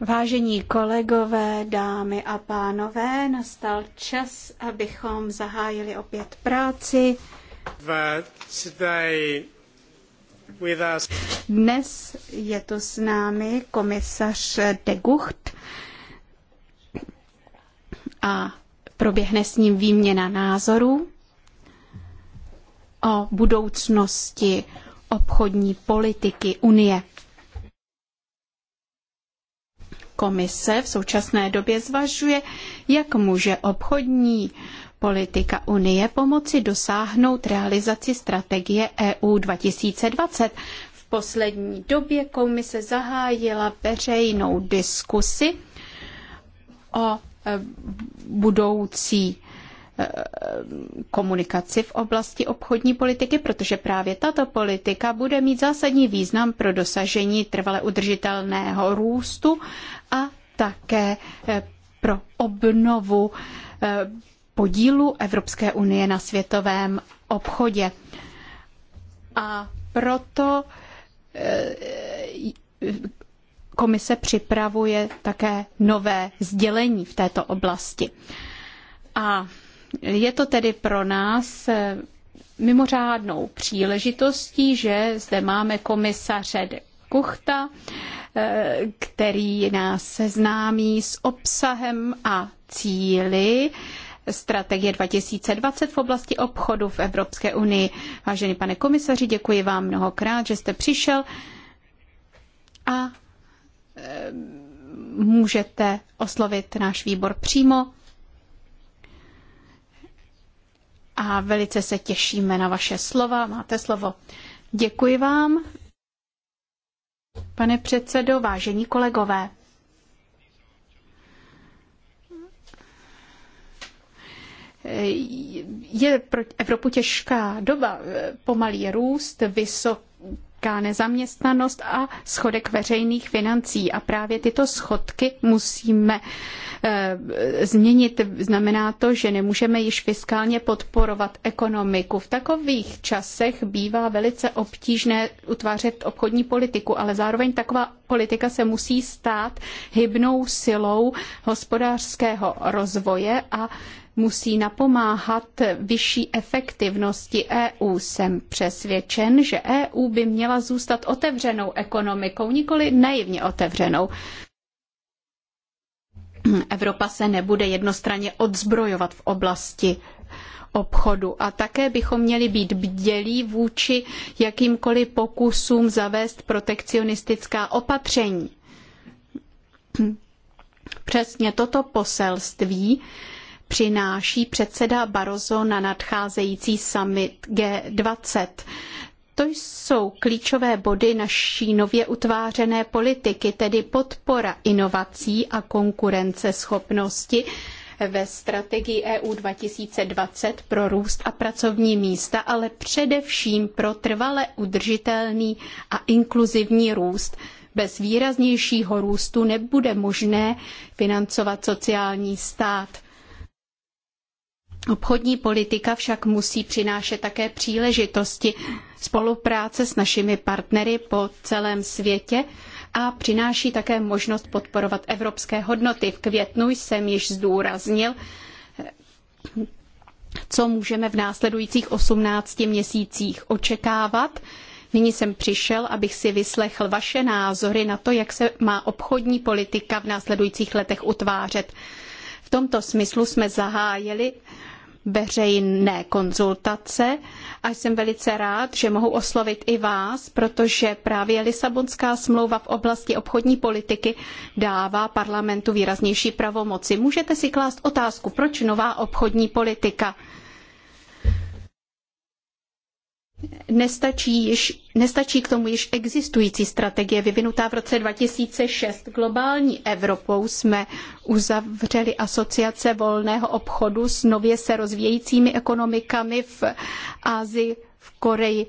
Vážení kolegové, dámy a pánové, nastal čas, abychom zahájili opět práci. Dnes je tu s námi komisař de Gucht a proběhne s ním výměna názorů o budoucnosti obchodní politiky Unie. Komise v současné době zvažuje, jak může obchodní politika Unie pomoci dosáhnout realizaci strategie EU 2020. V poslední době komise zahájila veřejnou diskusi o e, budoucí Eh, komunikaci v oblasti obchodní politiky, protože právě tato politika bude mít zásadní význam pro dosažení trvale udržitelného růstu a také eh, pro obnovu eh, podílu Evropské unie na světovém obchodě. A proto komise připravuje také nové sdělení v této oblasti. A je to tedy pro nás eh, mimořádnou příležitostí, že zde máme komisaře de Kuchta, eh, který nás seznámí s obsahem a cíly strategie 2020 v oblasti obchodu v Evropské unii. Vážený pane komisaři, děkuji vám mnohokrát, že jste přišel a eh, můžete oslovit náš výbor přímo a velice se těšíme na vaše slova. Máte slovo. Děkuji vám, pane předsedo, vážení kolegové. je pro Evropu těžká doba, pomalý růst, vysoký vysoká nezaměstnanost a schodek veřejných financí. A právě tyto schodky musíme eh, změnit. Znamená to, že nemůžeme již fiskálně podporovat ekonomiku. V takových časech bývá velice obtížné utvářet obchodní politiku, ale zároveň taková politika se musí stát hybnou silou hospodářského rozvoje a musí napomáhat vyšší efektivnosti EU. Jsem přesvědčen, že EU by měla zůstat otevřenou ekonomikou, nikoli naivně otevřenou. Evropa se nebude jednostranně odzbrojovat v oblasti obchodu. A také bychom měli být bdělí vůči jakýmkoliv pokusům zavést protekcionistická opatření. Přesně toto poselství přináší předseda Barroso na nadcházející summit G20. To jsou klíčové body naší nově utvářené politiky, tedy podpora inovací a konkurenceschopnosti ve strategii EU 2020 pro růst a pracovní místa, ale především pro trvale udržitelný a inkluzivní růst. Bez výraznějšího růstu nebude možné financovat sociální stát. Obchodní politika však musí přinášet také příležitosti spolupráce s našimi partnery po celém světě a přináší také možnost podporovat evropské hodnoty. V květnu jsem již zdůraznil, co můžeme v následujících 18 měsících očekávat. Nyní jsem přišel, abych si vyslechl vaše názory na to, jak se má obchodní politika v následujících letech utvářet. V tomto smyslu jsme zahájili veřejné konzultace a jsem velice rád, že mohu oslovit i vás, protože právě Lisabonská smlouva v oblasti obchodní politiky dává parlamentu výraznější pravomoci. Můžete si klást otázku, proč nová obchodní politika? Nestačí, již, nestačí k tomu již existující strategie vyvinutá v roce 2006. Globální Evropou jsme uzavřeli asociace volného obchodu s nově se rozvíjejícími ekonomikami v Asii, v Koreji,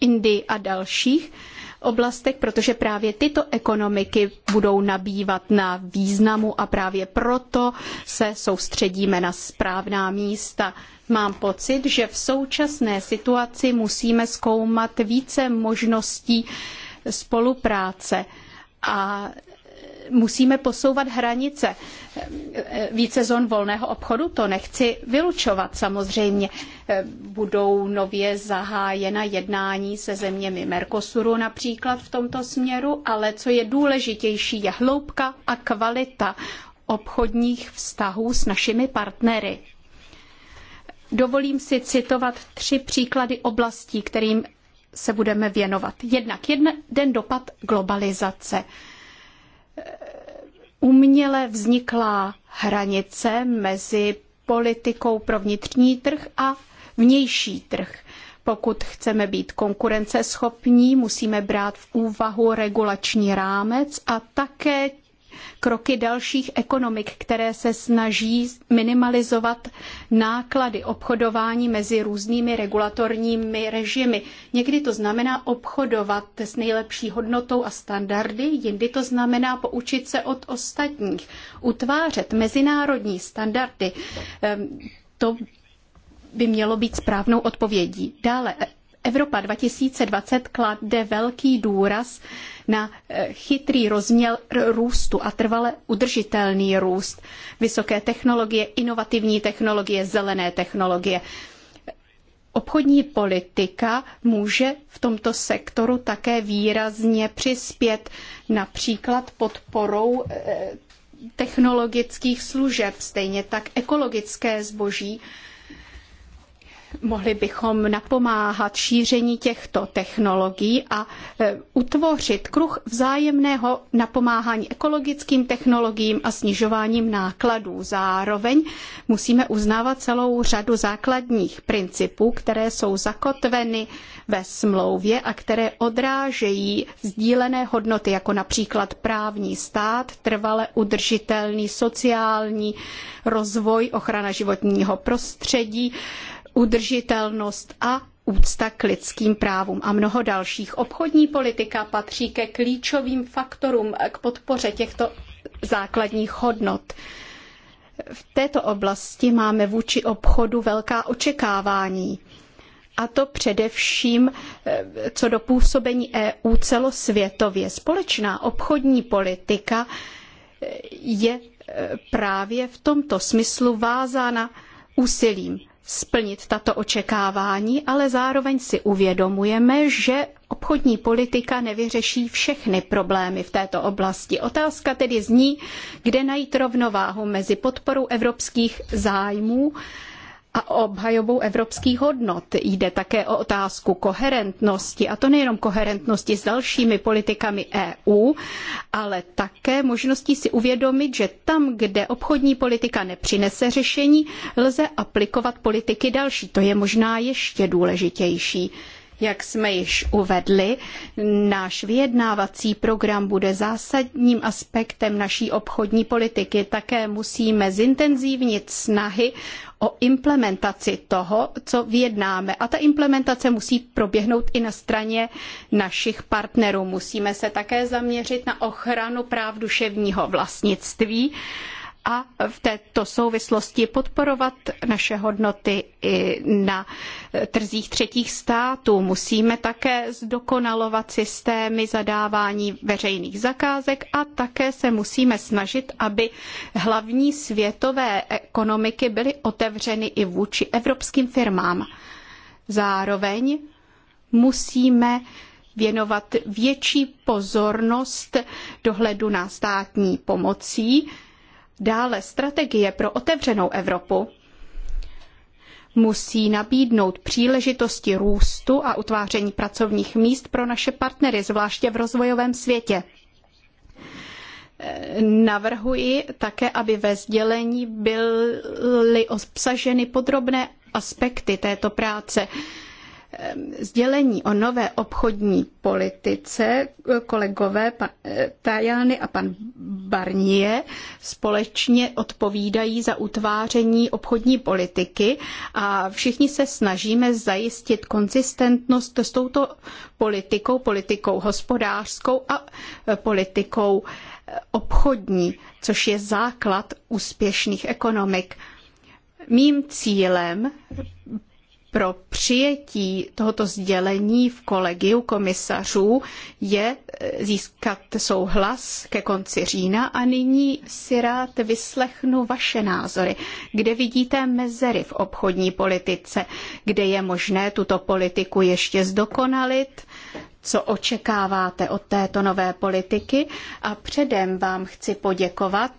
Indii a dalších oblastech, protože právě tyto ekonomiky budou nabývat na významu a právě proto se soustředíme na správná místa. Mám pocit, že v současné situaci musíme zkoumat více možností spolupráce a musíme posouvat hranice více zón volného obchodu, to nechci vylučovat samozřejmě. Budou nově zahájena jednání se zeměmi Mercosuru například v tomto směru, ale co je důležitější je hloubka a kvalita obchodních vztahů s našimi partnery. Dovolím si citovat tři příklady oblastí, kterým se budeme věnovat. Jednak jeden dopad globalizace. Uměle vzniklá hranice mezi politikou pro vnitřní trh a vnější trh. Pokud chceme být konkurenceschopní, musíme brát v úvahu regulační rámec a také kroky dalších ekonomik, které se snaží minimalizovat náklady obchodování mezi různými regulatorními režimy. Někdy to znamená obchodovat s nejlepší hodnotou a standardy, jindy to znamená poučit se od ostatních, utvářet mezinárodní standardy. Ehm, to by mělo být správnou odpovědí. Dále Evropa 2020 klade velký důraz na eh, chytrý rozměr růstu a trvale udržitelný růst, vysoké technologie, inovativní technologie, zelené technologie. Obchodní politika může v tomto sektoru také výrazně přispět například podporou eh, technologických služeb, stejně tak ekologické zboží Mohli bychom napomáhat šíření těchto technologií a e, utvořit kruh vzájemného napomáhání ekologickým technologiím a snižováním nákladů. Zároveň musíme uznávat celou řadu základních principů, které jsou zakotveny ve smlouvě a které odrážejí sdílené hodnoty, jako například právní stát, trvale udržitelný sociální rozvoj, ochrana životního prostředí, udržitelnost a úcta k lidským právům a mnoho dalších. Obchodní politika patří ke klíčovým faktorům k podpoře těchto základních hodnot. V této oblasti máme vůči obchodu velká očekávání. A to především eh, co do působení EU celosvětově. Společná obchodní politika eh, je eh, právě v tomto smyslu vázána úsilím splnit tato očekávání, ale zároveň si uvědomujeme, že obchodní politika nevyřeší všechny problémy v této oblasti. Otázka tedy zní, kde najít rovnováhu mezi podporou evropských zájmů a o obhajobu evropských hodnot. Jde také o otázku koherentnosti, a to nejenom koherentnosti s dalšími politikami EU, ale také možností si uvědomit, že tam, kde obchodní politika nepřinese řešení, lze aplikovat politiky další. To je možná ještě důležitější. Jak jsme již uvedli, náš vyjednávací program bude zásadním aspektem naší obchodní politiky. Také musíme zintenzívnit snahy o implementaci toho, co vyjednáme. A ta implementace musí proběhnout i na straně našich partnerů. Musíme se také zaměřit na ochranu práv duševního vlastnictví a v této souvislosti podporovat naše hodnoty i na trzích třetích států. Musíme také zdokonalovat systémy zadávání veřejných zakázek a také se musíme snažit, aby hlavní světové ekonomiky byly otevřeny i vůči evropským firmám. Zároveň musíme věnovat větší pozornost dohledu na státní pomocí, Dále strategie pro otevřenou Evropu musí nabídnout příležitosti růstu a utváření pracovních míst pro naše partnery, zvláště v rozvojovém světě. Navrhuji také, aby ve sdělení byly obsaženy podrobné aspekty této práce sdělení o nové obchodní politice eh, kolegové eh, Tajány a pan Barnier společně odpovídají za utváření obchodní politiky a všichni se snažíme zajistit konzistentnost s touto politikou, politikou hospodářskou a eh, politikou obchodní, což je základ úspěšných ekonomik. Mým cílem pro přijetí tohoto sdělení v kolegiu komisařů je eh, získat souhlas ke konci října a nyní si rád vyslechnu vaše názory. Kde vidíte mezery v obchodní politice? Kde je možné tuto politiku ještě zdokonalit? co očekáváte od této nové politiky a předem vám chci poděkovat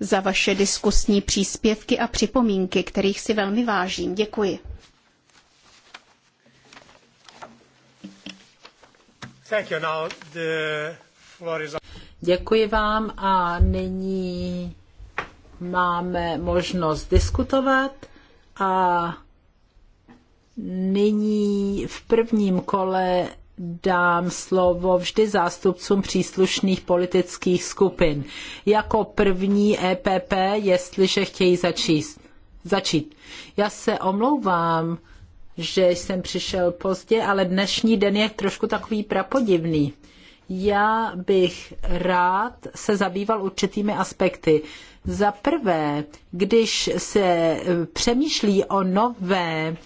za vaše diskusní příspěvky a připomínky, kterých si velmi vážím. Děkuji. Thank you. Now the floor is... Děkuji vám a nyní máme možnost diskutovat a nyní v prvním kole dám slovo vždy zástupcům příslušných politických skupin. Jako první EPP, jestliže chtějí začíst. začít. Já se omlouvám, že jsem přišel pozdě, ale dnešní den je trošku takový prapodivný. Já bych rád se zabýval určitými aspekty. Za prvé, když se eh, přemýšlí o nové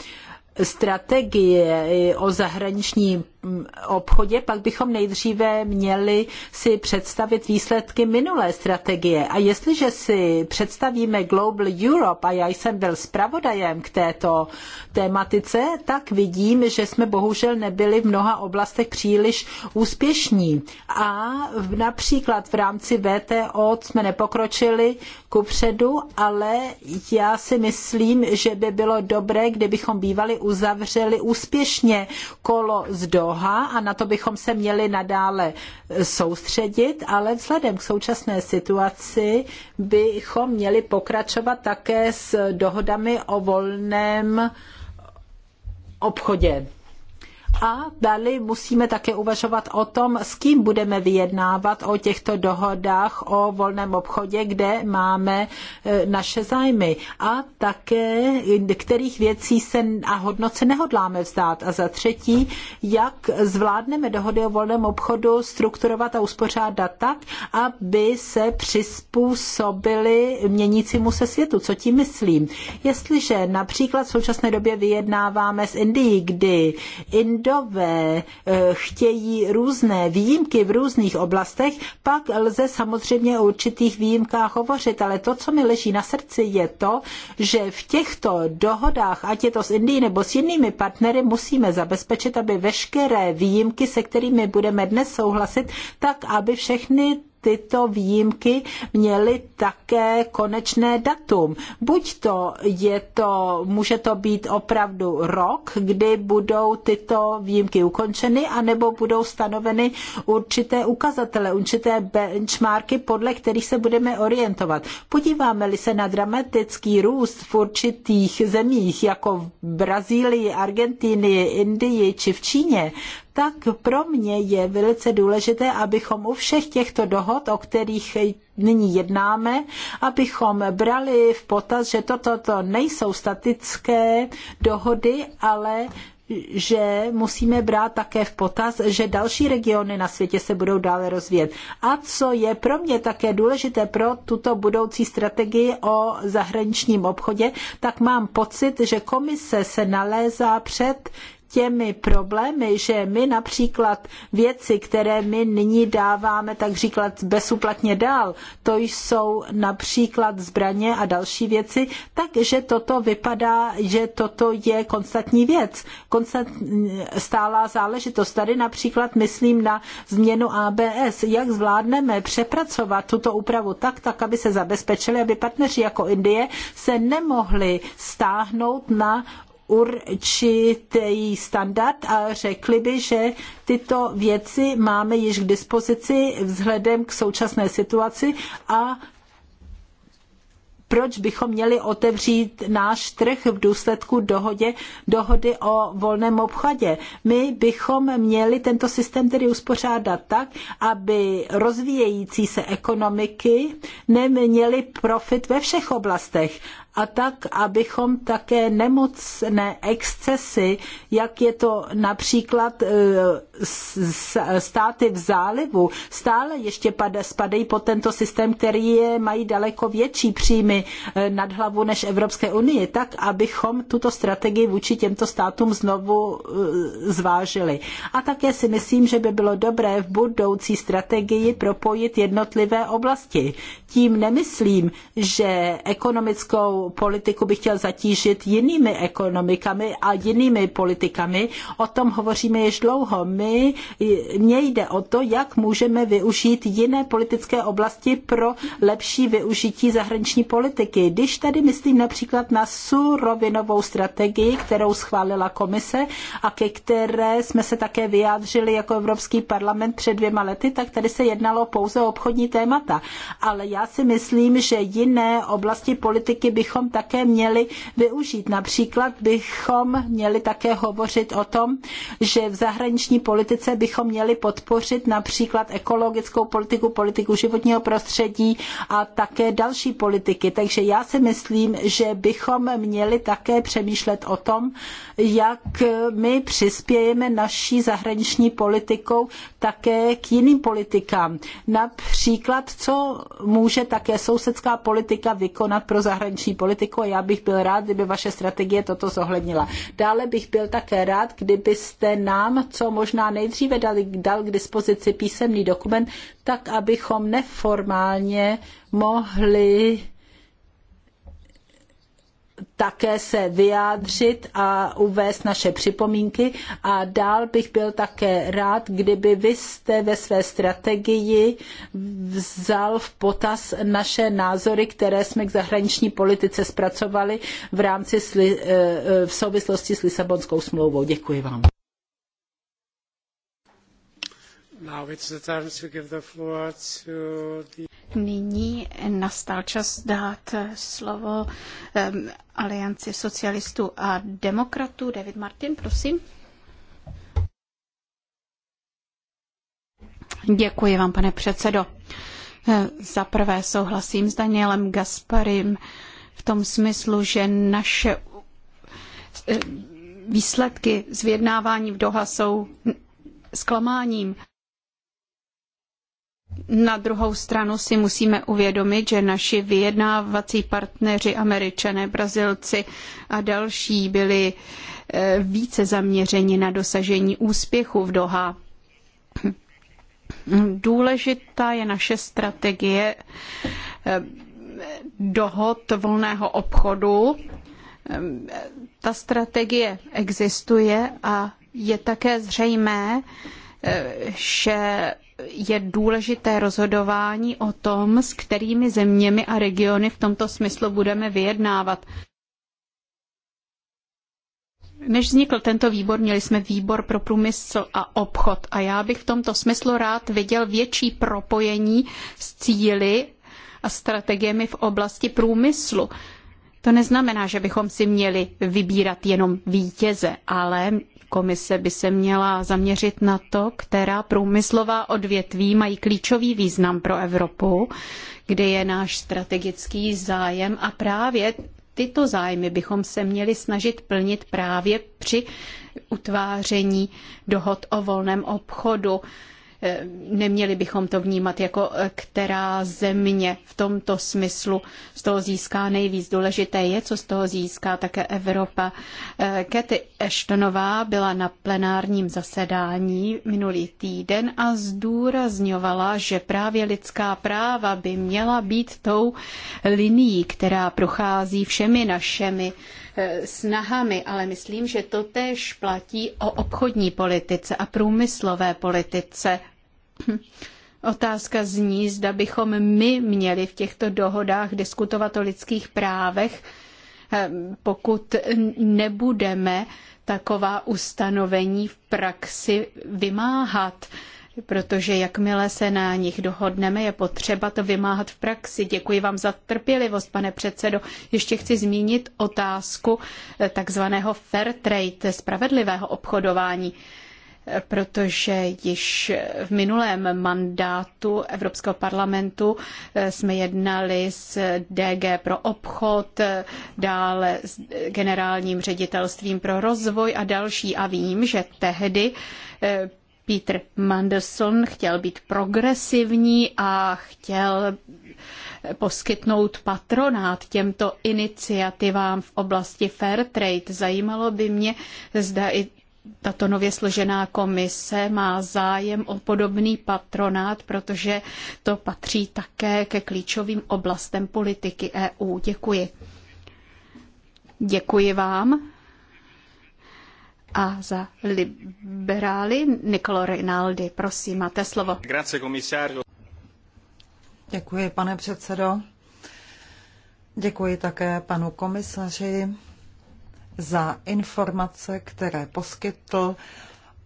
strategie eh, o zahraniční Mm, obchodě, pak bychom nejdříve měli si představit výsledky minulé strategie. A jestliže si představíme Global Europe, a já jsem byl zpravodajem k této tématice, tak vidím, že jsme bohužel nebyli v mnoha oblastech příliš úspěšní. A například v rámci VTO jsme nepokročili kupředu, ale já si myslím, že by bylo dobré, kdybychom bývali uzavřeli úspěšně kolo z Doha, mnoha a na to bychom se měli nadále soustředit, ale vzhledem k současné situaci bychom měli pokračovat také s dohodami o volném obchodě a dali musíme také uvažovat o tom, s kým budeme vyjednávat o těchto dohodách o volném obchodě, kde máme e, naše zájmy a také kterých věcí se a hodnot se nehodláme vzdát. A za třetí, jak zvládneme dohody o volném obchodu strukturovat a uspořádat tak, aby se přizpůsobili měnícímu se světu. Co tím myslím? Jestliže například v současné době vyjednáváme s Indií, kdy Indie Indové eh, chtějí různé výjimky v různých oblastech, pak lze samozřejmě o určitých výjimkách hovořit, ale to, co mi leží na srdci, je to, že v těchto dohodách, ať je to s Indií nebo s jinými partnery, musíme zabezpečit, aby veškeré výjimky, se kterými budeme dnes souhlasit, tak aby všechny tyto výjimky měly také konečné datum. Buď to je to, může to být opravdu rok, kdy budou tyto výjimky ukončeny, anebo budou stanoveny určité ukazatele, určité benchmarky, podle kterých se budeme orientovat. Podíváme-li se na dramatický růst v určitých zemích, jako v Brazílii, Argentinii, Indii či v Číně, tak pro mě je velice důležité, abychom u všech těchto dohod, o kterých nyní jednáme, abychom brali v potaz, že toto to nejsou statické dohody, ale že musíme brát také v potaz, že další regiony na světě se budou dále rozvíjet. A co je pro mě také důležité pro tuto budoucí strategii o zahraničním obchodě, tak mám pocit, že komise se nalézá před těmi problémy, že my například věci, které my nyní dáváme, tak říkat bezúplatně dál, to jsou například zbraně a další věci, takže toto vypadá, že toto je konstantní věc, konstant, stálá záležitost. Tady například myslím na změnu ABS, jak zvládneme přepracovat tuto úpravu tak, tak, aby se zabezpečili, aby partneři jako Indie se nemohli stáhnout na určitý standard a řekli by, že tyto věci máme již k dispozici vzhledem k současné situaci a proč bychom měli otevřít náš trh v důsledku dohodě, dohody o volném obchodě. My bychom měli tento systém tedy uspořádat tak, aby rozvíjející se ekonomiky neměly profit ve všech oblastech, a tak, abychom také nemocné excesy, jak je to například e, státy v zálivu, stále ještě spadají pod tento systém, který je, mají daleko větší příjmy e, nad hlavu než Evropské unie, tak, abychom tuto strategii vůči těmto státům znovu e, zvážili. A také si myslím, že by bylo dobré v budoucí strategii propojit jednotlivé oblasti. Tím nemyslím, že ekonomickou politiku bych chtěl zatížit jinými ekonomikami a jinými politikami. O tom hovoříme již dlouho. My, mně jde o to, jak můžeme využít jiné politické oblasti pro lepší využití zahraniční politiky. Když tady myslím například na surovinovou strategii, kterou schválila komise a ke které jsme se také vyjádřili jako Evropský parlament před dvěma lety, tak tady se jednalo pouze o obchodní témata. Ale já si myslím, že jiné oblasti politiky bychom bychom také měli využít. Například bychom měli také hovořit o tom, že v zahraniční politice bychom měli podpořit například ekologickou politiku, politiku životního prostředí a také další politiky. Takže já si myslím, že bychom měli také přemýšlet o tom, jak my přispějeme naší zahraniční politikou také k jiným politikám. Například, co může také sousedská politika vykonat pro zahraniční politiku a já bych byl rád, kdyby vaše strategie toto zohlednila. Dále bych byl také rád, kdybyste nám co možná nejdříve dali, dal k dispozici písemný dokument, tak abychom neformálně mohli také se vyjádřit a uvést naše připomínky. A dál bych byl také rád, kdyby vy jste ve své strategii vzal v potaz naše názory, které jsme k zahraniční politice zpracovali v rámci eh, eh, v souvislosti s Lisabonskou smlouvou. Děkuji vám. Now it's the time to give the floor to the Nyní nastal čas dát eh, slovo um, Alianci socialistů a demokratů. David Martin, prosím. Děkuji vám, pane předsedo. Eh, za prvé souhlasím s Danielem Gasparim v tom smyslu, že naše eh, výsledky z vyjednávání v Doha jsou zklamáním. Na druhou stranu si musíme uvědomit, že naši vyjednávací partneři, američané, brazilci a další, byli eh, více zaměřeni na dosažení úspěchu v Doha. Důležitá je naše strategie eh, dohod volného obchodu. Eh, ta strategie existuje a je také zřejmé, že je důležité rozhodování o tom, s kterými zeměmi a regiony v tomto smyslu budeme vyjednávat. Než vznikl tento výbor, měli jsme výbor pro průmysl a obchod a já bych v tomto smyslu rád viděl větší propojení s cíly a strategiemi v oblasti průmyslu. To neznamená, že bychom si měli vybírat jenom vítěze, ale Komise by se měla zaměřit na to, která průmyslová odvětví mají klíčový význam pro Evropu, kde je náš strategický zájem a právě tyto zájmy bychom se měli snažit plnit právě při utváření dohod o volném obchodu. Eh, neměli bychom to vnímat jako eh, která země v tomto smyslu z toho získá nejvíc. Důležité je, co z toho získá také Evropa. Kety eh, Ashtonová byla na plenárním zasedání minulý týden a zdůrazňovala, že právě lidská práva by měla být tou linií, která prochází všemi našemi snahami, ale myslím, že to též platí o obchodní politice a průmyslové politice Hm. Otázka zní, zda bychom my měli v těchto dohodách diskutovat o lidských právech, eh, pokud nebudeme taková ustanovení v praxi vymáhat protože jakmile se na nich dohodneme, je potřeba to vymáhat v praxi. Děkuji vám za trpělivost, pane předsedo. Ještě chci zmínit otázku eh, takzvaného fair trade, spravedlivého obchodování protože již v minulém mandátu Evropského parlamentu eh, jsme jednali s DG pro obchod, dále s generálním ředitelstvím pro rozvoj a další a vím, že tehdy eh, Peter Mandelson chtěl být progresivní a chtěl poskytnout patronát těmto iniciativám v oblasti fair trade. Zajímalo by mě, zda i tato nově složená komise má zájem o podobný patronát, protože to patří také ke klíčovým oblastem politiky EU. Děkuji. Děkuji vám. A za liberály Nicolo Rinaldi, prosím, máte slovo. Děkuji, pane předsedo. Děkuji také panu komisaři za informace, které poskytl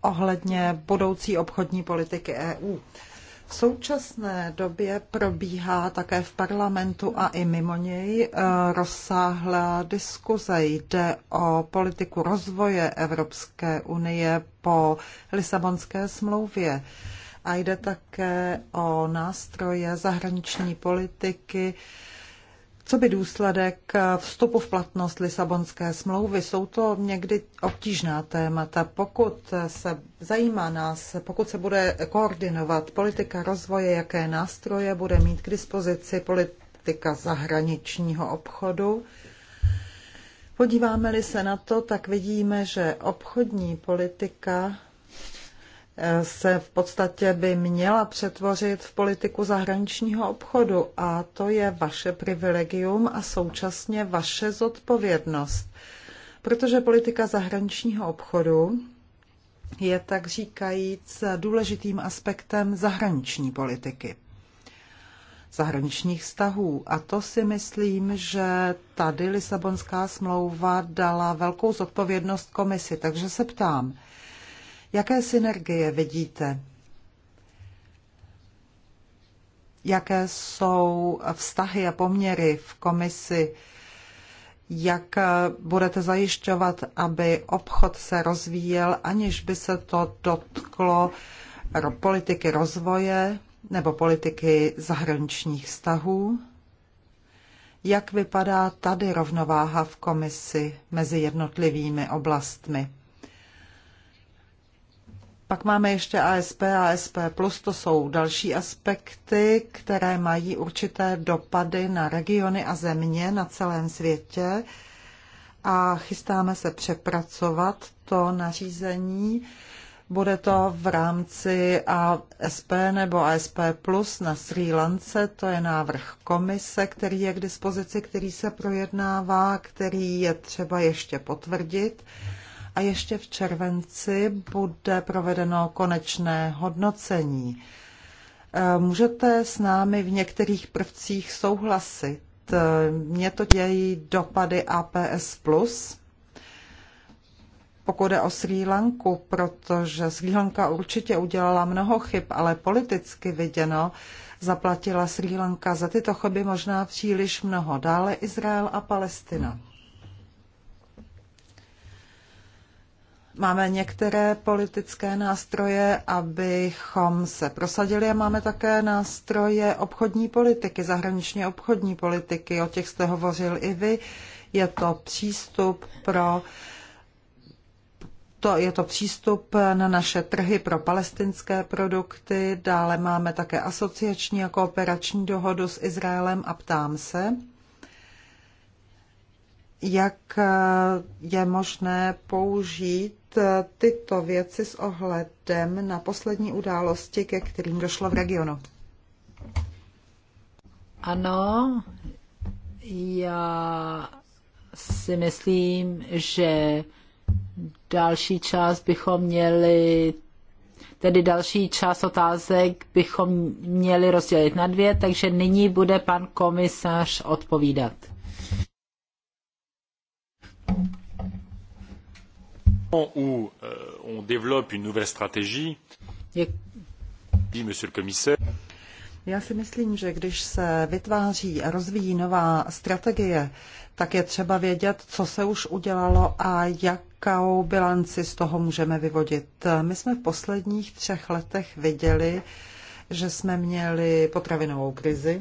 ohledně budoucí obchodní politiky EU. V současné době probíhá také v parlamentu a i mimo něj eh, rozsáhlá diskuze. Jde o politiku rozvoje Evropské unie po Lisabonské smlouvě a jde také o nástroje zahraniční politiky, co by důsledek vstupu v platnost Lisabonské smlouvy? Jsou to někdy obtížná témata. Pokud se zajímá nás, pokud se bude koordinovat politika rozvoje, jaké nástroje bude mít k dispozici politika zahraničního obchodu, Podíváme-li se na to, tak vidíme, že obchodní politika se v podstatě by měla přetvořit v politiku zahraničního obchodu a to je vaše privilegium a současně vaše zodpovědnost. Protože politika zahraničního obchodu je tak říkajíc důležitým aspektem zahraniční politiky zahraničních vztahů. A to si myslím, že tady Lisabonská smlouva dala velkou zodpovědnost komisi. Takže se ptám, Jaké synergie vidíte? Jaké jsou vztahy a poměry v komisi? Jak budete zajišťovat, aby obchod se rozvíjel, aniž by se to dotklo politiky rozvoje nebo politiky zahraničních vztahů? Jak vypadá tady rovnováha v komisi mezi jednotlivými oblastmi? Pak máme ještě ASP, ASP+, plus to jsou další aspekty, které mají určité dopady na regiony a země na celém světě a chystáme se přepracovat to nařízení. Bude to v rámci ASP nebo ASP Plus na Sri Lance, to je návrh komise, který je k dispozici, který se projednává, který je třeba ještě potvrdit a ještě v červenci bude provedeno konečné hodnocení. Eh, můžete s námi v některých prvcích souhlasit. Mě to dějí dopady APS+, pokud je o Sri Lanku, protože Sri Lanka určitě udělala mnoho chyb, ale politicky viděno zaplatila Sri Lanka za tyto chyby možná příliš mnoho. Dále Izrael a Palestina. Hmm. Máme některé politické nástroje, abychom se prosadili a máme také nástroje obchodní politiky, zahraničně obchodní politiky, o těch jste hovořil i vy. Je to přístup pro to, je to přístup na naše trhy pro palestinské produkty, dále máme také asociační a kooperační dohodu s Izraelem a ptám se, jak je možné použít tyto věci s ohledem na poslední události, ke kterým došlo v regionu. Ano, já si myslím, že další část bychom měli, tedy další část otázek bychom měli rozdělit na dvě, takže nyní bude pan komisař odpovídat où euh, on développe une nouvelle stratégie, monsieur le commissaire, já si myslím, že když se vytváří a rozvíjí nová strategie, tak je třeba vědět, co se už udělalo a jakou bilanci z toho můžeme vyvodit. My jsme v posledních třech letech viděli, že jsme měli potravinovou krizi,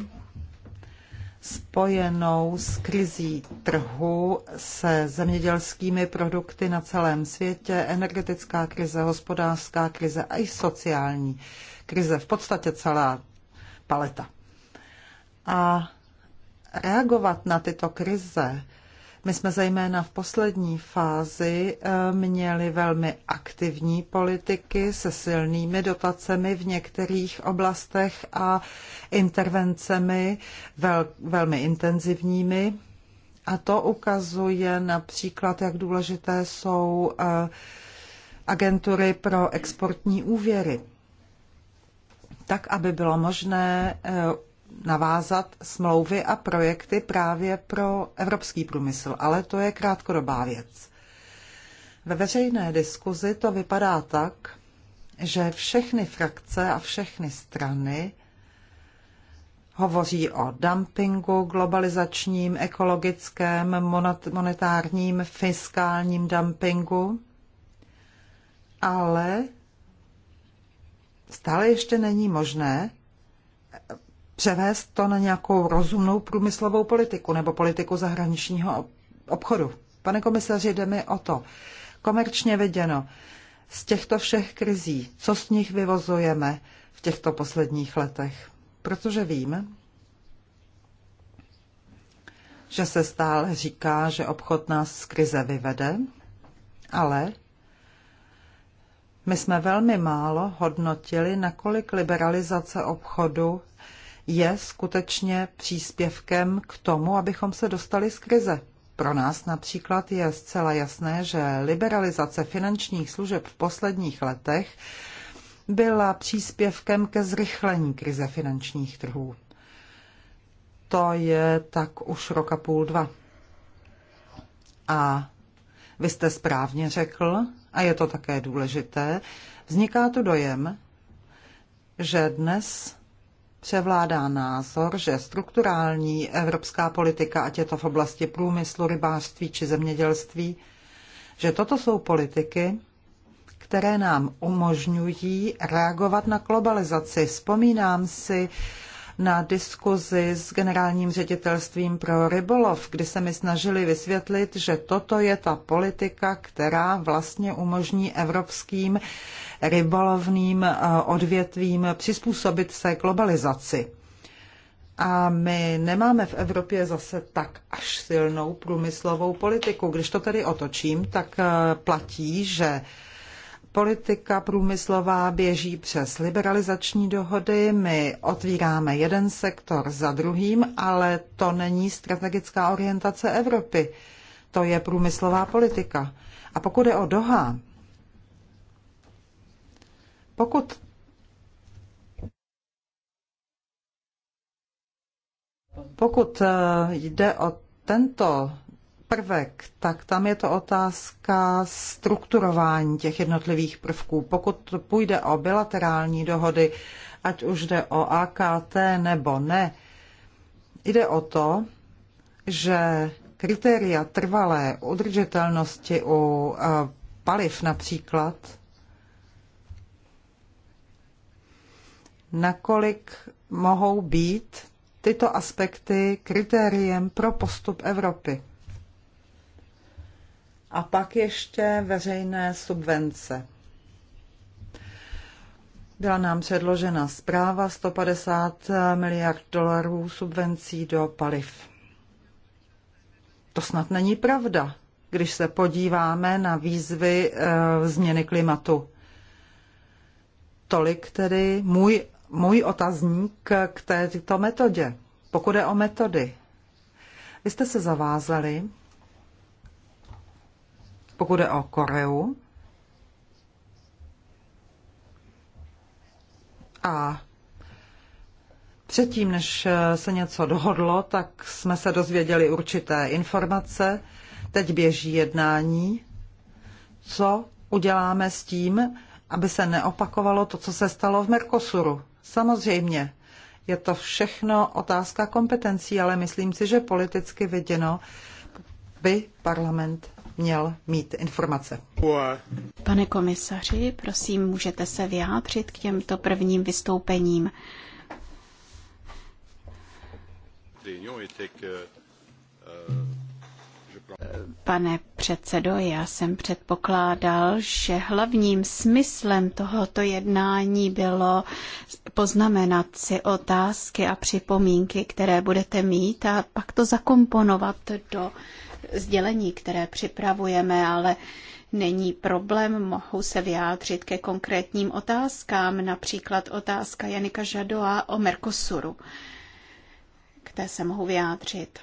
spojenou s krizí trhu se zemědělskými produkty na celém světě, energetická krize, hospodářská krize a i sociální krize, v podstatě celá paleta. A reagovat na tyto krize my jsme zejména v poslední fázi eh, měli velmi aktivní politiky se silnými dotacemi v některých oblastech a intervencemi vel, velmi intenzivními. A to ukazuje například, jak důležité jsou eh, agentury pro exportní úvěry tak, aby bylo možné eh, navázat smlouvy a projekty právě pro evropský průmysl, ale to je krátkodobá věc. Ve veřejné diskuzi to vypadá tak, že všechny frakce a všechny strany hovoří o dumpingu globalizačním, ekologickém, monetárním, fiskálním dumpingu, ale stále ještě není možné převést to na nějakou rozumnou průmyslovou politiku nebo politiku zahraničního obchodu. Pane komisaři, jde mi o to. Komerčně viděno, z těchto všech krizí, co z nich vyvozujeme v těchto posledních letech? Protože vím, že se stále říká, že obchod nás z krize vyvede, ale my jsme velmi málo hodnotili, nakolik liberalizace obchodu je skutečně příspěvkem k tomu, abychom se dostali z krize. Pro nás například je zcela jasné, že liberalizace finančních služeb v posledních letech byla příspěvkem ke zrychlení krize finančních trhů. To je tak už roka půl dva. A vy jste správně řekl, a je to také důležité, vzniká tu dojem, že dnes převládá názor, že strukturální evropská politika, ať je to v oblasti průmyslu, rybářství či zemědělství, že toto jsou politiky, které nám umožňují reagovat na globalizaci. Vzpomínám si na diskuzi s generálním ředitelstvím pro rybolov, kdy se mi snažili vysvětlit, že toto je ta politika, která vlastně umožní evropským rybolovným eh, odvětvím přizpůsobit se globalizaci. A my nemáme v Evropě zase tak až silnou průmyslovou politiku. Když to tedy otočím, tak eh, platí, že politika průmyslová běží přes liberalizační dohody, my otvíráme jeden sektor za druhým, ale to není strategická orientace Evropy. To je průmyslová politika. A pokud je o Doha, pokud pokud eh, jde o tento prvek, tak tam je to otázka strukturování těch jednotlivých prvků. Pokud půjde o bilaterální dohody, ať už jde o AKT nebo ne, jde o to, že kritéria trvalé udržitelnosti u e, paliv například, nakolik mohou být tyto aspekty kritériem pro postup Evropy. A pak ještě veřejné subvence. Byla nám předložena zpráva 150 miliard dolarů subvencí do paliv. To snad není pravda, když se podíváme na výzvy e, změny klimatu. Tolik tedy můj, můj otazník k této metodě, pokud je o metody. Vy jste se zavázali, pokud je o Koreu a Předtím, než se něco dohodlo, tak jsme se dozvěděli určité informace. Teď běží jednání. Co uděláme s tím, aby se neopakovalo to, co se stalo v Mercosuru? Samozřejmě, je to všechno otázka kompetencí, ale myslím si, že politicky viděno by parlament měl mít informace. Pane komisaři, prosím, můžete se vyjádřit k těmto prvním vystoupením. Pane předsedo, já jsem předpokládal, že hlavním smyslem tohoto jednání bylo poznamenat si otázky a připomínky, které budete mít a pak to zakomponovat do sdělení, které připravujeme, ale není problém, mohou se vyjádřit ke konkrétním otázkám, například otázka Janika Žadoa o Mercosuru, k té se mohu vyjádřit.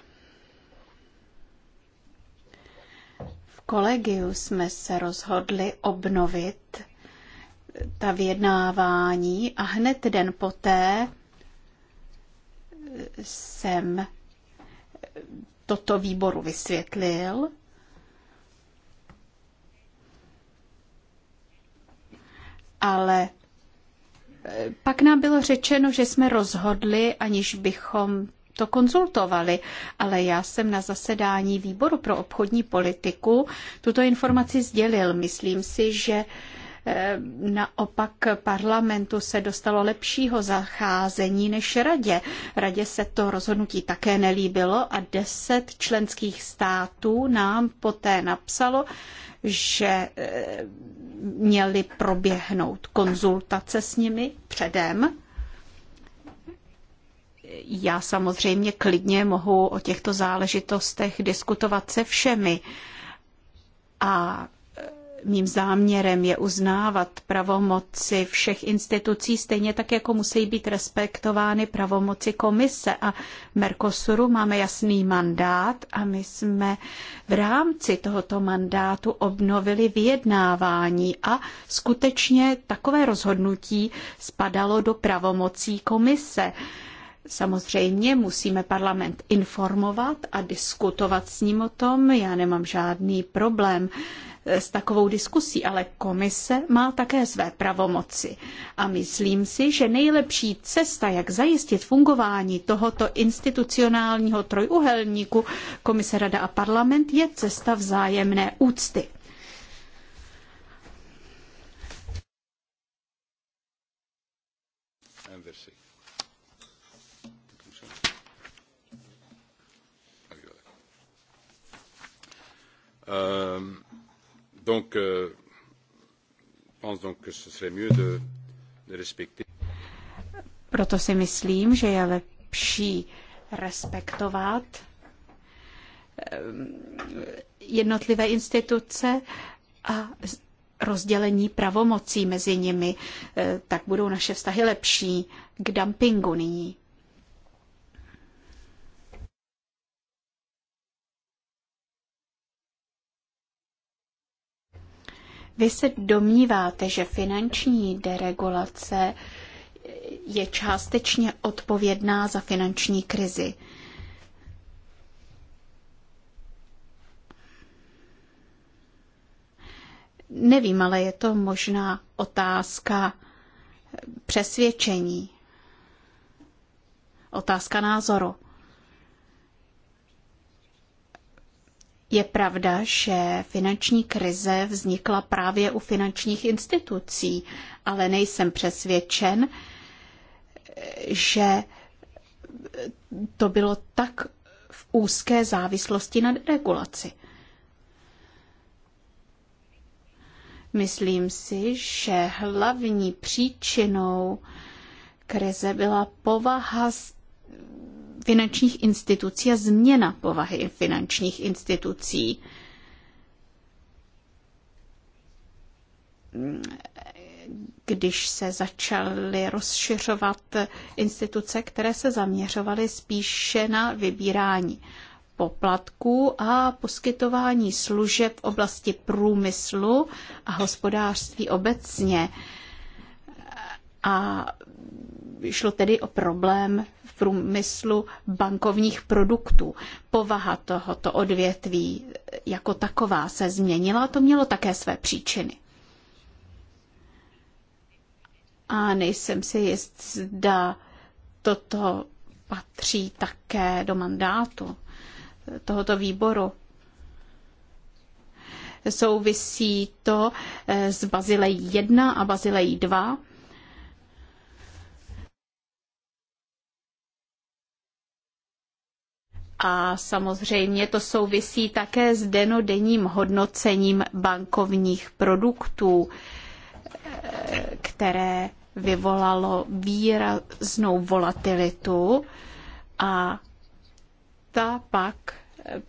V kolegiu jsme se rozhodli obnovit ta vyjednávání a hned den poté jsem toto výboru vysvětlil. Ale eh, pak nám bylo řečeno, že jsme rozhodli, aniž bychom to konzultovali, ale já jsem na zasedání výboru pro obchodní politiku tuto informaci sdělil. Myslím si, že Eh, naopak parlamentu se dostalo lepšího zacházení než radě. Radě se to rozhodnutí také nelíbilo a deset členských států nám poté napsalo, že eh, měly proběhnout konzultace s nimi předem, já samozřejmě klidně mohu o těchto záležitostech diskutovat se všemi. A mým záměrem je uznávat pravomoci všech institucí, stejně tak, jako musí být respektovány pravomoci komise. A Mercosuru máme jasný mandát a my jsme v rámci tohoto mandátu obnovili vyjednávání a skutečně takové rozhodnutí spadalo do pravomocí komise. Samozřejmě musíme parlament informovat a diskutovat s ním o tom. Já nemám žádný problém s takovou diskusí, ale komise má také své pravomoci. A myslím si, že nejlepší cesta, jak zajistit fungování tohoto institucionálního trojuhelníku komise, rada a parlament, je cesta vzájemné úcty. Um, Euh, Proto si myslím, že je lepší respektovat eh, jednotlivé instituce a rozdělení pravomocí mezi nimi, eh, tak budou naše vztahy lepší k dumpingu nyní. Vy se domníváte, že finanční deregulace je částečně odpovědná za finanční krizi. Nevím, ale je to možná otázka přesvědčení, otázka názoru. Je pravda, že finanční krize vznikla právě u finančních institucí, ale nejsem přesvědčen, že to bylo tak v úzké závislosti na regulaci. Myslím si, že hlavní příčinou krize byla povaha finančních institucí a změna povahy finančních institucí. Když se začaly rozšiřovat instituce, které se zaměřovaly spíše na vybírání poplatků a poskytování služeb v oblasti průmyslu a hospodářství obecně a šlo tedy o problém v průmyslu bankovních produktů. Povaha tohoto odvětví jako taková se změnila, to mělo také své příčiny. A nejsem si jist, zda toto patří také do mandátu tohoto výboru. Souvisí to s Bazilej 1 a Bazilej 2 a samozřejmě to souvisí také s denodenním hodnocením bankovních produktů, eh, které vyvolalo výraznou volatilitu a ta pak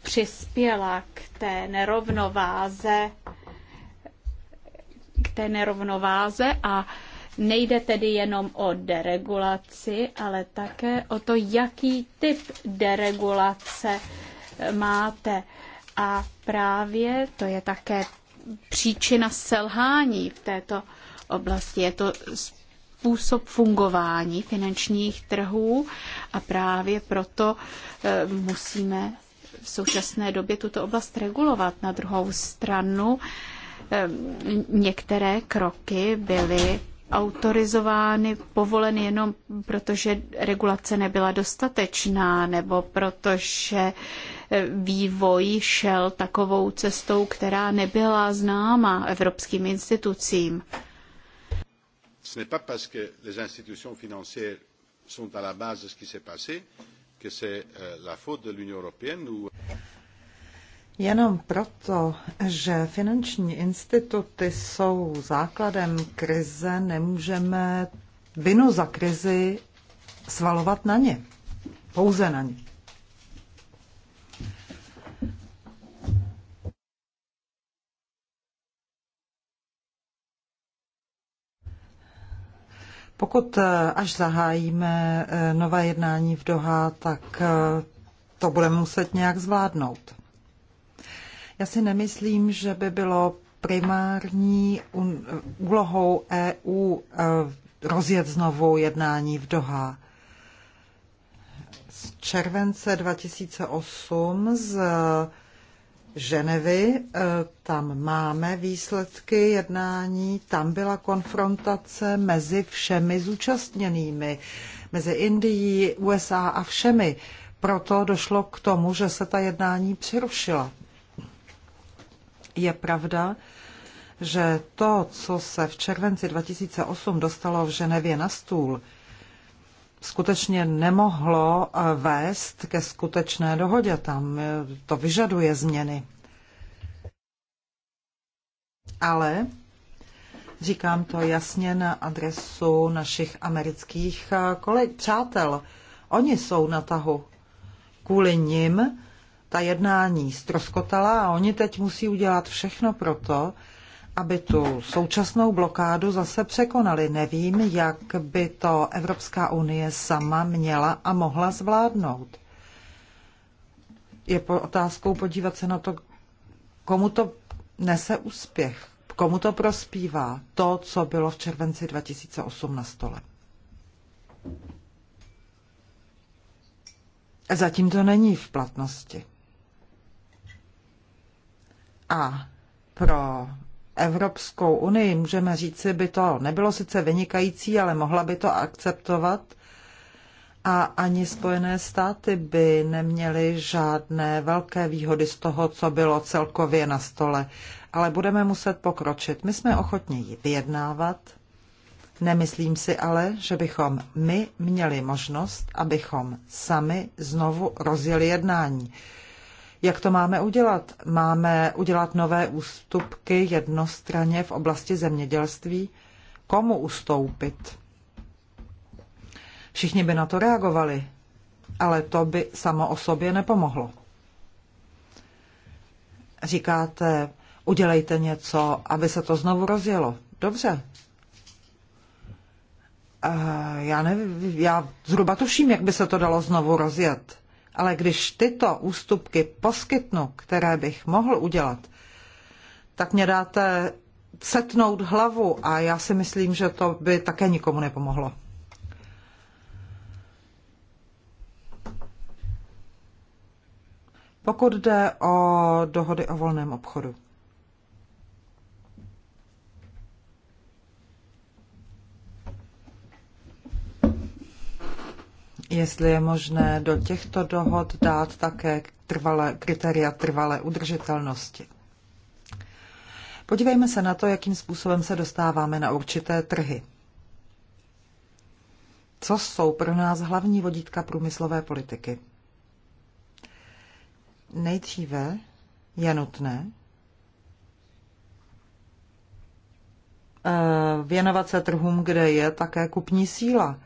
přispěla k té nerovnováze, k té nerovnováze a Nejde tedy jenom o deregulaci, ale také o to, jaký typ deregulace eh, máte. A právě to je také příčina selhání v této oblasti. Je to způsob fungování finančních trhů a právě proto eh, musíme v současné době tuto oblast regulovat. Na druhou stranu eh, některé kroky byly autorizovány, povoleny jenom protože regulace nebyla dostatečná nebo protože eh, vývoj šel takovou cestou, která nebyla známa evropským institucím. Ce n'est pas parce que les institutions financières sont à la base de ce qui s'est passé que c'est euh, la faute de l'Union européenne ou Jenom proto, že finanční instituty jsou základem krize, nemůžeme vinu za krizi svalovat na ně. Pouze na ně. Pokud eh, až zahájíme eh, nové jednání v Doha, tak eh, to budeme muset nějak zvládnout. Já si nemyslím, že by bylo primární úlohou EU e, rozjet znovu jednání v Doha. Z července 2008 z e, Ženevy, e, tam máme výsledky jednání, tam byla konfrontace mezi všemi zúčastněnými, mezi Indií, USA a všemi. Proto došlo k tomu, že se ta jednání přerušila. Je pravda, že to, co se v červenci 2008 dostalo v Ženevě na stůl, skutečně nemohlo eh, vést ke skutečné dohodě. Tam eh, to vyžaduje změny. Ale říkám to jasně na adresu našich amerických eh, kolik přátel. Oni jsou na tahu. Kvůli nim ta jednání stroskotala a oni teď musí udělat všechno pro to, aby tu současnou blokádu zase překonali. Nevím, jak by to Evropská unie sama měla a mohla zvládnout. Je po otázkou podívat se na to, komu to nese úspěch, komu to prospívá to, co bylo v červenci 2008 na stole. Zatím to není v platnosti. A pro Evropskou unii můžeme říci, by to nebylo sice vynikající, ale mohla by to akceptovat. A ani Spojené státy by neměly žádné velké výhody z toho, co bylo celkově na stole. Ale budeme muset pokročit. My jsme ochotni vyjednávat. Nemyslím si ale, že bychom my měli možnost, abychom sami znovu rozjeli jednání. Jak to máme udělat? Máme udělat nové ústupky jednostranně v oblasti zemědělství? Komu ustoupit? Všichni by na to reagovali, ale to by samo o sobě nepomohlo. Říkáte, udělejte něco, aby se to znovu rozjelo. Dobře. Eh, já, nevím, já zhruba tuším, jak by se to dalo znovu rozjet. Ale když tyto ústupky poskytnu, které bych mohl udělat, tak mě dáte setnout hlavu a já si myslím, že to by také nikomu nepomohlo. Pokud jde o dohody o volném obchodu. jestli je možné do těchto dohod dát také trvalé, kritéria trvalé udržitelnosti. Podívejme se na to, jakým způsobem se dostáváme na určité trhy. Co jsou pro nás hlavní vodítka průmyslové politiky? Nejdříve je nutné eh, věnovat se trhům, kde je také kupní síla –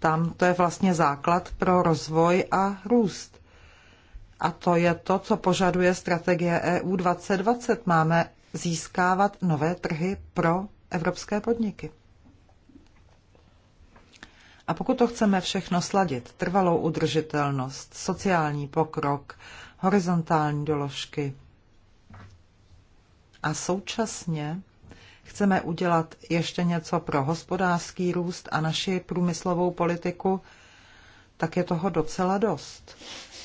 tam to je vlastně základ pro rozvoj a růst. A to je to, co požaduje strategie EU 2020. Máme získávat nové trhy pro evropské podniky. A pokud to chceme všechno sladit, trvalou udržitelnost, sociální pokrok, horizontální doložky a současně Chceme udělat ještě něco pro hospodářský růst a naši průmyslovou politiku, tak je toho docela dost.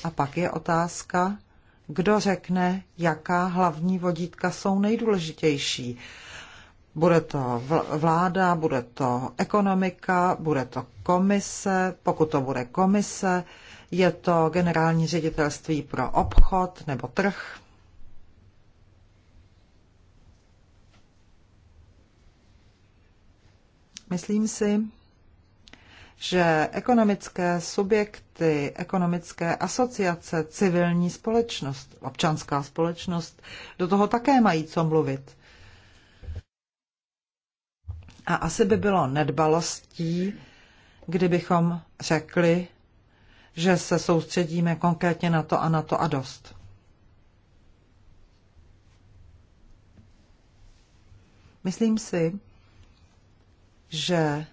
A pak je otázka, kdo řekne, jaká hlavní vodítka jsou nejdůležitější. Bude to vláda, bude to ekonomika, bude to komise, pokud to bude komise, je to generální ředitelství pro obchod nebo trh. Myslím si, že ekonomické subjekty, ekonomické asociace, civilní společnost, občanská společnost do toho také mají co mluvit. A asi by bylo nedbalostí, kdybychom řekli, že se soustředíme konkrétně na to a na to a dost. Myslím si, že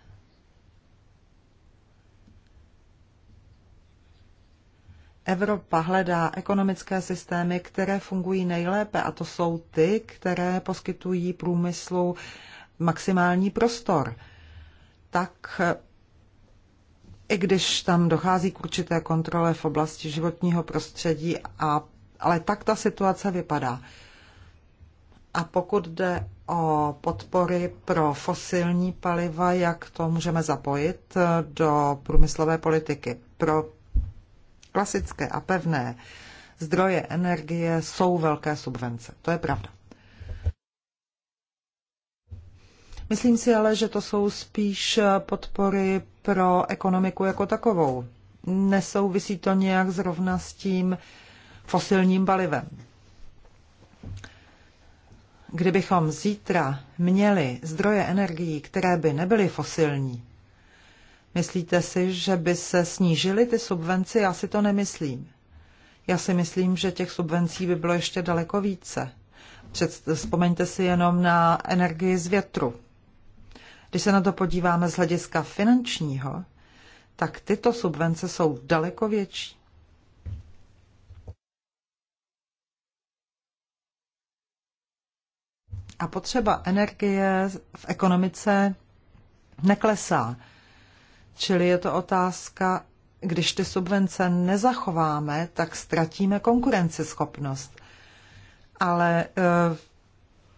Evropa hledá ekonomické systémy, které fungují nejlépe, a to jsou ty, které poskytují průmyslu maximální prostor. Tak i když tam dochází k určité kontrole v oblasti životního prostředí, a, ale tak ta situace vypadá. A pokud jde o podpory pro fosilní paliva, jak to můžeme zapojit do průmyslové politiky. Pro klasické a pevné zdroje energie jsou velké subvence. To je pravda. Myslím si ale, že to jsou spíš podpory pro ekonomiku jako takovou. Nesouvisí to nějak zrovna s tím fosilním palivem. Kdybychom zítra měli zdroje energií, které by nebyly fosilní, myslíte si, že by se snížily ty subvence? Já si to nemyslím. Já si myslím, že těch subvencí by bylo ještě daleko více. Před, vzpomeňte si jenom na energii z větru. Když se na to podíváme z hlediska finančního, tak tyto subvence jsou daleko větší. a potřeba energie v ekonomice neklesá. Čili je to otázka, když ty subvence nezachováme, tak ztratíme konkurenceschopnost. Ale e,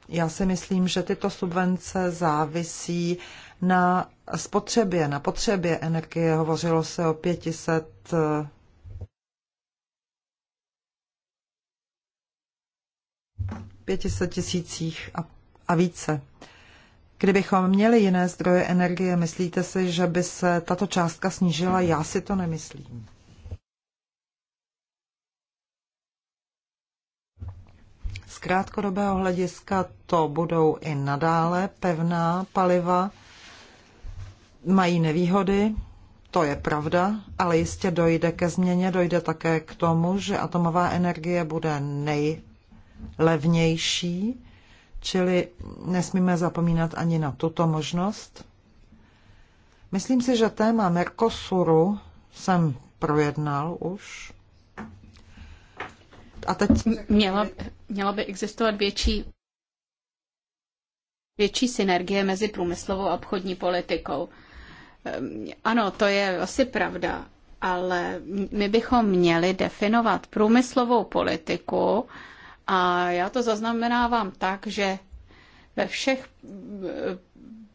já si myslím, že tyto subvence závisí na spotřebě, na potřebě energie. Hovořilo se o 500 500 e, tisících a a více. Kdybychom měli jiné zdroje energie, myslíte si, že by se tato částka snížila? Já si to nemyslím. Z krátkodobého hlediska to budou i nadále pevná paliva. Mají nevýhody, to je pravda, ale jistě dojde ke změně, dojde také k tomu, že atomová energie bude nejlevnější Čili nesmíme zapomínat ani na tuto možnost. Myslím si, že téma Mercosuru jsem projednal už. A teď... Měla, měla by existovat větší větší synergie mezi průmyslovou a obchodní politikou. Ehm, ano, to je asi pravda, ale my bychom měli definovat průmyslovou politiku a já to zaznamenávám tak, že ve všech eh,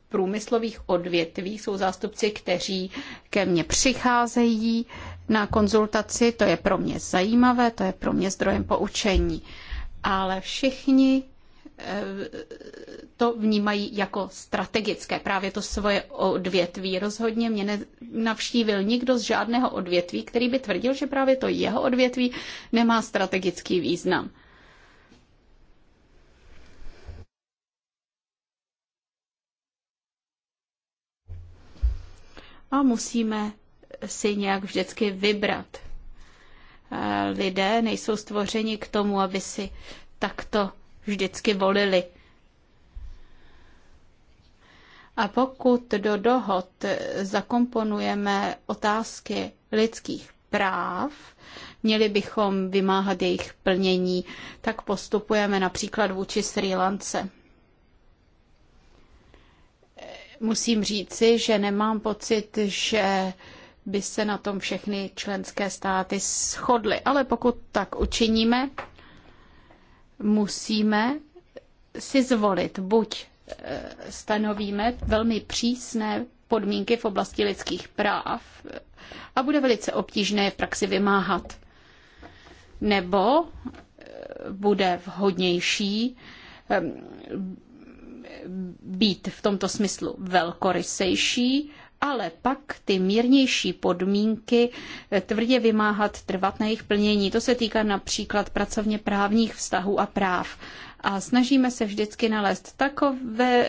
průmyslových odvětvích jsou zástupci, kteří ke mně přicházejí na konzultaci. To je pro mě zajímavé, to je pro mě zdrojem poučení. Ale všichni eh, to vnímají jako strategické, právě to svoje odvětví. Rozhodně mě navštívil nikdo z žádného odvětví, který by tvrdil, že právě to jeho odvětví nemá strategický význam. a musíme si nějak vždycky vybrat. Eh, Lidé nejsou stvořeni k tomu, aby si takto vždycky volili. A pokud do dohod zakomponujeme otázky lidských práv, měli bychom vymáhat jejich plnění, tak postupujeme například vůči Sri Lance. Musím říci, že nemám pocit, že by se na tom všechny členské státy shodly. Ale pokud tak učiníme, musíme si zvolit. Buď eh, stanovíme velmi přísné podmínky v oblasti lidských práv eh, a bude velice obtížné je v praxi vymáhat. Nebo eh, bude vhodnější být v tomto smyslu velkorysejší, ale pak ty mírnější podmínky eh, tvrdě vymáhat, trvat na jejich plnění. To se týká například pracovně právních vztahů a práv. A snažíme se vždycky nalézt takové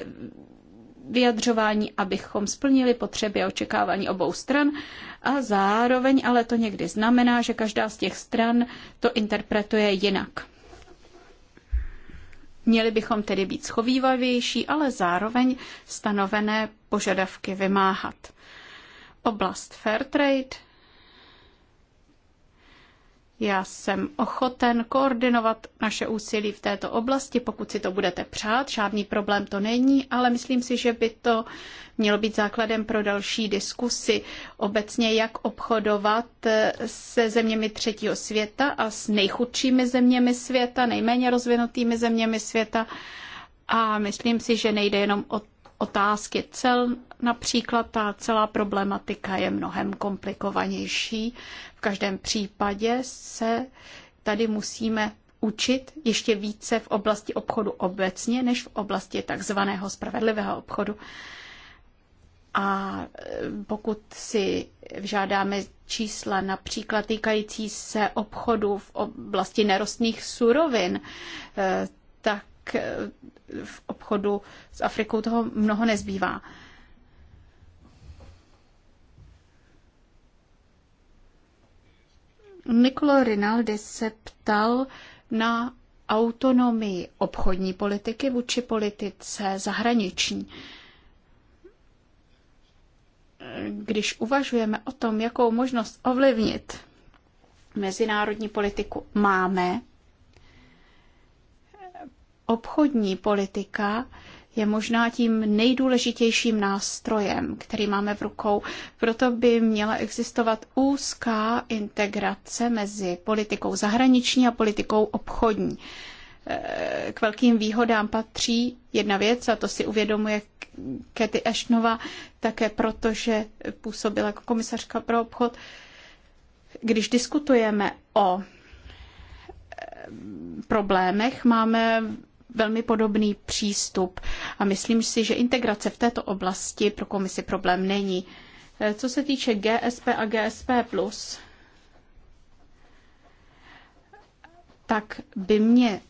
vyjadřování, abychom splnili potřeby a očekávání obou stran a zároveň ale to někdy znamená, že každá z těch stran to interpretuje jinak. Měli bychom tedy být schovývavější, ale zároveň stanovené požadavky vymáhat. Oblast Fairtrade já jsem ochoten koordinovat naše úsilí v této oblasti, pokud si to budete přát. Žádný problém to není, ale myslím si, že by to mělo být základem pro další diskusy obecně, jak obchodovat se zeměmi třetího světa a s nejchudšími zeměmi světa, nejméně rozvinutými zeměmi světa. A myslím si, že nejde jenom o otázky cel například ta celá problematika je mnohem komplikovanější. V každém případě se tady musíme učit ještě více v oblasti obchodu obecně, než v oblasti takzvaného spravedlivého obchodu. A e, pokud si žádáme čísla například týkající se obchodu v oblasti nerostných surovin, e, tak e, v obchodu s Afrikou toho mnoho nezbývá. Nicolo Rinaldi se ptal na autonomii obchodní politiky vůči politice zahraniční. Když uvažujeme o tom, jakou možnost ovlivnit mezinárodní politiku máme, obchodní politika je možná tím nejdůležitějším nástrojem, který máme v rukou. Proto by měla existovat úzká integrace mezi politikou zahraniční a politikou obchodní. E, k velkým výhodám patří jedna věc, a to si uvědomuje Kety Ashnova, také proto, že působila jako komisařka pro obchod. Když diskutujeme o e, problémech, máme velmi podobný přístup a myslím si, že integrace v této oblasti pro komisi problém není. Eh, co se týče GSP a GSP+, tak by mě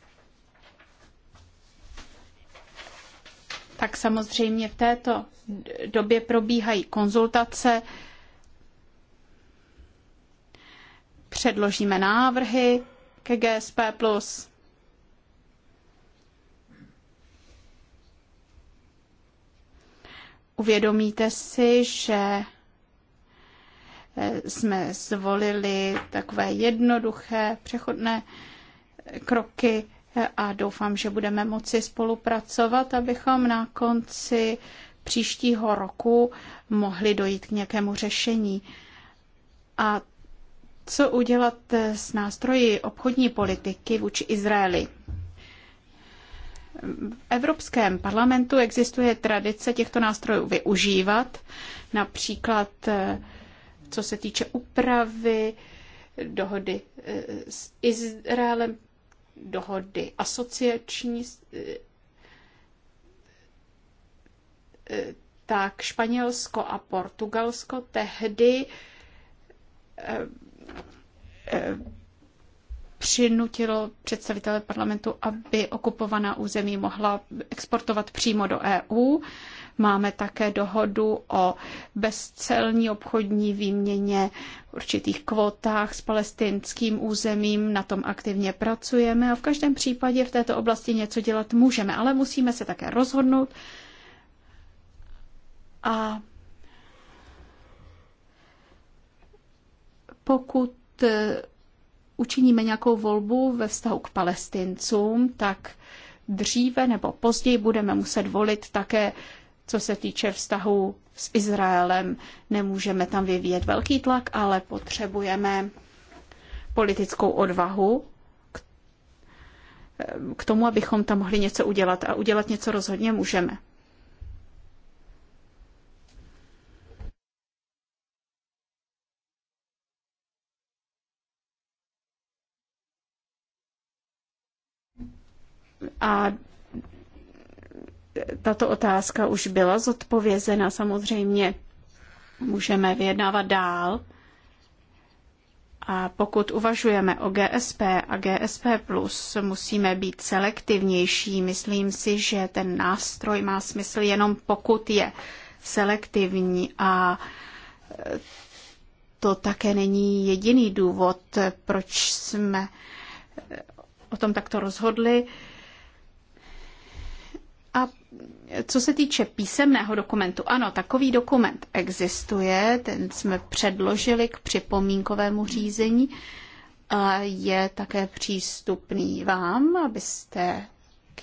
tak samozřejmě v této době probíhají konzultace, předložíme návrhy ke GSP+, Uvědomíte si, že eh, jsme zvolili takové jednoduché přechodné eh, kroky eh, a doufám, že budeme moci spolupracovat, abychom na konci příštího roku mohli dojít k nějakému řešení. A co udělat s nástroji obchodní politiky vůči Izraeli? v Evropském parlamentu existuje tradice těchto nástrojů využívat, například eh, co se týče úpravy, eh, dohody eh, s Izraelem, dohody asociační, tak Španělsko a Portugalsko tehdy přinutilo představitele parlamentu, aby okupovaná území mohla exportovat přímo do EU. Máme také dohodu o bezcelní obchodní výměně určitých kvotách s palestinským územím. Na tom aktivně pracujeme a v každém případě v této oblasti něco dělat můžeme, ale musíme se také rozhodnout a pokud učiníme nějakou volbu ve vztahu k palestincům, tak dříve nebo později budeme muset volit také, co se týče vztahu s Izraelem. Nemůžeme tam vyvíjet velký tlak, ale potřebujeme politickou odvahu k tomu, abychom tam mohli něco udělat. A udělat něco rozhodně můžeme. A tato otázka už byla zodpovězena. Samozřejmě můžeme vyjednávat dál. A pokud uvažujeme o GSP a GSP+, musíme být selektivnější. Myslím si, že ten nástroj má smysl jenom pokud je selektivní a to také není jediný důvod, proč jsme o tom takto rozhodli. A co se týče písemného dokumentu, ano, takový dokument existuje, ten jsme předložili k připomínkovému řízení. A je také přístupný vám, abyste k,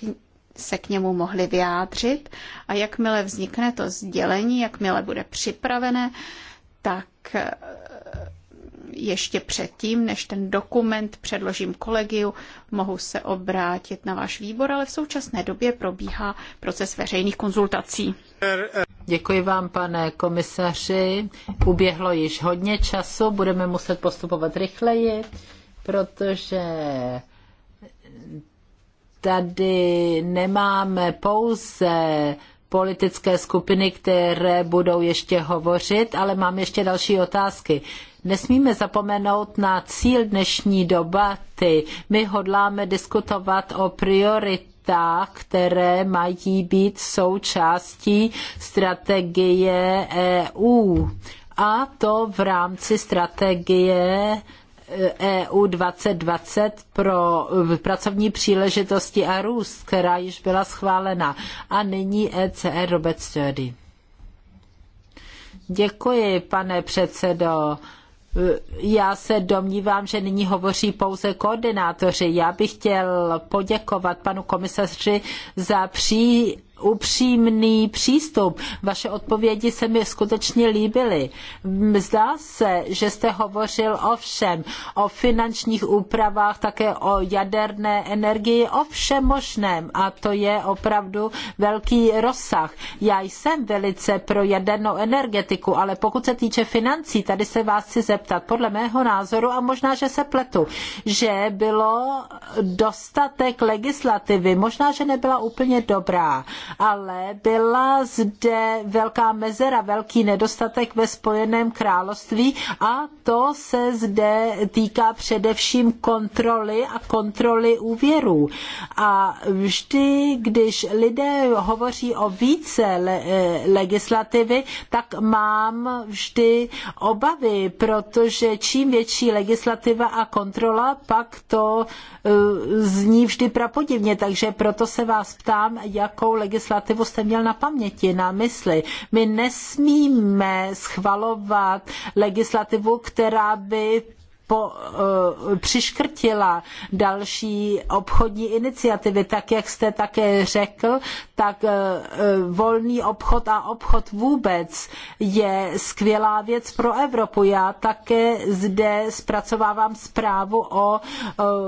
se k němu mohli vyjádřit. A jakmile vznikne to sdělení, jakmile bude připravené, tak ještě předtím, než ten dokument předložím kolegiu, mohu se obrátit na váš výbor, ale v současné době probíhá proces veřejných konzultací. Děkuji vám, pane komisaři. Uběhlo již hodně času, budeme muset postupovat rychleji, protože tady nemáme pouze politické skupiny, které budou ještě hovořit, ale mám ještě další otázky. Nesmíme zapomenout na cíl dnešní debaty. My hodláme diskutovat o prioritách, které mají být součástí strategie EU. A to v rámci strategie EU e 2020 pro e, pracovní příležitosti a růst, která již byla schválena. A nyní ECR Robert Sturdy. Děkuji, pane předsedo já se domnívám, že nyní hovoří pouze koordinátoři. Já bych chtěl poděkovat panu komisaři za příležitost upřímný přístup. Vaše odpovědi se mi skutečně líbily. Zdá se, že jste hovořil o všem, o finančních úpravách, také o jaderné energii, o všem možném a to je opravdu velký rozsah. Já jsem velice pro jadernou energetiku, ale pokud se týče financí, tady se vás chci zeptat, podle mého názoru a možná, že se pletu, že bylo dostatek legislativy, možná, že nebyla úplně dobrá ale byla zde velká mezera, velký nedostatek ve Spojeném království a to se zde týká především kontroly a kontroly úvěrů. A vždy, když lidé hovoří o více le- eh, legislativy, tak mám vždy obavy, protože čím větší legislativa a kontrola, pak to eh, zní vždy prapodivně. Takže proto se vás ptám, jakou legislativu legislativu jste měl na paměti, na mysli. My nesmíme schvalovat legislativu, která by po, eh, přiškrtila další obchodní iniciativy, tak jak jste také řekl, tak eh, eh, volný obchod a obchod vůbec je skvělá věc pro Evropu. Já také zde zpracovávám zprávu o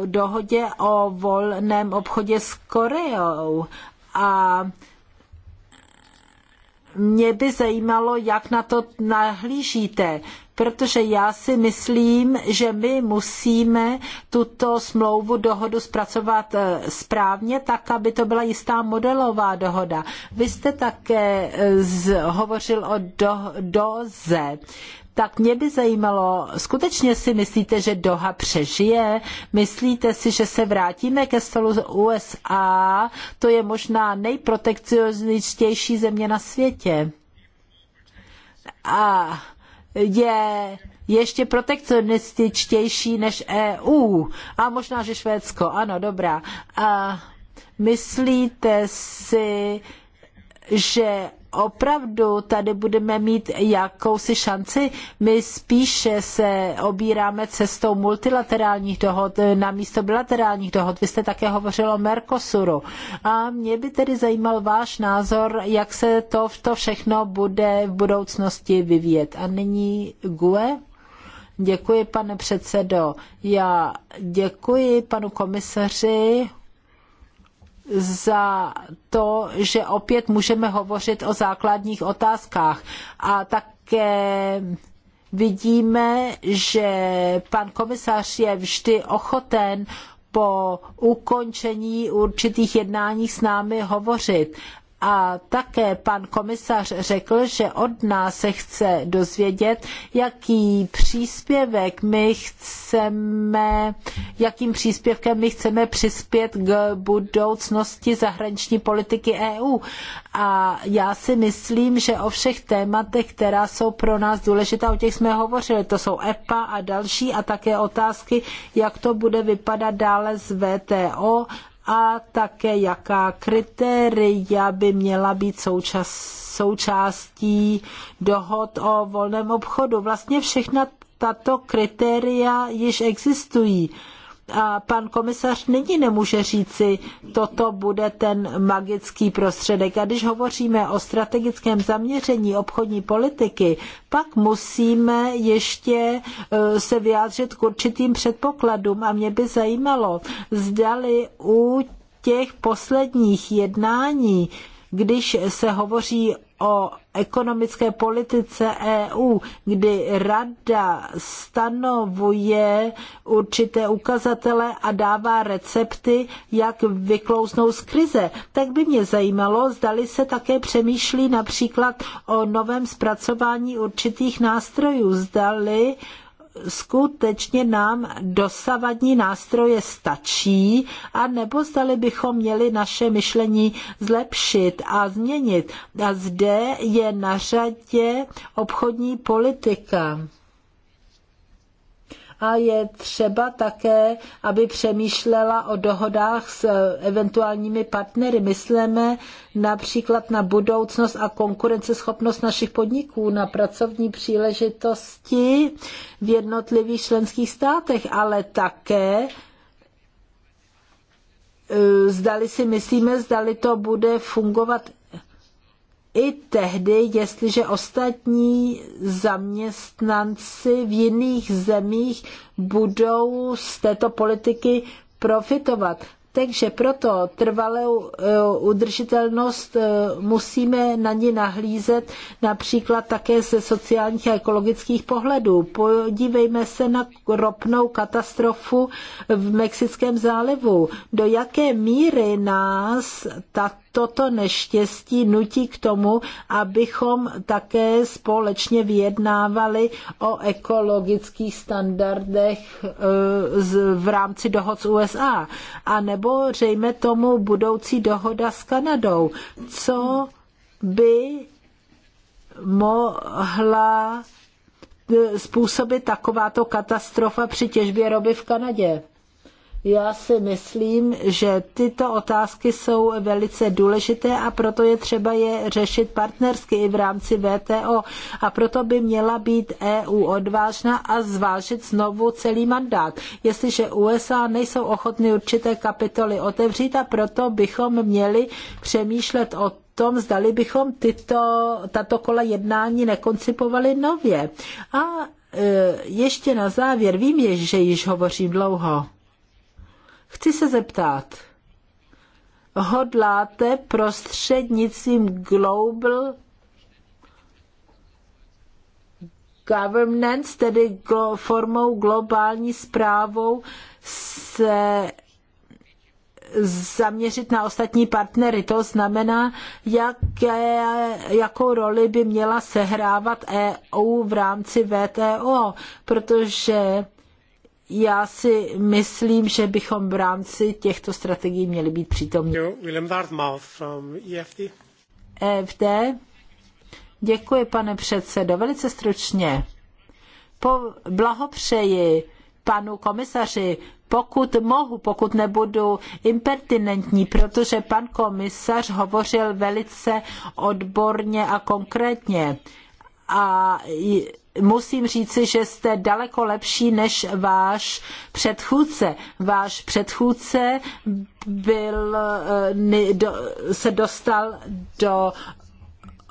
dohodě o volném obchodě s Koreou a mě by zajímalo, jak na to nahlížíte, protože já si myslím, že my musíme tuto smlouvu, dohodu zpracovat eh, správně, tak, aby to byla jistá modelová dohoda. Vy jste také eh, hovořil o do, doze tak mě by zajímalo, skutečně si myslíte, že Doha přežije? Myslíte si, že se vrátíme ke stolu USA? To je možná nejprotekcionističtější země na světě. A je ještě protekcionističtější než EU. A možná, že Švédsko, ano, dobrá. A myslíte si, že opravdu tady budeme mít jakousi šanci. My spíše se obíráme cestou multilaterálních dohod eh, na místo bilaterálních dohod. Vy jste také hovořil o Mercosuru. A mě by tedy zajímal váš názor, jak se to, to všechno bude v budoucnosti vyvíjet. A nyní GUE. Děkuji, pane předsedo. Já děkuji panu komisaři za to, že opět můžeme hovořit o základních otázkách. A také vidíme, že pan komisař je vždy ochoten po ukončení určitých jednání s námi hovořit. A také pan komisař řekl, že od nás se chce dozvědět, jaký příspěvek my chceme, jakým příspěvkem my chceme přispět k budoucnosti zahraniční politiky EU. A já si myslím, že o všech tématech, která jsou pro nás důležitá, o těch jsme hovořili, to jsou EPA a další a také otázky, jak to bude vypadat dále z VTO a také jaká kritéria by měla být součas, součástí dohod o volném obchodu. Vlastně všechna tato kritéria již existují a pan komisař nyní nemůže říci, toto bude ten magický prostředek. A když hovoříme o strategickém zaměření obchodní politiky, pak musíme ještě e, se vyjádřit k určitým předpokladům. A mě by zajímalo, zdali u těch posledních jednání, když se hovoří o ekonomické politice EU, kdy rada stanovuje určité ukazatele a dává recepty, jak vyklouznout z krize, tak by mě zajímalo, zdali se také přemýšlí například o novém zpracování určitých nástrojů, zdali skutečně nám dosavadní nástroje stačí, a nebo zdali bychom měli naše myšlení zlepšit a změnit. A zde je na řadě obchodní politika a je třeba také, aby přemýšlela o dohodách s eh, eventuálními partnery. Myslíme například na budoucnost a konkurenceschopnost našich podniků, na pracovní příležitosti v jednotlivých členských státech, ale také eh, zdali si myslíme, zdali to bude fungovat i tehdy, jestliže ostatní zaměstnanci v jiných zemích budou z této politiky profitovat. Takže proto trvalou e, udržitelnost e, musíme na ní nahlízet například také ze sociálních a ekologických pohledů. Podívejme se na ropnou katastrofu v Mexickém zálivu. Do jaké míry nás tato toto neštěstí nutí k tomu, abychom také společně vyjednávali o ekologických standardech e, v rámci dohod s USA. A nebo řejme tomu budoucí dohoda s Kanadou. Co by mohla e, způsobit takováto katastrofa při těžbě roby v Kanadě? Já si myslím, že tyto otázky jsou velice důležité a proto je třeba je řešit partnersky i v rámci VTO. A proto by měla být EU odvážná a zvážit znovu celý mandát, jestliže USA nejsou ochotny určité kapitoly otevřít a proto bychom měli přemýšlet o tom, zdali bychom tyto, tato kola jednání nekoncipovali nově. A e, ještě na závěr, vím, že již hovořím dlouho. Chci se zeptat, hodláte prostřednictvím Global Governance, tedy formou globální zprávou, se zaměřit na ostatní partnery. To znamená, jaké, jakou roli by měla sehrávat EU v rámci VTO, protože já si myslím, že bychom v rámci těchto strategií měli být přítomní. William Dartmouth from EFD. EFD. Děkuji, pane předsedo. Velice stručně. Po, blahopřeji panu komisaři, pokud mohu, pokud nebudu impertinentní, protože pan komisař hovořil velice odborně a konkrétně. A musím říci, že jste daleko lepší než váš předchůdce. Váš předchůdce byl, eh, se dostal do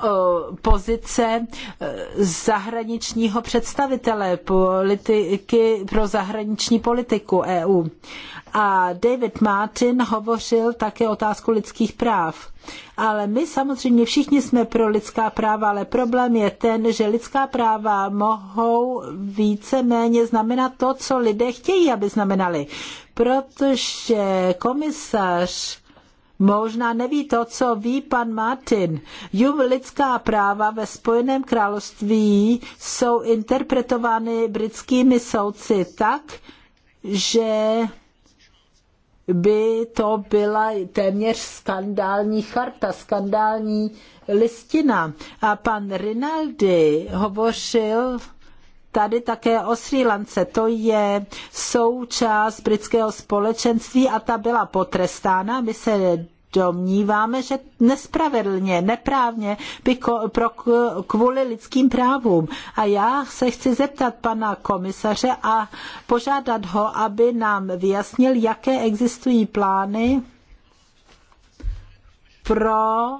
Eh, pozice eh, zahraničního představitele politiky pro zahraniční politiku EU. A David Martin hovořil také o otázku lidských práv. Ale my samozřejmě všichni jsme pro lidská práva, ale problém je ten, že lidská práva mohou více-méně znamenat to, co lidé chtějí, aby znamenali. Protože komisař možná neví to, co ví pan Martin. Jum lidská práva ve Spojeném království jsou interpretovány britskými soudci tak, že by to byla téměř skandální charta, skandální listina. A pan Rinaldi hovořil tady také o Sri Lance. To je součást britského společenství a ta byla potrestána. My se domníváme, že nespravedlně, neprávně by ko, pro, kvůli lidským právům. A já se chci zeptat pana komisaře a požádat ho, aby nám vyjasnil, jaké existují plány pro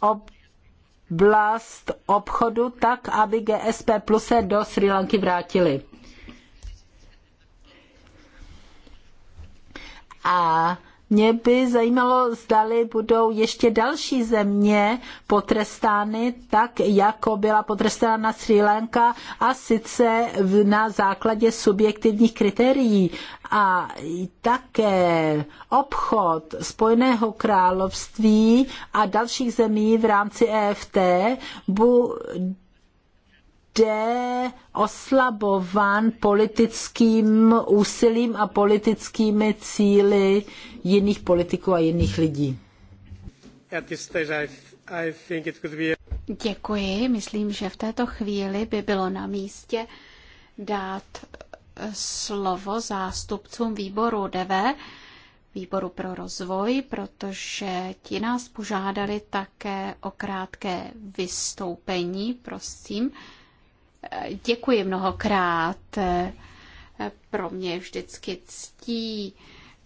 ob vlast obchodu tak, aby GSP plus se do Sri Lanky vrátili. A mě by zajímalo, zdali budou ještě další země potrestány, tak jako byla potrestána Sri Lanka a sice na základě subjektivních kritérií. A také obchod Spojeného království a dalších zemí v rámci EFT bude jde oslabován politickým úsilím a politickými cíly jiných politiků a jiných lidí. Děkuji. Myslím, že v této chvíli by bylo na místě dát eh, slovo zástupcům výboru DV, výboru pro rozvoj, protože ti nás požádali také o krátké vystoupení. Prosím, Děkuji mnohokrát. Pro mě vždycky ctí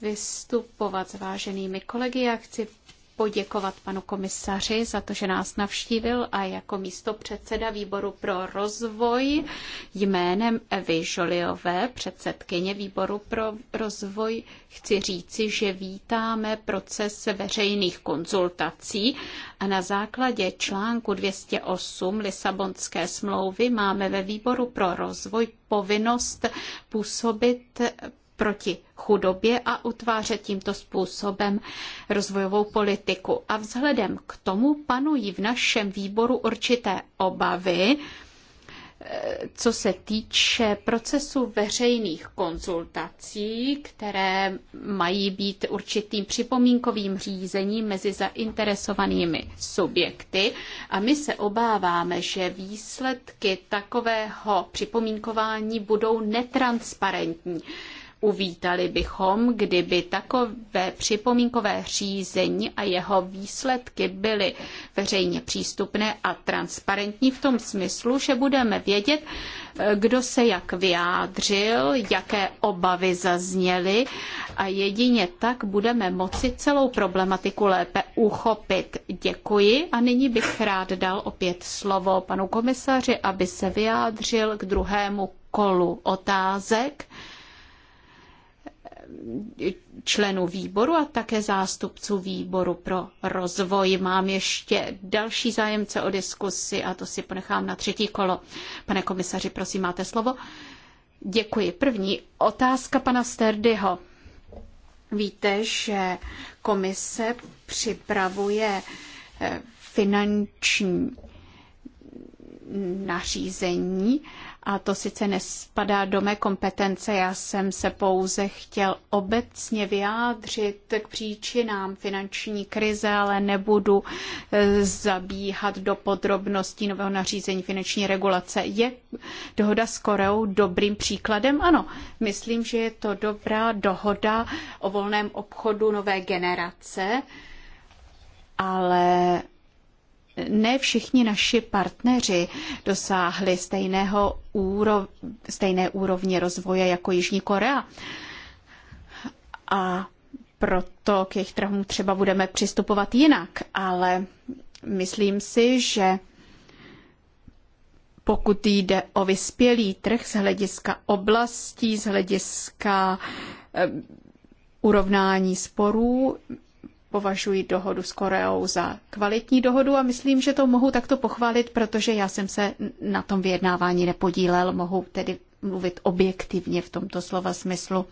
vystupovat s váženými kolegy. Já chci poděkovat panu komisaři za to, že nás navštívil a jako místo předseda výboru pro rozvoj jménem Evy Žoliové, předsedkyně výboru pro rozvoj, chci říci, že vítáme proces veřejných konzultací a na základě článku 208 Lisabonské smlouvy máme ve výboru pro rozvoj povinnost působit proti chudobě a utvářet tímto způsobem rozvojovou politiku. A vzhledem k tomu panují v našem výboru určité obavy, eh, co se týče procesu veřejných konzultací, které mají být určitým připomínkovým řízením mezi zainteresovanými subjekty. A my se obáváme, že výsledky takového připomínkování budou netransparentní Uvítali bychom, kdyby takové připomínkové řízení a jeho výsledky byly veřejně přístupné a transparentní v tom smyslu, že budeme vědět, eh, kdo se jak vyjádřil, jaké obavy zazněly a jedině tak budeme moci celou problematiku lépe uchopit. Děkuji a nyní bych rád dal opět slovo panu komisaři, aby se vyjádřil k druhému kolu otázek členů výboru a také zástupců výboru pro rozvoj. Mám ještě další zájemce o diskusi a to si ponechám na třetí kolo. Pane komisaři, prosím, máte slovo. Děkuji. První otázka pana Sterdyho. Víte, že komise připravuje eh, finanční nařízení a to sice nespadá do mé kompetence, já jsem se pouze chtěl obecně vyjádřit k příčinám finanční krize, ale nebudu eh, zabíhat do podrobností nového nařízení finanční regulace. Je dohoda s Koreou dobrým příkladem? Ano, myslím, že je to dobrá dohoda o volném obchodu nové generace, ale ne všichni naši partneři dosáhli stejného úro, stejné úrovně rozvoje jako Jižní Korea. A proto k jejich trhům třeba budeme přistupovat jinak, ale myslím si, že pokud jde o vyspělý trh z hlediska oblastí, z hlediska eh, urovnání sporů, Považuji dohodu s Koreou za kvalitní dohodu a myslím, že to mohu takto pochválit, protože já jsem se na tom vyjednávání nepodílel, mohu tedy mluvit objektivně v tomto slova smyslu.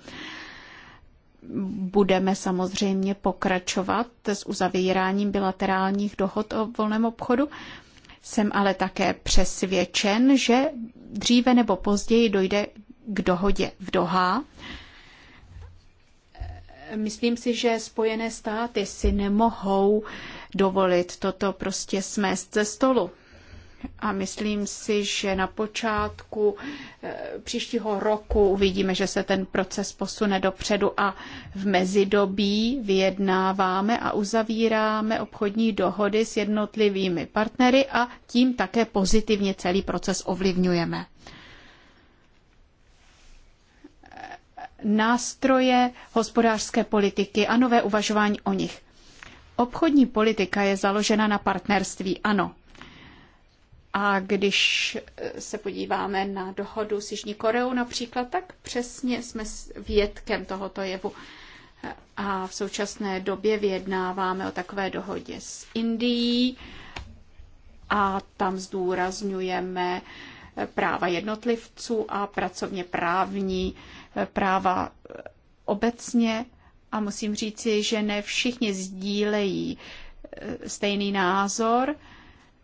Budeme samozřejmě pokračovat s uzavíráním bilaterálních dohod o volném obchodu. Jsem ale také přesvědčen, že dříve nebo později dojde k dohodě v Dohá, Myslím si, že Spojené státy si nemohou dovolit toto prostě smést ze stolu. A myslím si, že na počátku eh, příštího roku uvidíme, že se ten proces posune dopředu a v mezidobí vyjednáváme a uzavíráme obchodní dohody s jednotlivými partnery a tím také pozitivně celý proces ovlivňujeme. nástroje hospodářské politiky a nové uvažování o nich. Obchodní politika je založena na partnerství, ano. A když se podíváme na dohodu s Jižní Koreou například, tak přesně jsme vědkem tohoto jevu. A v současné době vyjednáváme o takové dohodě s Indií a tam zdůrazňujeme práva jednotlivců a pracovně právní uh, práva obecně a musím říci, že ne všichni sdílejí eh, stejný názor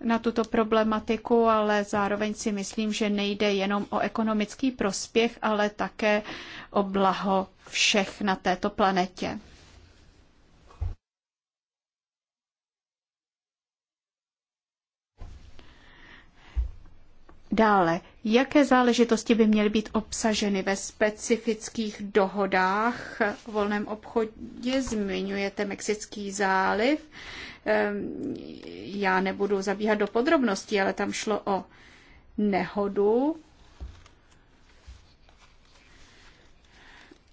na tuto problematiku, ale zároveň si myslím, že nejde jenom o ekonomický prospěch, ale také o blaho všech na této planetě. Dále, jaké záležitosti by měly být obsaženy ve specifických dohodách o volném obchodě? Zmiňujete Mexický záliv. Ehm, já nebudu zabíhat do podrobností, ale tam šlo o nehodu.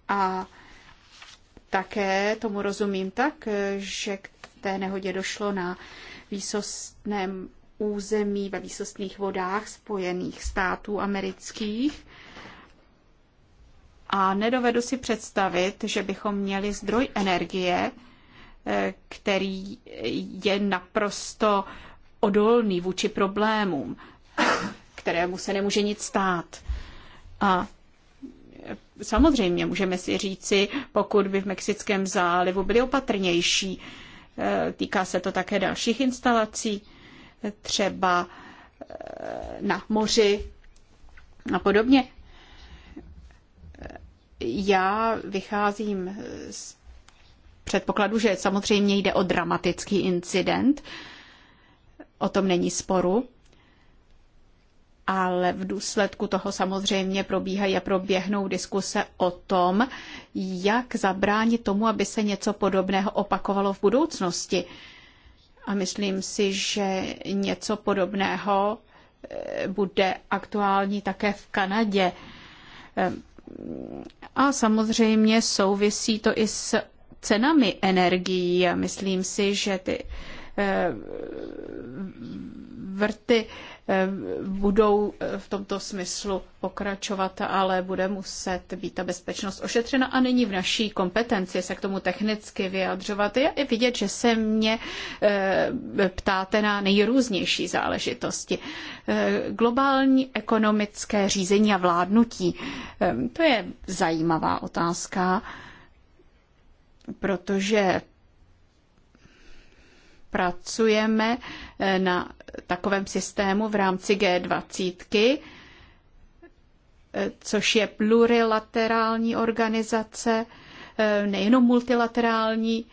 A také tomu rozumím tak, že k té nehodě došlo na výsostném území ve výsostných vodách Spojených států amerických. A nedovedu si představit, že bychom měli zdroj energie, eh, který je naprosto odolný vůči problémům, kterému se nemůže nic stát. A samozřejmě můžeme si říci, pokud by v Mexickém zálivu byli opatrnější, eh, týká se to také dalších instalací, třeba eh, na moři a podobně. Já vycházím z předpokladu, že samozřejmě jde o dramatický incident, o tom není sporu, ale v důsledku toho samozřejmě probíhají a proběhnou diskuse o tom, jak zabránit tomu, aby se něco podobného opakovalo v budoucnosti. A myslím si, že něco podobného eh, bude aktuální také v Kanadě. Eh, a samozřejmě souvisí to i s cenami energií. A myslím si, že ty eh, vrty Eh, budou eh, v tomto smyslu pokračovat, ale bude muset být ta bezpečnost ošetřena a není v naší kompetenci se k tomu technicky vyjadřovat. Je vidět, že se mě eh, ptáte na nejrůznější záležitosti. Globální ekonomické řízení a vládnutí. To je zajímavá otázka, protože pracujeme eh, na takovém systému v rámci G20, eh, což je plurilaterální organizace, eh, nejenom multilaterální,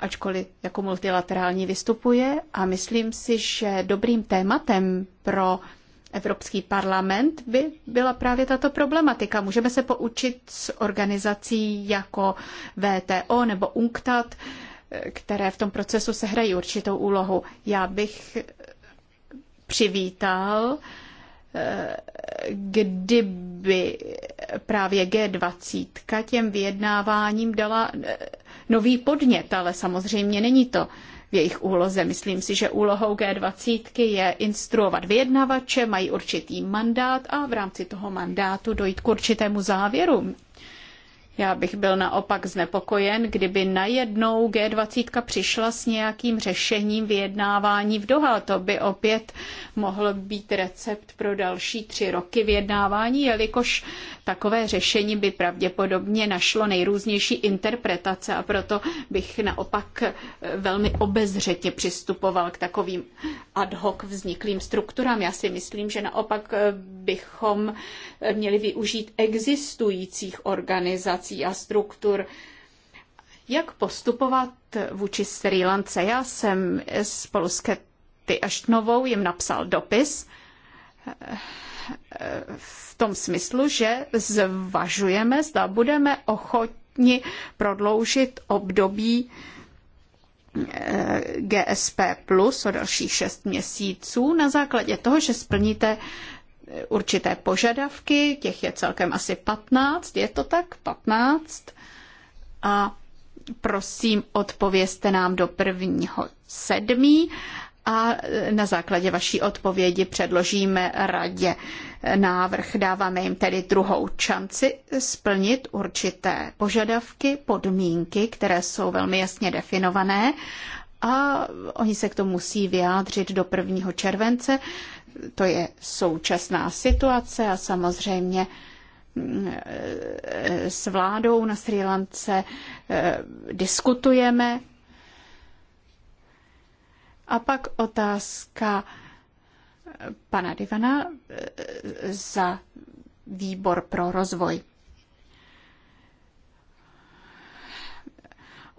ačkoliv jako multilaterální vystupuje. A myslím si, že dobrým tématem pro Evropský parlament by byla právě tato problematika. Můžeme se poučit s organizací jako VTO nebo UNCTAD, které v tom procesu sehrají určitou úlohu. Já bych přivítal, eh, kdyby právě G20 těm vyjednáváním dala eh, nový podnět, ale samozřejmě není to v jejich úloze. Myslím si, že úlohou G20 je instruovat vyjednavače, mají určitý mandát a v rámci toho mandátu dojít k určitému závěru. Já bych byl naopak znepokojen, kdyby najednou G20 přišla s nějakým řešením vyjednávání v Doha. To by opět mohl být recept pro další tři roky vyjednávání, jelikož takové řešení by pravděpodobně našlo nejrůznější interpretace a proto bych naopak velmi obezřetě přistupoval k takovým ad hoc vzniklým strukturám. Já si myslím, že naopak bychom měli využít existujících organizací a struktur. Jak postupovat vůči Sri Lance? Já jsem spolu s Kety Aštnovou jim napsal dopis v tom smyslu, že zvažujeme, zda budeme ochotni prodloužit období eh, GSP Plus o dalších šest měsíců na základě toho, že splníte určité požadavky, těch je celkem asi 15, je to tak? 15. A prosím, odpovězte nám do prvního sedmí a na základě vaší odpovědi předložíme radě návrh. Dáváme jim tedy druhou šanci splnit určité požadavky, podmínky, které jsou velmi jasně definované a oni se k tomu musí vyjádřit do 1. července to je současná situace a samozřejmě mm, eh, s vládou na Sri Lance eh, diskutujeme. A pak otázka pana Divana eh, za výbor pro rozvoj.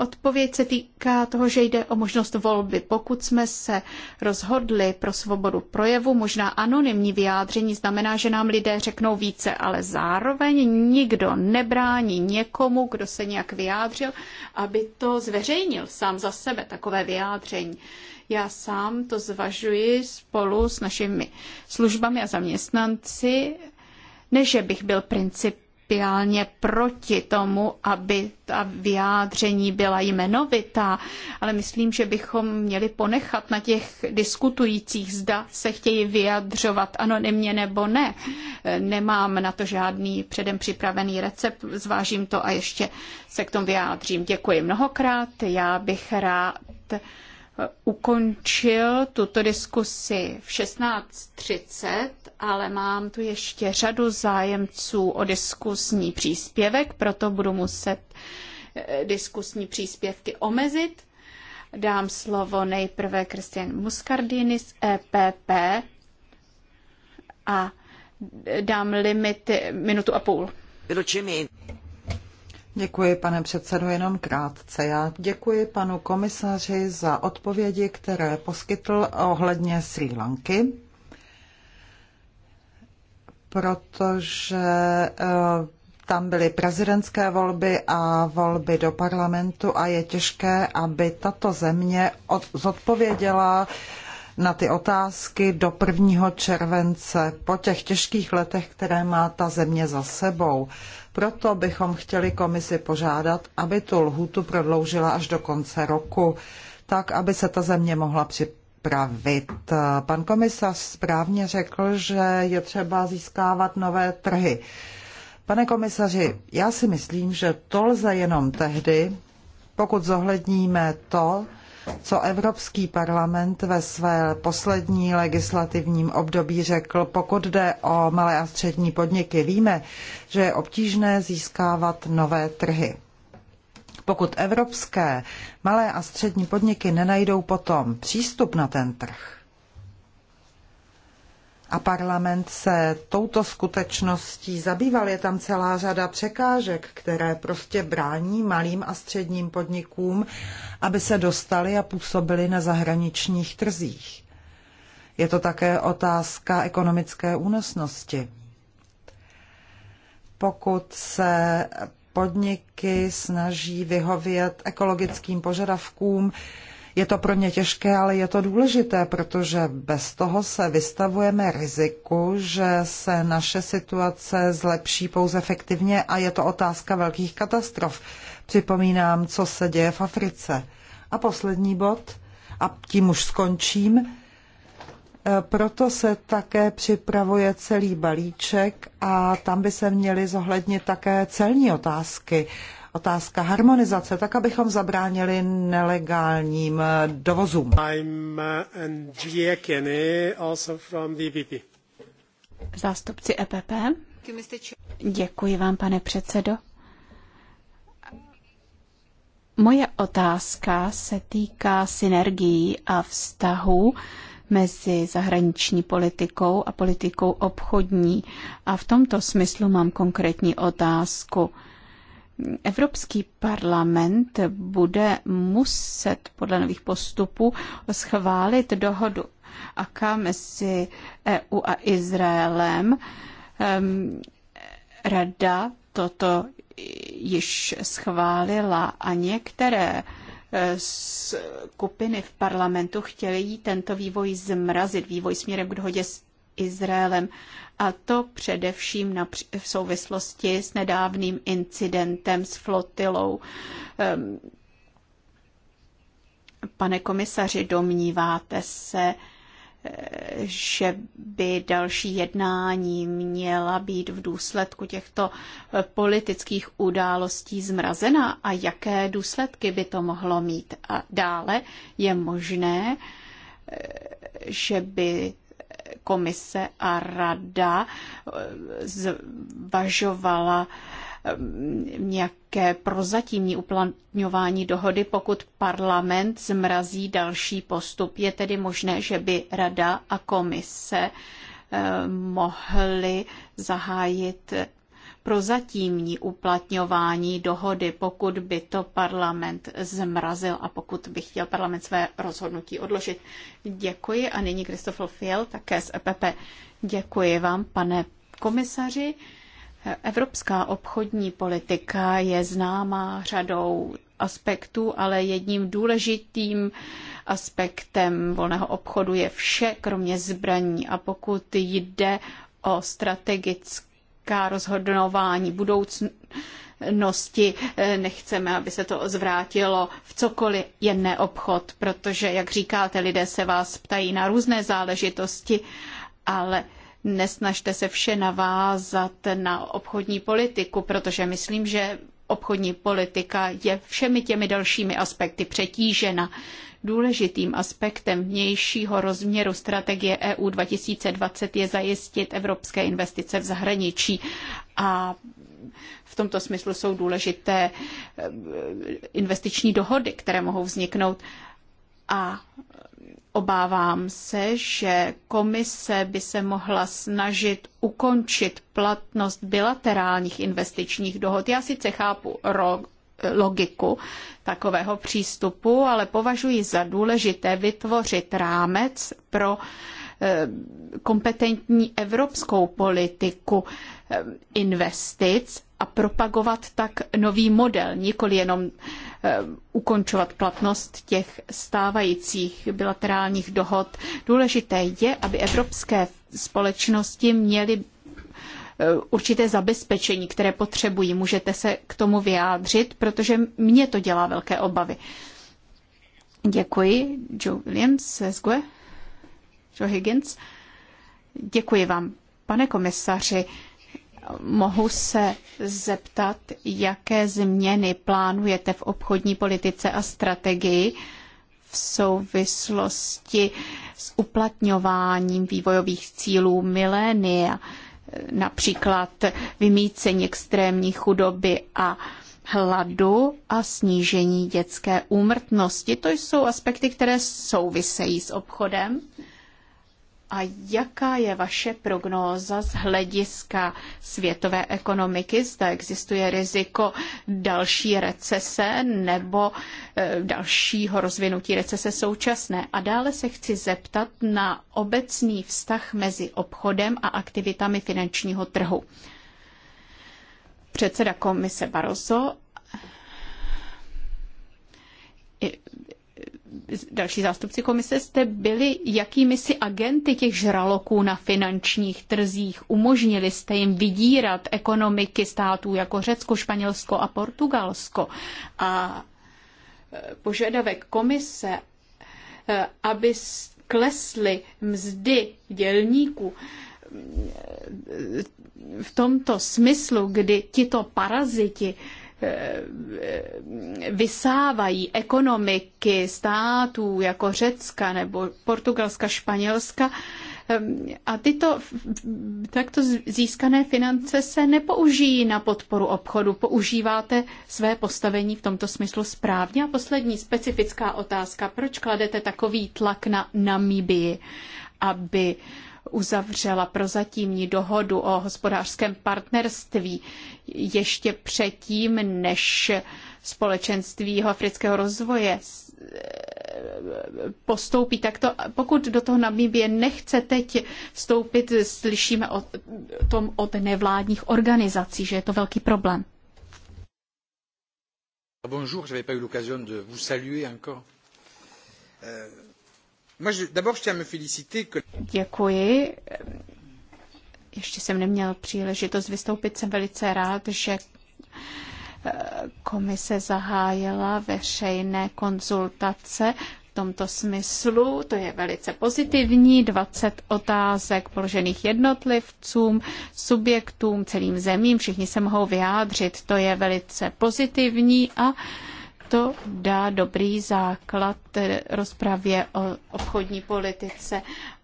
Odpověď se týká toho, že jde o možnost volby. Pokud jsme se rozhodli pro svobodu projevu, možná anonymní vyjádření znamená, že nám lidé řeknou více, ale zároveň nikdo nebrání někomu, kdo se nějak vyjádřil, aby to zveřejnil sám za sebe, takové vyjádření. Já sám to zvažuji spolu s našimi službami a zaměstnanci, ne, že bych byl princip principiálně proti tomu, aby ta vyjádření byla jmenovitá, ale myslím, že bychom měli ponechat na těch diskutujících, zda se chtějí vyjadřovat anonymně nebo ne. Nemám na to žádný předem připravený recept, zvážím to a ještě se k tomu vyjádřím. Děkuji mnohokrát, já bych rád ukončil tuto diskusi v 16.30, ale mám tu ještě řadu zájemců o diskusní příspěvek, proto budu muset eh, diskusní příspěvky omezit. Dám slovo nejprve Kristian Muscardini z EPP a dám limit minutu a půl. Děkuji, pane předsedo, jenom krátce. Já děkuji panu komisaři za odpovědi, které poskytl ohledně Sri Lanky, protože eh, tam byly prezidentské volby a volby do parlamentu a je těžké, aby tato země zodpověděla na ty otázky do 1. července po těch těžkých letech, které má ta země za sebou. Proto bychom chtěli komisi požádat, aby tu lhůtu prodloužila až do konce roku, tak aby se ta země mohla připravit. Pan komisař správně řekl, že je třeba získávat nové trhy. Pane komisaři, já si myslím, že to lze jenom tehdy, pokud zohledníme to, co Evropský parlament ve své poslední legislativním období řekl, pokud jde o malé a střední podniky. Víme, že je obtížné získávat nové trhy. Pokud evropské malé a střední podniky nenajdou potom přístup na ten trh, a parlament se touto skutečností zabýval. Je tam celá řada překážek, které prostě brání malým a středním podnikům, aby se dostali a působili na zahraničních trzích. Je to také otázka ekonomické únosnosti. Pokud se podniky snaží vyhovět ekologickým požadavkům, je to pro ně těžké, ale je to důležité, protože bez toho se vystavujeme riziku, že se naše situace zlepší pouze efektivně a je to otázka velkých katastrof. Připomínám, co se děje v Africe. A poslední bod, a tím už skončím, e, proto se také připravuje celý balíček a tam by se měly zohlednit také celní otázky otázka harmonizace, tak abychom zabránili nelegálním eh, dovozům. I'm eh, also from the EPP. Zástupci EPP. Děkuji vám, pane předsedo. Moje otázka se týká synergií a vztahu mezi zahraniční politikou a politikou obchodní. A v tomto smyslu mám konkrétní otázku. Evropský parlament bude muset podle nových postupů schválit dohodu AK mezi EU a Izraelem. Ehm, Rada toto již schválila a některé eh, skupiny v parlamentu chtěly tento vývoj zmrazit, vývoj směrem k dohodě s Izraelem. A to především v souvislosti s nedávným incidentem s flotilou. Ehm, pane komisaři, domníváte se, eh, že by další jednání měla být v důsledku těchto eh, politických událostí zmrazena a jaké důsledky by to mohlo mít. A dále je možné, eh, že by komise a rada eh, zvažovala mm, nějaké prozatímní uplatňování dohody, pokud parlament zmrazí další postup. Je tedy možné, že by rada a komise eh, mohly zahájit pro zatímní uplatňování dohody, pokud by to parlament zmrazil a pokud by chtěl parlament své rozhodnutí odložit. Děkuji a nyní Christopher Fiel, také z EPP. Děkuji vám, pane komisaři. Evropská obchodní politika je známá řadou aspektů, ale jedním důležitým aspektem volného obchodu je vše, kromě zbraní. A pokud jde o strategické týká rozhodování budoucnosti. Eh, nechceme, aby se to zvrátilo v cokoliv, jen ne obchod, protože, jak říkáte, lidé se vás ptají na různé záležitosti, ale nesnažte se vše navázat na obchodní politiku, protože myslím, že obchodní politika je všemi těmi dalšími aspekty přetížena. Důležitým aspektem vnějšího rozměru strategie EU 2020 je zajistit evropské investice v zahraničí a v tomto smyslu jsou důležité eh, investiční dohody, které mohou vzniknout. A obávám se, že komise by se mohla snažit ukončit platnost bilaterálních investičních dohod. Já sice chápu logiku takového přístupu, ale považuji za důležité vytvořit rámec pro eh, kompetentní evropskou politiku eh, investic a propagovat tak nový model, nikoli jenom eh, ukončovat platnost těch stávajících bilaterálních dohod. Důležité je, aby evropské společnosti měly Eh, určité zabezpečení, které potřebují. Můžete se k tomu vyjádřit, protože mě to dělá velké obavy. Děkuji. Joe Williams, Sesgue, e. Joe Higgins. Děkuji vám, pane komisaři. Mohu se zeptat, jaké změny plánujete v obchodní politice a strategii v souvislosti s uplatňováním vývojových cílů milénia? například vymícení extrémní chudoby a hladu a snížení dětské úmrtnosti. To jsou aspekty, které souvisejí s obchodem a jaká je vaše prognóza z hlediska světové ekonomiky? Zda existuje riziko další recese nebo eh, dalšího rozvinutí recese současné? A dále se chci zeptat na obecný vztah mezi obchodem a aktivitami finančního trhu. Předseda komise Barroso další zástupci komise jste byli jakými si agenty těch žraloků na finančních trzích. Umožnili jste jim vydírat ekonomiky států jako Řecko, Španělsko a Portugalsko. A e, požadavek komise, e, aby klesly mzdy dělníků, e, v tomto smyslu, kdy tito paraziti Eh, vysávají ekonomiky států jako Řecka nebo Portugalska, Španělska, eh, a tyto takto získané finance se nepoužijí na podporu obchodu. Používáte své postavení v tomto smyslu správně? A poslední specifická otázka. Proč kladete takový tlak na Namibii, aby uh, uzavřela prozatímní dohodu o hospodářském partnerství ještě předtím, než společenství afrického rozvoje postoupí. Tak to, pokud do toho Namibie nechce teď vstoupit, slyšíme o tom od nevládních organizací, že je to velký problém. Bonjour, pas eu l'occasion de vous saluer encore. Euh, Děkuji. Ještě jsem neměl příležitost vystoupit. Jsem velice rád, že eh, komise zahájila veřejné konzultace v tomto smyslu. To je velice pozitivní. 20 otázek položených jednotlivcům, subjektům, celým zemím. Všichni se mohou vyjádřit. To je velice pozitivní a uh, to dá dobrý základ eh, rozpravě o obchodní politice.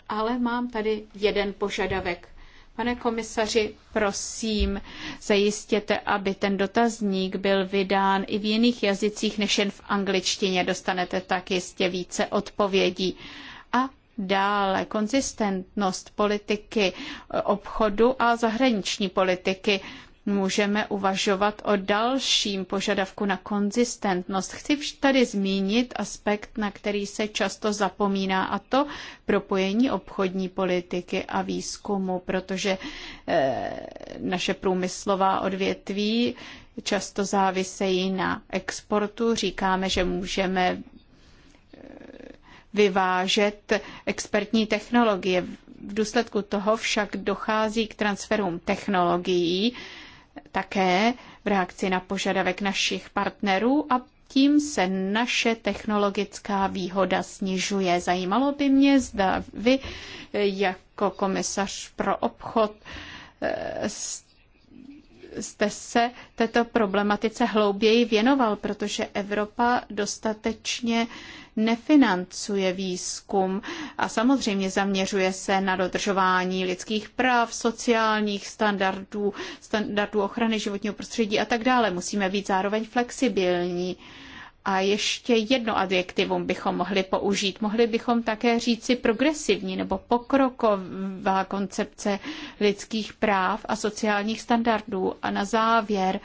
Ale mám tady jeden požadavek. Pane komisaři, prosím, zajistěte, aby ten dotazník byl vydán i v jiných jazycích než jen v angličtině. Dostanete tak jistě více odpovědí. A dále konzistentnost politiky eh, obchodu a zahraniční politiky můžeme uvažovat o dalším požadavku na konzistentnost. Chci tady zmínit aspekt, na který se často zapomíná, a to propojení obchodní politiky a výzkumu, protože eh, naše průmyslová odvětví často závisejí na exportu. Říkáme, že můžeme eh, vyvážet expertní technologie. V důsledku toho však dochází k transferům technologií, také v reakci na požadavek našich partnerů a tím se naše technologická výhoda snižuje. Zajímalo by mě, zda vy jako komisař pro obchod eh, jste se této problematice hlouběji věnoval, protože Evropa dostatečně nefinancuje výzkum a samozřejmě zaměřuje se na dodržování lidských práv, sociálních standardů, standardů ochrany životního prostředí a tak dále. Musíme být zároveň flexibilní. Uh, a ještě jedno adjektivum bychom mohli použít. Mohli bychom také říci progresivní nebo pokroková koncepce lidských práv a sociálních standardů. A na závěr,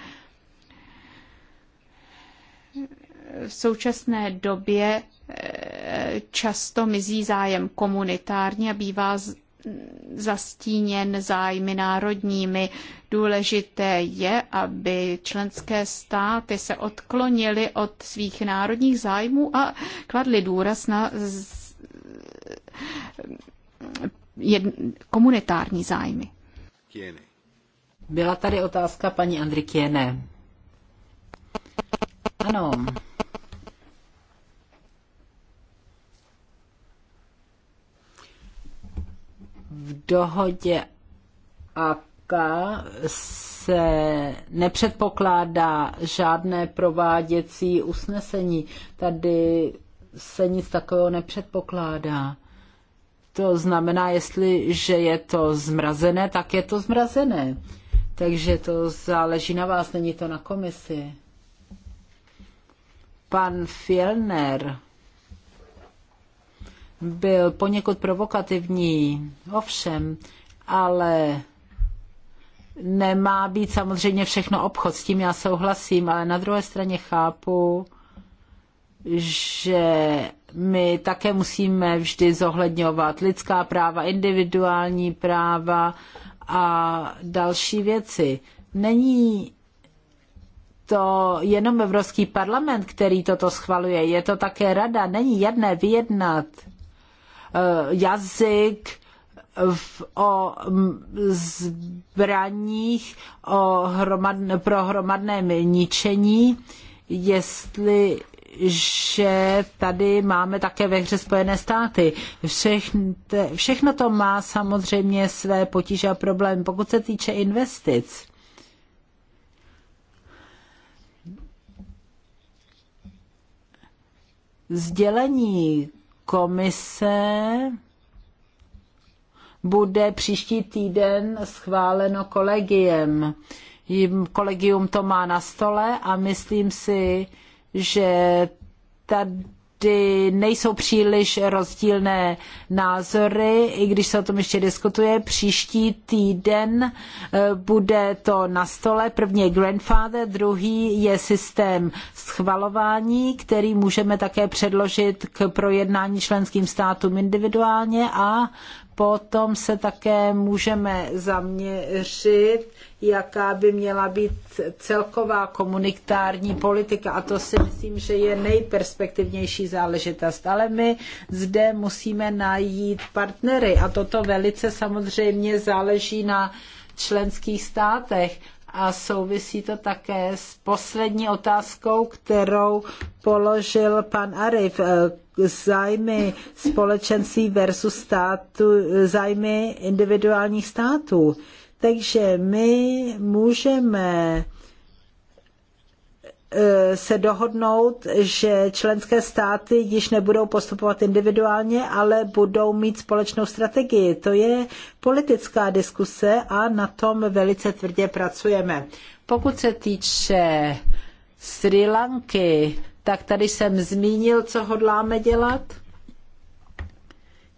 v současné době eh, často mizí zájem komunitární a bývá zastíněn zájmy národními. Důležité je, aby členské státy se odklonily od svých národních zájmů a kladly důraz na komunitární zájmy. Byla tady otázka paní Kiene. Ano, v dohodě AKA se nepředpokládá žádné prováděcí usnesení. Tady se nic takového nepředpokládá. To znamená, jestliže je to zmrazené, tak je to zmrazené. Takže to záleží na vás, není to na komisi. Pan Fielner byl poněkud provokativní, ovšem, ale nemá být samozřejmě všechno obchod, s tím já souhlasím, ale na druhé straně chápu, že my také musíme vždy zohledňovat lidská práva, individuální práva a další věci. Není to jenom Evropský parlament, který toto schvaluje, je to také rada. Není jedné vyjednat Eh, jazyk, v, o zbraních o hromad, pro hromadné ničení, jestli že tady máme také ve hře Spojené státy. Všechno, všechno to má samozřejmě své potíže a problémy. Pokud se týče investic, sdělení komise bude příští týden schváleno kolegiem. Kolegium to má na stole a myslím si, že tady kdy nejsou příliš rozdílné názory, i když se o tom ještě diskutuje. Příští týden eh, bude to na stole. První je grandfather, druhý je systém schvalování, který můžeme také předložit k projednání členským státům individuálně a Potom se také můžeme zaměřit, jaká by měla být celková komunitární politika. A to si myslím, že je nejperspektivnější záležitost. Ale my zde musíme najít partnery. A toto velice samozřejmě záleží na členských státech. A souvisí to také s poslední otázkou, kterou položil pan Arif zájmy společenství versus státu, zájmy individuálních států. Takže my můžeme eh, se dohodnout, že členské státy již nebudou postupovat individuálně, ale budou mít společnou strategii. To je politická diskuse a na tom velice tvrdě pracujeme. Pokud se týče Sri Lanky, tak tady jsem zmínil, co hodláme dělat.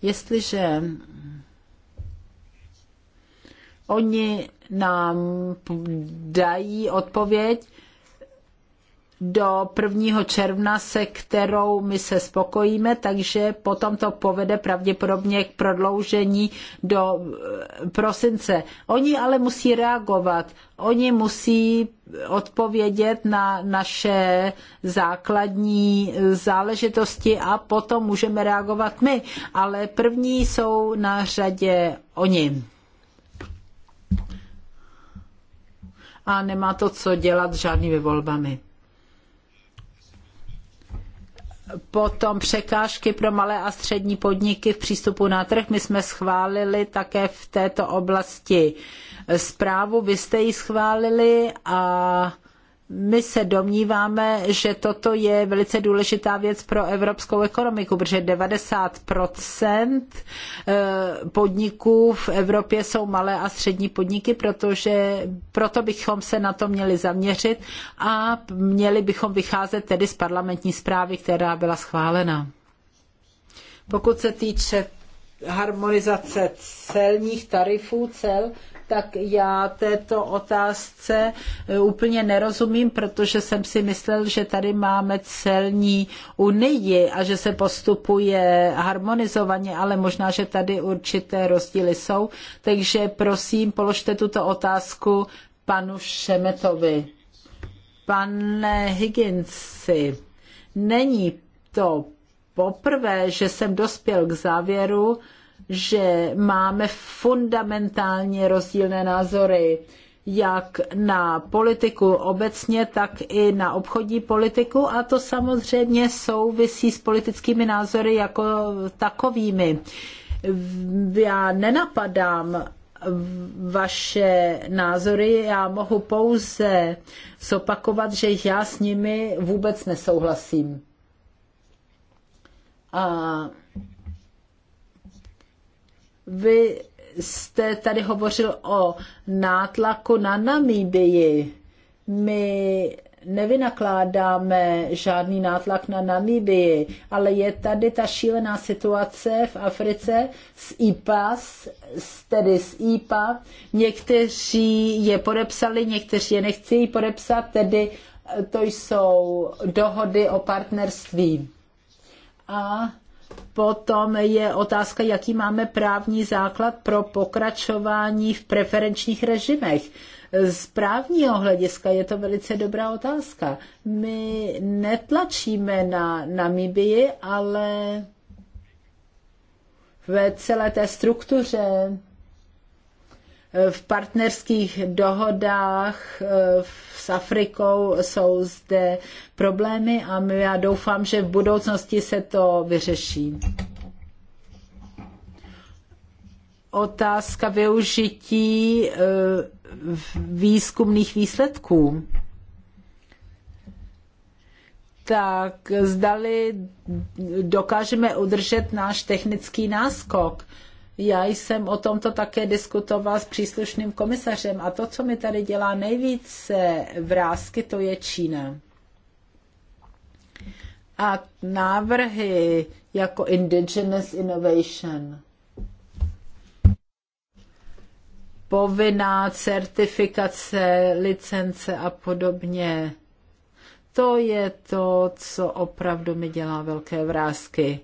Jestliže oni nám dají odpověď, do 1. června, se kterou my se spokojíme, takže potom to povede pravděpodobně k prodloužení do eh, prosince. Oni ale musí reagovat, oni musí odpovědět na naše základní záležitosti a potom můžeme reagovat my, ale první jsou na řadě oni. A nemá to co dělat s žádnými volbami potom překážky pro malé a střední podniky v přístupu na trh. My jsme schválili také v této oblasti zprávu, vy jste ji schválili a my se domníváme, že toto je velice důležitá věc pro evropskou ekonomiku, protože 90% eh, podniků v Evropě jsou malé a střední podniky, protože proto bychom se na to měli zaměřit a měli bychom vycházet tedy z parlamentní zprávy, která byla schválena. Pokud se týče harmonizace celních tarifů, cel, tak já této otázce e, úplně nerozumím, protože jsem si myslel, že tady máme celní unii a že se postupuje harmonizovaně, ale možná, že tady určité rozdíly jsou. Takže prosím, položte tuto otázku panu Šemetovi. Pane Higginsi, není to poprvé, že jsem dospěl k závěru, že máme fundamentálně rozdílné názory jak na politiku obecně, tak i na obchodní politiku a to samozřejmě souvisí s politickými názory jako takovými. Já nenapadám vaše názory, já mohu pouze zopakovat, že já s nimi vůbec nesouhlasím. A vy jste tady hovořil o nátlaku na Namíbii. My nevynakládáme žádný nátlak na Namíbii, ale je tady ta šílená situace v Africe s IPA, tedy s IPA. Někteří je podepsali, někteří je nechci podepsat, tedy eh, to jsou dohody o partnerství. A Potom je otázka, jaký máme právní základ pro pokračování v preferenčních režimech. Z právního hlediska je to velice dobrá otázka. My netlačíme na Namibii, ale ve celé té struktuře v partnerských dohodách eh, s Afrikou jsou zde problémy a já doufám, že v budoucnosti se to vyřeší. Otázka využití eh, výzkumných výsledků. Tak zdali dokážeme udržet náš technický náskok já jsem o tomto také diskutoval s příslušným komisařem a to, co mi tady dělá nejvíce vrázky, to je Čína. A návrhy jako Indigenous Innovation, povinná certifikace, licence a podobně. To je to, co opravdu mi dělá velké vrázky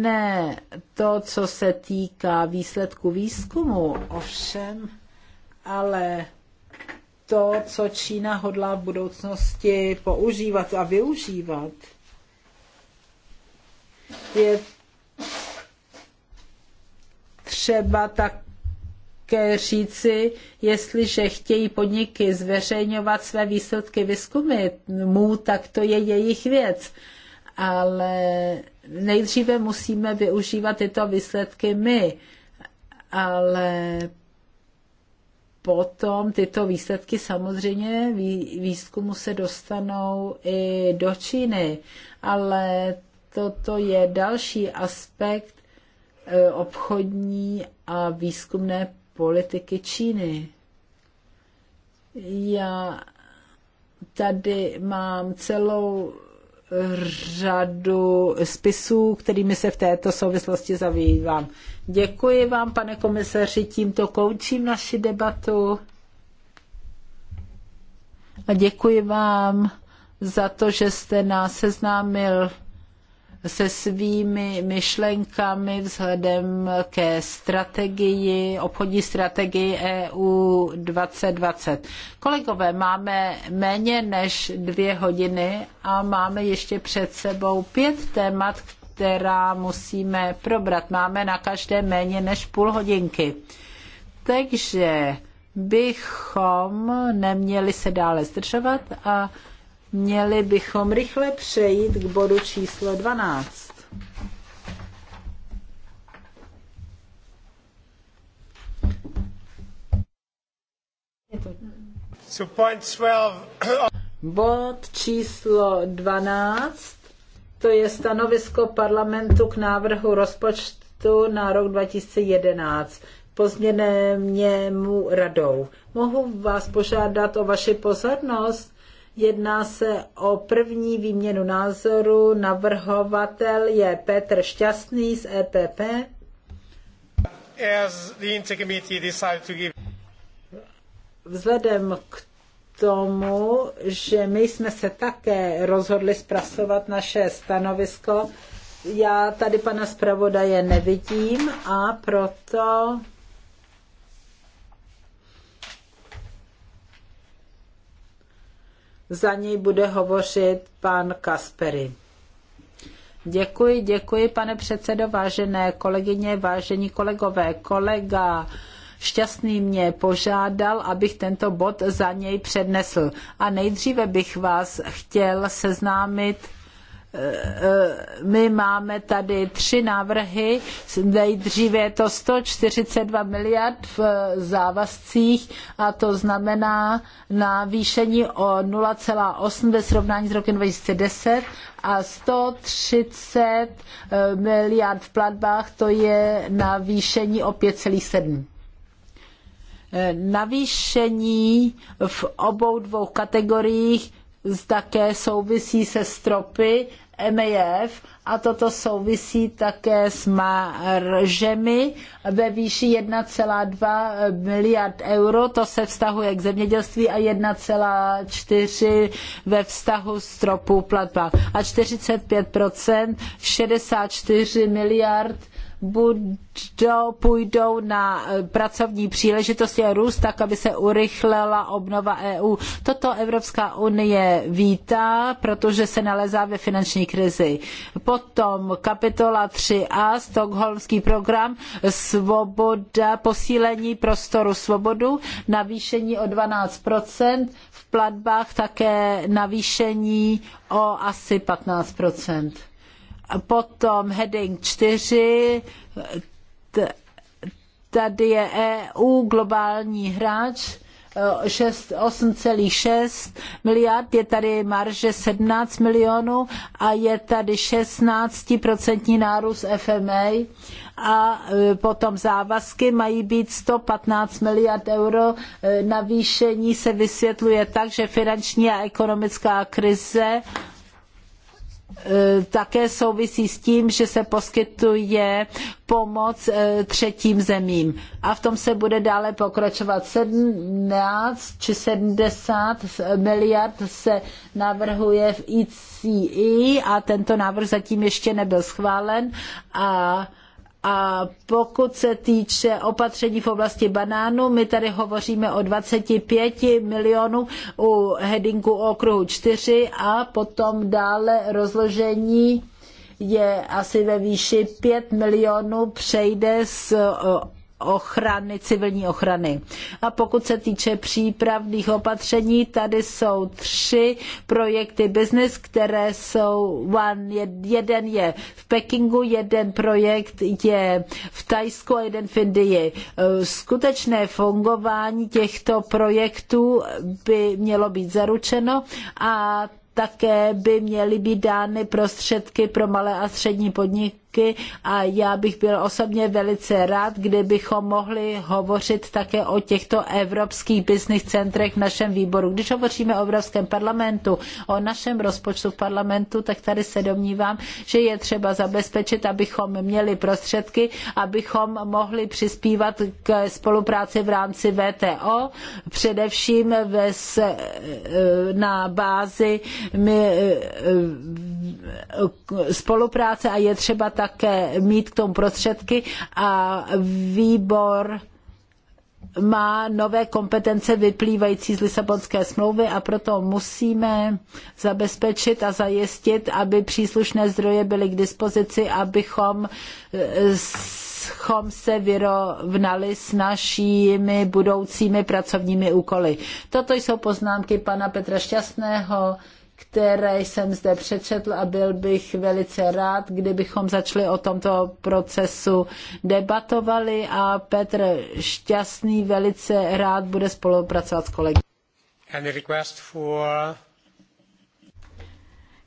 ne to, co se týká výsledku výzkumu, ovšem, ale to, co Čína hodlá v budoucnosti používat a využívat, je třeba tak říci, jestliže chtějí podniky zveřejňovat své výsledky výzkumu, tak to je jejich věc ale nejdříve musíme využívat tyto výsledky my, ale potom tyto výsledky samozřejmě výzkumu se dostanou i do Číny, ale toto je další aspekt e, obchodní a výzkumné politiky Číny. Já tady mám celou řadu spisů, kterými se v této souvislosti zavývám. Děkuji vám, pane komisaři, tímto koučím naši debatu. A děkuji vám za to, že jste nás seznámil se svými myšlenkami vzhledem ke strategii, obchodní strategii EU 2020. Kolegové, máme méně než dvě hodiny a máme ještě před sebou pět témat, která musíme probrat. Máme na každé méně než půl hodinky. Takže bychom neměli se dále zdržovat a měli bychom rychle přejít k bodu číslo 12. Bod číslo 12, to je stanovisko parlamentu k návrhu rozpočtu na rok 2011 pozměněnému radou. Mohu vás požádat o vaši pozornost? Jedná se o první výměnu názoru. Navrhovatel je Petr Šťastný z EPP. Vzhledem k tomu, že my jsme se také rozhodli zpracovat naše stanovisko, já tady pana zpravodaje nevidím a proto Za něj bude hovořit pan Kaspery. Děkuji, děkuji, pane předsedo, vážené kolegyně, vážení kolegové. Kolega Šťastný mě požádal, abych tento bod za něj přednesl. A nejdříve bych vás chtěl seznámit Eh, eh, my máme tady tři návrhy, nejdříve je to 142 miliard v závazcích a to znamená navýšení o 0,8 ve srovnání s rokem 2010 a 130 eh, miliard v platbách, to je navýšení o 5,7 navýšení v obou dvou kategoriích také souvisí se stropy MEF a toto souvisí také s maržemi ve výši 1,2 miliard euro, to se vztahuje k zemědělství a 1,4 ve vztahu stropu platbách a 45 64 miliard budou, půjdou na eh, pracovní příležitosti a růst, tak aby se urychlila obnova EU. Toto Evropská unie vítá, protože se nalezá ve finanční krizi. Potom kapitola 3a, Stockholmský program, svoboda, posílení prostoru svobodu, navýšení o 12%, v platbách také navýšení o asi 15% potom heading 4, tady je EU globální hráč, 8,6 e, miliard, je tady marže 17 milionů a je tady 16% nárůst FMA a e, potom závazky mají být 115 miliard euro. E, navýšení se vysvětluje tak, že finanční a ekonomická krize Eh, také souvisí s tím, že se poskytuje pomoc eh, třetím zemím. A v tom se bude dále pokračovat 17 či 70 miliard se navrhuje v ICI a tento návrh zatím ještě nebyl schválen a a pokud se týče opatření v oblasti banánu, my tady hovoříme o 25 milionů u headingu okruhu 4 a potom dále rozložení je asi ve výši 5 milionů přejde z ochrany, civilní ochrany. A pokud se týče přípravných opatření, tady jsou tři projekty business, které jsou, one, jeden je v Pekingu, jeden projekt je v Tajsku a jeden v Indii. E, skutečné fungování těchto projektů by mělo být zaručeno a také by měly být dány prostředky pro malé a střední podniky roky a já bych byl osobně velice rád, kdybychom mohli hovořit také o těchto evropských business centrech v našem výboru. Když hovoříme o Evropském parlamentu, o našem rozpočtu v parlamentu, tak tady se domnívám, že je třeba zabezpečit, abychom měli prostředky, abychom mohli přispívat k spolupráci v rámci VTO, především ve, e, na bázi e, e, spolupráce a je třeba také mít k tomu prostředky a výbor má nové kompetence vyplývající z Lisabonské smlouvy a proto musíme zabezpečit a zajistit, aby příslušné zdroje byly k dispozici, abychom eh, schom se vyrovnali s našimi budoucími pracovními úkoly. Toto jsou poznámky pana Petra Šťastného, které jsem zde přečetl a byl bych velice rád, kdybychom začali o tomto procesu debatovali a Petr Šťastný velice rád bude spolupracovat s kolegy. For...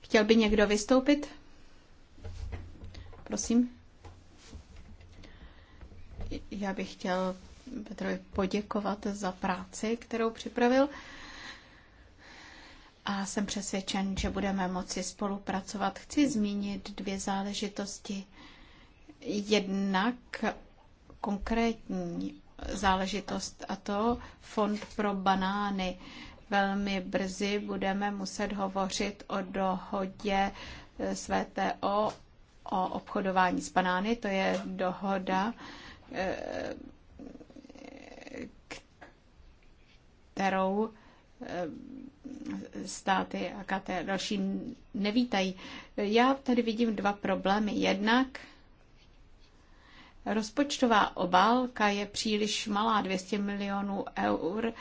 Chtěl by někdo vystoupit? Prosím. Já bych chtěl Petrovi poděkovat za práci, kterou připravil a jsem přesvědčen, že budeme moci spolupracovat. Chci zmínit dvě záležitosti. Jednak konkrétní záležitost a to fond pro banány. Velmi brzy budeme muset hovořit o dohodě s VTO o obchodování s banány. To je dohoda, eh, kterou eh, státy a KT další nevítají. Já tady vidím dva problémy. Jednak rozpočtová obálka je příliš malá, 200 milionů eur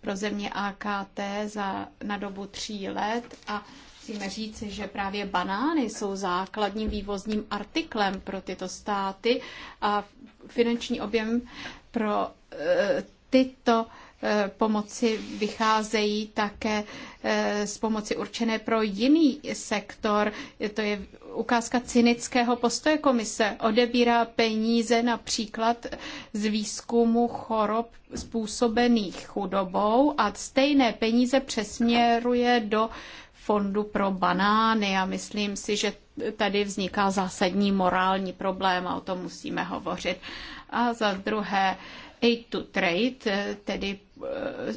pro země AKT za, na dobu tří let a musíme říct, že právě banány jsou základním vývozním artiklem pro tyto státy a finanční objem pro e, tyto Eh, pomoci vycházejí také eh, z pomoci určené pro jiný sektor. To je ukázka cynického postoje komise. Odebírá peníze například z výzkumu chorob způsobených chudobou a stejné peníze přesměruje do fondu pro banány a myslím si, že tady vzniká zásadní morální problém a o tom musíme hovořit. A za druhé, aid to trade, eh, tedy Eh,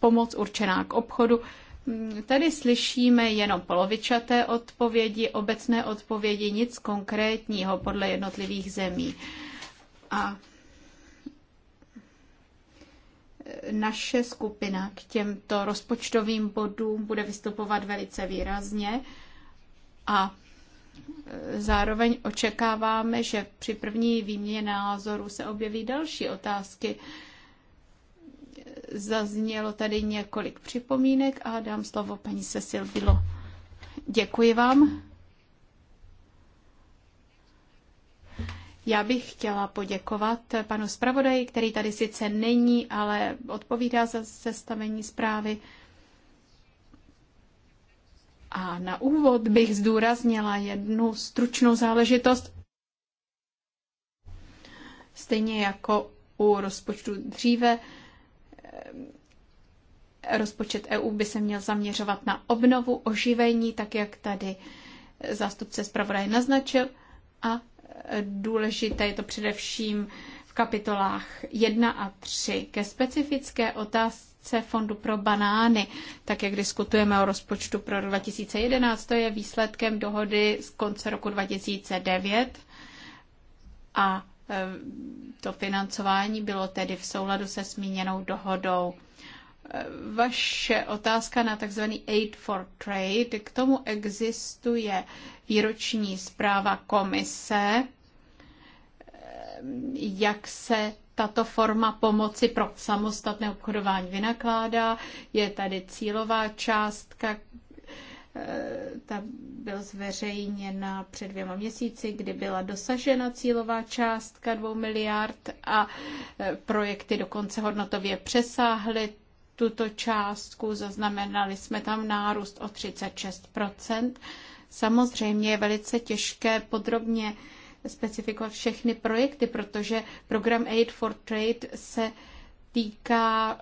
pomoc určená k obchodu. Hmm, tady slyšíme jenom polovičaté odpovědi, obecné odpovědi, nic konkrétního podle jednotlivých zemí. A eh, naše skupina k těmto rozpočtovým bodům bude vystupovat velice výrazně a eh, zároveň očekáváme, že při první výměně názoru se objeví další otázky, Zaznělo tady několik připomínek a dám slovo paní Cecil Bilo. Děkuji vám. Já bych chtěla poděkovat panu zpravodaji, který tady sice není, ale odpovídá za sestavení zprávy. A na úvod bych zdůraznila jednu stručnou záležitost. Stejně jako u rozpočtu dříve, rozpočet EU by se měl zaměřovat na obnovu, oživení, tak jak tady zástupce zpravodaje naznačil. A důležité je to především v kapitolách 1 a 3 ke specifické otázce Fondu pro banány, tak jak diskutujeme o rozpočtu pro 2011, to je výsledkem dohody z konce roku 2009 a Eh, to financování bylo tedy v souladu se zmíněnou dohodou. Eh, vaše otázka na tzv. Aid for Trade. K tomu existuje výroční zpráva komise, eh, jak se tato forma pomoci pro samostatné obchodování vynakládá. Je tady cílová částka, ta byl zveřejněna před dvěma měsíci, kdy byla dosažena cílová částka 2 miliard a e, projekty dokonce hodnotově přesáhly tuto částku. Zaznamenali jsme tam nárůst o 36 Samozřejmě je velice těžké podrobně specifikovat všechny projekty, protože program Aid for Trade se týká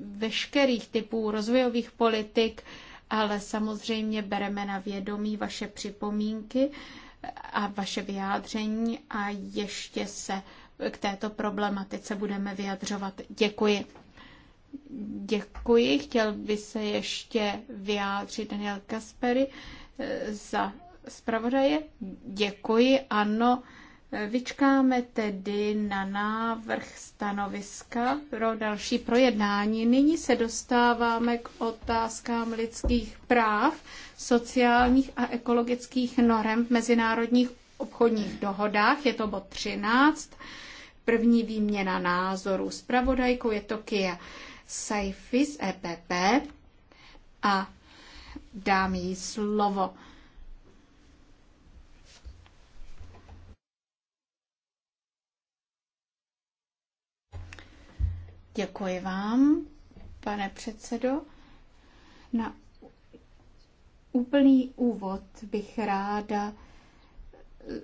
veškerých typů rozvojových politik, ale samozřejmě bereme na vědomí vaše připomínky a vaše vyjádření a ještě se k této problematice budeme vyjadřovat. Děkuji. Děkuji. Chtěl by se ještě vyjádřit Daniel Kaspery eh, za zpravodaje. Děkuji. Ano, Vyčkáme tedy na návrh stanoviska pro další projednání. Nyní se dostáváme k otázkám lidských práv, sociálních a ekologických norem v mezinárodních obchodních dohodách. Je to bod 13. První výměna názorů. Spravodajkou je Tokia Kia Saifis EPP a dám jí slovo. Děkuji vám, pane předsedo. Na úplný úvod bych ráda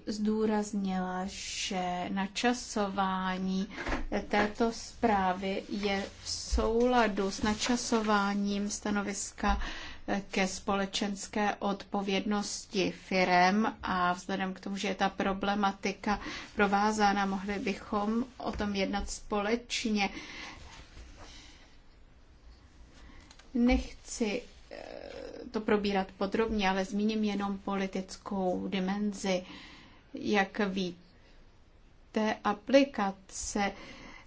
zdůraznila, že načasování této zprávy je v souladu s načasováním stanoviska ke společenské odpovědnosti firem a vzhledem k tomu, že je ta problematika provázána, mohli bychom o tom jednat společně. Nechci eh, to probírat podrobně, ale zmíním jenom politickou dimenzi. Jak víte, aplikace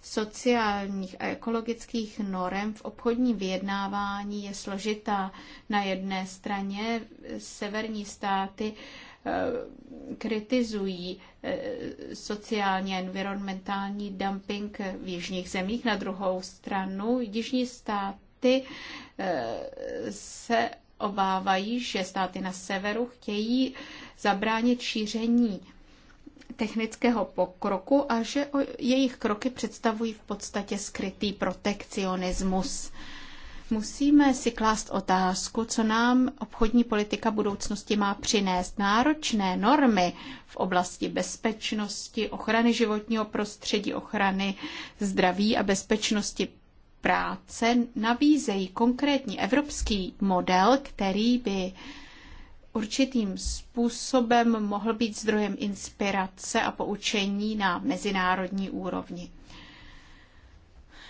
sociálních a ekologických norem v obchodním vyjednávání je složitá. Na jedné straně severní státy eh, kritizují eh, sociálně environmentální dumping v jižních zemích. Na druhou stranu jižní státy státy eh, se obávají, že státy na severu chtějí zabránit šíření technického pokroku a že jejich kroky představují v podstatě skrytý protekcionismus. Musíme si klást otázku, co nám obchodní politika budoucnosti má přinést. Náročné normy v oblasti bezpečnosti, ochrany životního prostředí, ochrany zdraví a bezpečnosti práce nabízejí konkrétní evropský model, který by určitým způsobem mohl být zdrojem inspirace a poučení na mezinárodní úrovni.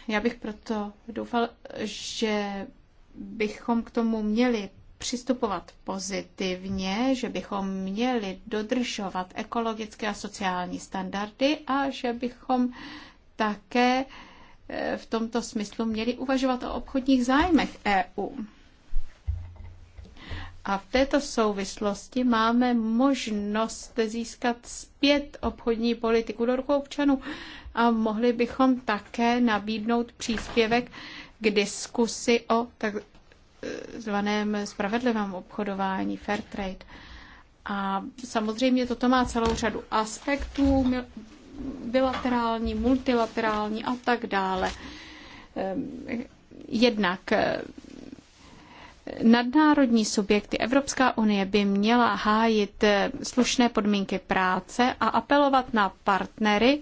Já bych proto doufal, že bychom k tomu měli přistupovat pozitivně, že bychom měli dodržovat ekologické a sociální standardy a že bychom také Eh, v tomto smyslu měli uvažovat o obchodních zájmech EU. A v této souvislosti máme možnost získat zpět obchodní politiku do rukou občanů a mohli bychom také nabídnout příspěvek k diskusi o takzvaném spravedlivém obchodování, fair trade. A samozřejmě toto má celou řadu aspektů bilaterální, multilaterální a tak dále. Ehm, jednak eh, nadnárodní subjekty Evropská unie by měla hájit eh, slušné podmínky práce a apelovat na partnery,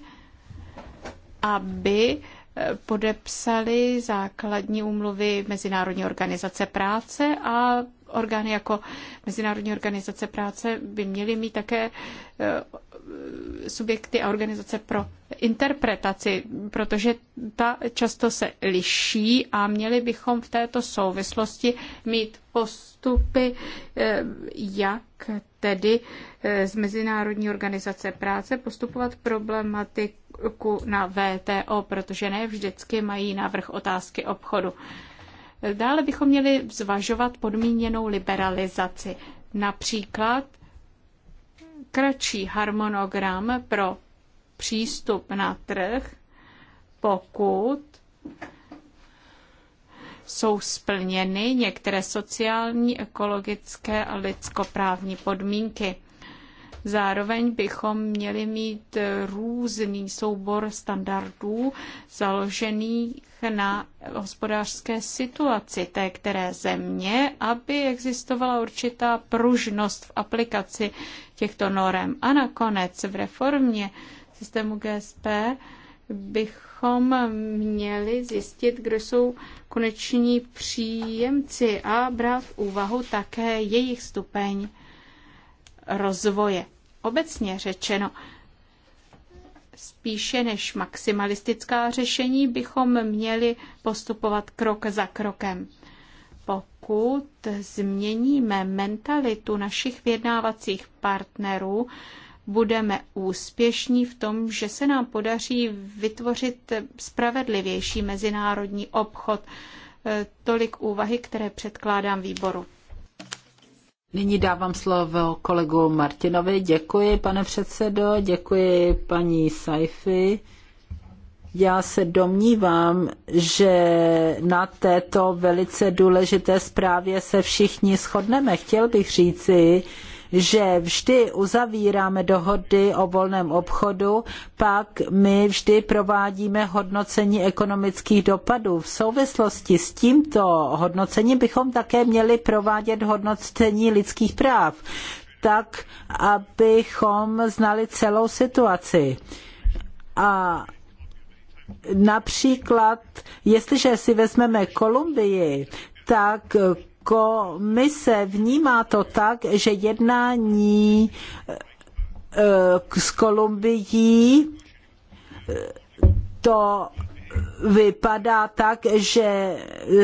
aby eh, podepsali základní úmluvy Mezinárodní organizace práce a orgány jako Mezinárodní organizace práce by měly mít také subjekty a organizace pro interpretaci, protože ta často se liší a měli bychom v této souvislosti mít postupy, eh, jak tedy eh, z Mezinárodní organizace práce postupovat problematiku na VTO, protože ne vždycky mají návrh otázky obchodu. Dále bychom měli zvažovat podmíněnou liberalizaci. Například kratší harmonogram pro přístup na trh, pokud jsou splněny některé sociální, ekologické a lidskoprávní podmínky. Zároveň bychom měli mít různý soubor standardů založených na hospodářské situaci té které země, aby existovala určitá pružnost v aplikaci těchto norem. A nakonec v reformě systému GSP bychom měli zjistit, kdo jsou koneční příjemci a brát v úvahu také jejich stupeň rozvoje obecně řečeno. Spíše než maximalistická řešení bychom měli postupovat krok za krokem. Pokud změníme mentalitu našich vyjednávacích partnerů, budeme úspěšní v tom, že se nám podaří vytvořit spravedlivější mezinárodní obchod. E, tolik úvahy, které předkládám výboru. Nyní dávám slovo kolegu Martinovi. Děkuji, pane předsedo, děkuji paní Saifi. Já se domnívám, že na této velice důležité zprávě se všichni shodneme. Chtěl bych říci, že vždy uzavíráme dohody o volném obchodu, pak my vždy provádíme hodnocení ekonomických dopadů. V souvislosti s tímto hodnocením bychom také měli provádět hodnocení lidských práv, tak abychom znali celou situaci. A například, jestliže si vezmeme Kolumbii, tak komise vnímá to tak, že jednání eh, s Kolumbií eh, to vypadá tak, že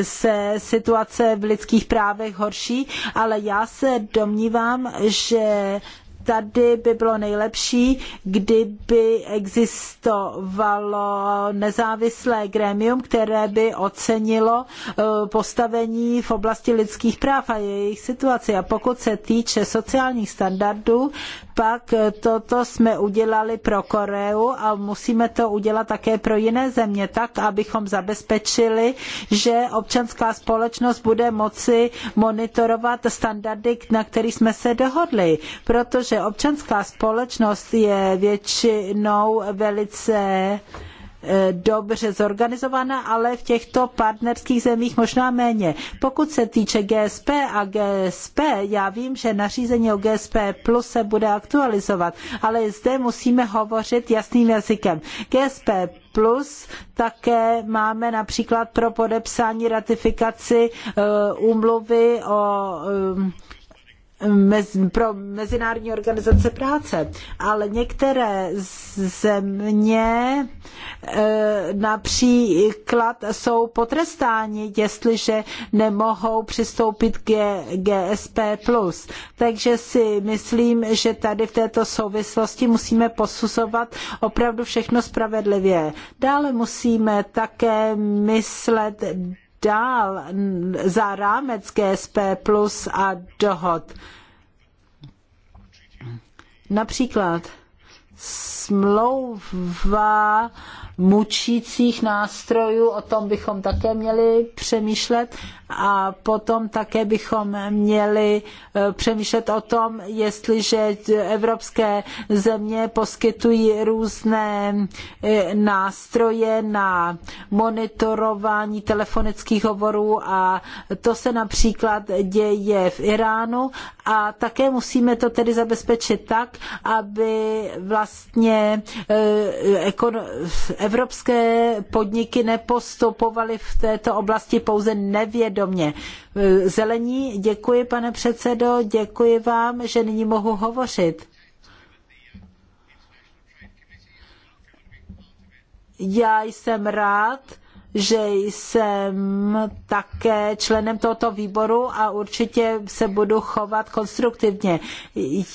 se situace v lidských právech horší, ale já se domnívám, že tady by bylo nejlepší, kdyby existovalo nezávislé grémium, které by ocenilo eh, postavení v oblasti lidských práv a jejich situaci. A pokud se týče sociálních standardů, pak toto jsme udělali pro Koreu a musíme to udělat také pro jiné země, tak, abychom zabezpečili, že občanská společnost bude moci monitorovat standardy, na kterých jsme se dohodli. Protože občanská společnost je většinou velice eh, dobře zorganizovaná, ale v těchto partnerských zemích možná méně. Pokud se týče GSP a GSP, já vím, že nařízení o GSP plus se bude aktualizovat, ale zde musíme hovořit jasným jazykem. GSP plus také máme například pro podepsání ratifikaci eh, úmluvy o eh, mez, pro Mezinárodní organizace práce, ale některé země e, například jsou potrestáni, jestliže nemohou přistoupit k GSP+. Takže si myslím, že tady v této souvislosti musíme posuzovat opravdu všechno spravedlivě. Dále musíme také myslet dál za rámec GSP plus a dohod. Například smlouva mučících nástrojů, o tom bychom také měli přemýšlet a potom také bychom měli e, přemýšlet o tom, jestliže evropské země poskytují různé e, nástroje na monitorování telefonických hovorů a to se například děje v Iránu a také musíme to tedy zabezpečit tak, aby vlastně e, evropské podniky nepostupovaly v této oblasti pouze nevědomě. Eh, Zelení, děkuji pane předsedo, děkuji vám, že nyní mohu hovořit. Já jsem rád, že jsem také členem tohoto výboru a určitě se budu chovat konstruktivně.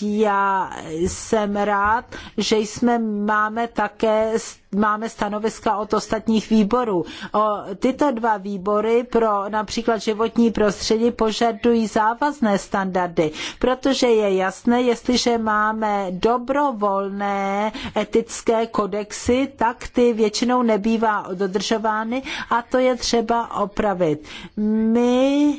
Já jsem rád, že jsme máme také máme stanoviska od ostatních výborů. O tyto dva výbory pro například životní prostředí požadují závazné standardy, protože je jasné, jestliže máme dobrovolné etické kodexy, tak ty většinou nebývá dodržovány a to je třeba opravit. My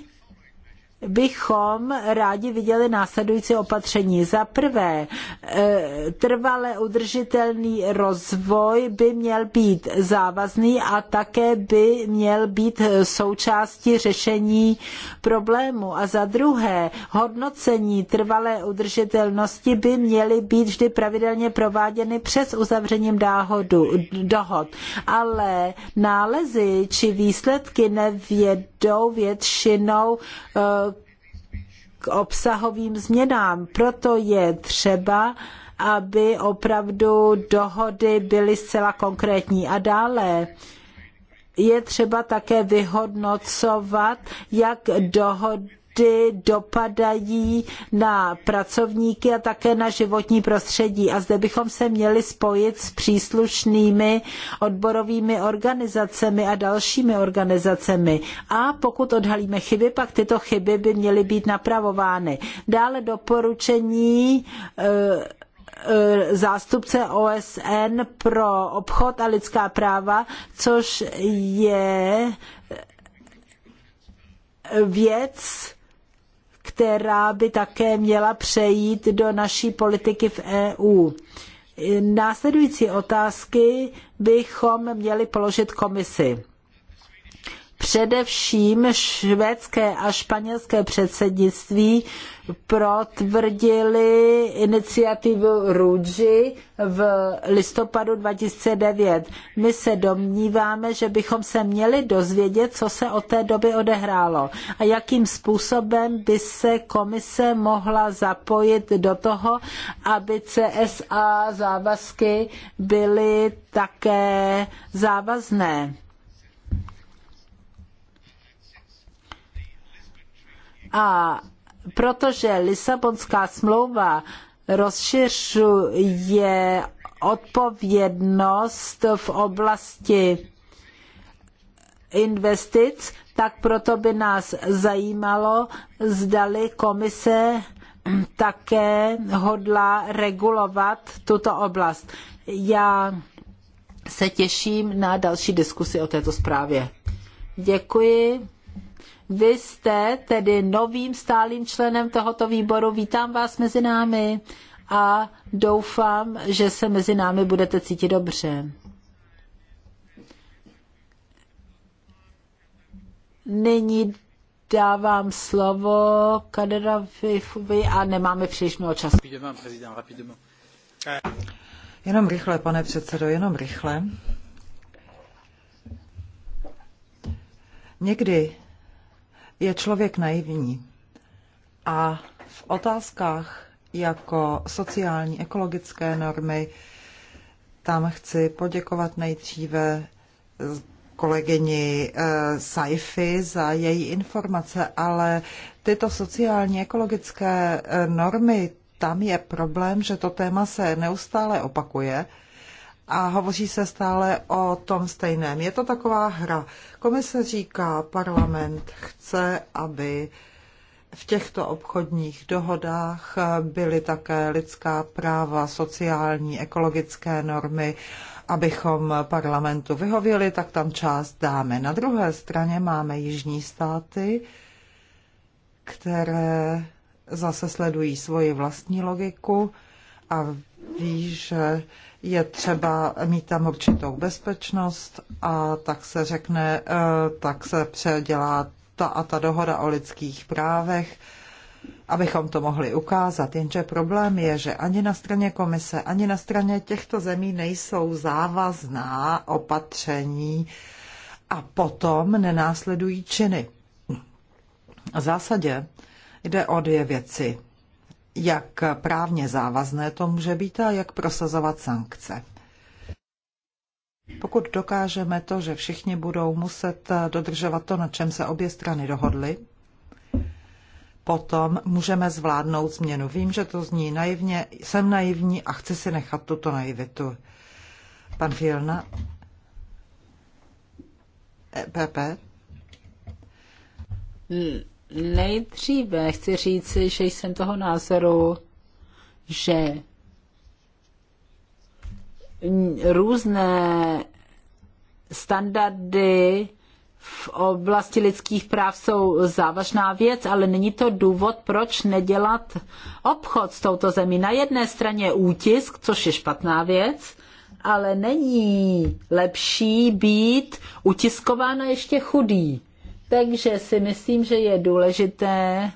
bychom rádi viděli následující opatření. Za prvé, e, trvale udržitelný rozvoj by měl být závazný a také by měl být součástí řešení problému. A za druhé, hodnocení trvalé udržitelnosti by měly být vždy pravidelně prováděny přes uzavřením dáhodu, dohod. Ale nálezy či výsledky nevěd jdou většinou eh, k obsahovým změnám. Proto je třeba, aby opravdu dohody byly zcela konkrétní. A dále je třeba také vyhodnocovat, jak dohody vždy dopadají na pracovníky a také na životní prostředí. A zde bychom se měli spojit s příslušnými odborovými organizacemi a dalšími organizacemi. A pokud odhalíme chyby, pak tyto chyby by měly být napravovány. Dále doporučení eh, eh, zástupce OSN pro obchod a lidská práva, což je věc, která by také měla přejít do naší politiky v EU. Následující otázky bychom měli položit komisi především švédské a španělské předsednictví protvrdili iniciativu Růži v listopadu 2009. My se domníváme, že bychom se měli dozvědět, co se od té doby odehrálo a jakým způsobem by se komise mohla zapojit do toho, aby CSA závazky byly také závazné A protože Lisabonská smlouva rozšiřuje odpovědnost v oblasti investic, tak proto by nás zajímalo, zdali komise také hodlá regulovat tuto oblast. Já se těším na další diskusi o této zprávě. Děkuji. Vy jste tedy novým stálým členem tohoto výboru. Vítám vás mezi námi a doufám, že se mezi námi budete cítit dobře. Nyní dávám slovo Kaderovi a nemáme příliš mnoho času. Jenom rychle, pane předsedo, jenom rychle. Někdy je člověk naivní. A v otázkách jako sociální, ekologické normy, tam chci poděkovat nejdříve kolegyni eh, Saifi za její informace, ale tyto sociální, ekologické eh, normy, tam je problém, že to téma se neustále opakuje a hovoří se stále o tom stejném. Je to taková hra. Komise říká, parlament chce, aby v těchto obchodních dohodách byly také lidská práva, sociální, ekologické normy. Abychom parlamentu vyhověli, tak tam část dáme. Na druhé straně máme jižní státy, které zase sledují svoji vlastní logiku a ví, že je třeba mít tam určitou bezpečnost a tak se řekne, eh, tak se předělá ta a ta dohoda o lidských právech, abychom to mohli ukázat. Jenže problém je, že ani na straně komise, ani na straně těchto zemí nejsou závazná opatření a potom nenásledují činy. V zásadě jde o dvě věci jak právně závazné to může být a jak prosazovat sankce. Pokud dokážeme to, že všichni budou muset dodržovat to, na čem se obě strany dohodly, potom můžeme zvládnout změnu. Vím, že to zní naivně, jsem naivní a chci si nechat tuto naivitu. Pan Fielna, EPP. Hmm. Nejdříve chci říci, že jsem toho názoru, že různé standardy v oblasti lidských práv jsou závažná věc, ale není to důvod, proč nedělat obchod s touto zemí. Na jedné straně útisk, což je špatná věc, ale není lepší být utiskován a ještě chudý. Takže si myslím, že je důležité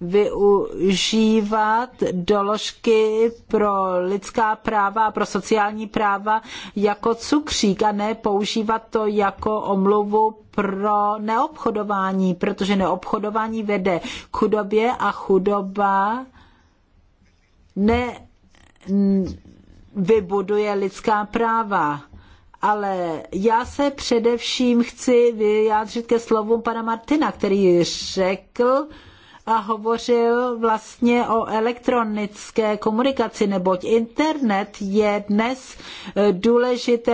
využívat doložky pro lidská práva a pro sociální práva jako cukřík a ne používat to jako omluvu pro neobchodování, protože neobchodování vede k chudobě a chudoba ne vybuduje lidská práva ale já se především chci vyjádřit ke slovům pana Martina, který řekl a hovořil vlastně o elektronické komunikaci, neboť internet je dnes e, důležitý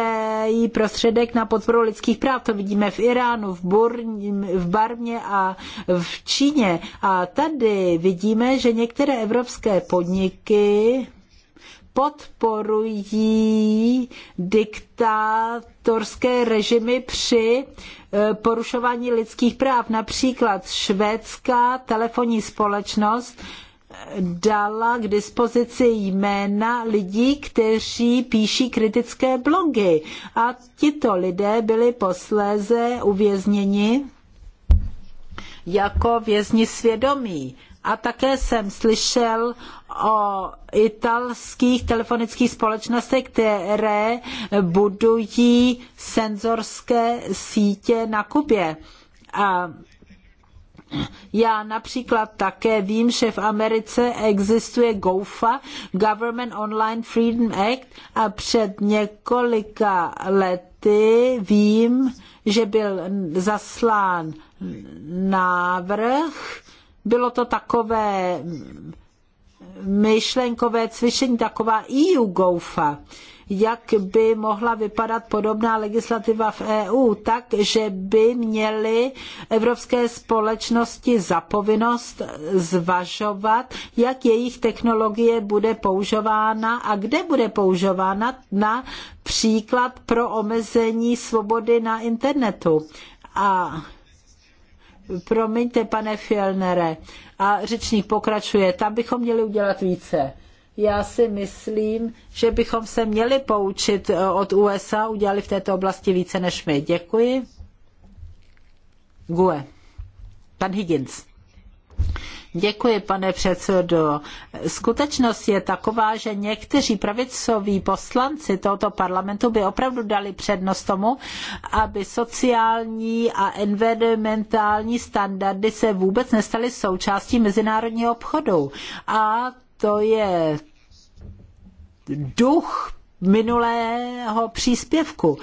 prostředek na podporu lidských práv. To vidíme v Iránu, v, Bur- v Barmě a v Číně. A tady vidíme, že některé evropské podniky podporují diktátorské režimy při e, porušování lidských práv. Například švédská telefonní společnost e, dala k dispozici jména lidí, kteří píší kritické blogy. A tito lidé byli posléze uvězněni jako vězni svědomí. A také jsem slyšel o italských telefonických společnostech, které budují senzorské sítě na Kubě. A já například také vím, že v Americe existuje GOFA, Government Online Freedom Act, a před několika lety vím, že byl zaslán návrh, bylo to takové myšlenkové cvičení, taková EU GOFA, jak by mohla vypadat podobná legislativa v EU, tak, že by měly evropské společnosti zapovinnost zvažovat, jak jejich technologie bude používána a kde bude používána na příklad pro omezení svobody na internetu. A Promiňte, pane Fjellnere. A řečník pokračuje, tam bychom měli udělat více. Já si myslím, že bychom se měli poučit eh, od USA, udělali v této oblasti více než my. Děkuji. Gue. Pan Higgins. Děkuji, pane předsedo. Skutečnost je taková, že někteří pravicoví poslanci tohoto parlamentu by opravdu dali přednost tomu, aby sociální a environmentální standardy se vůbec nestaly součástí mezinárodního obchodu. A to je duch minulého příspěvku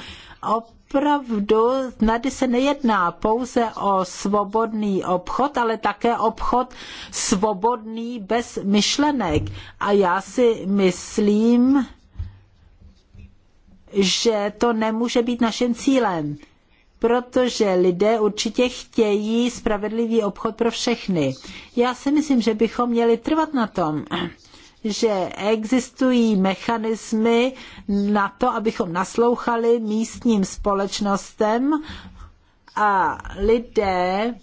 opravdu tady se nejedná pouze o svobodný obchod, ale také obchod svobodný bez myšlenek. A já si myslím, že to nemůže být naším cílem, protože lidé určitě chtějí spravedlivý obchod pro všechny. Já si myslím, že bychom měli trvat na tom, že existují mechanismy na to, abychom naslouchali místním společnostem a lidé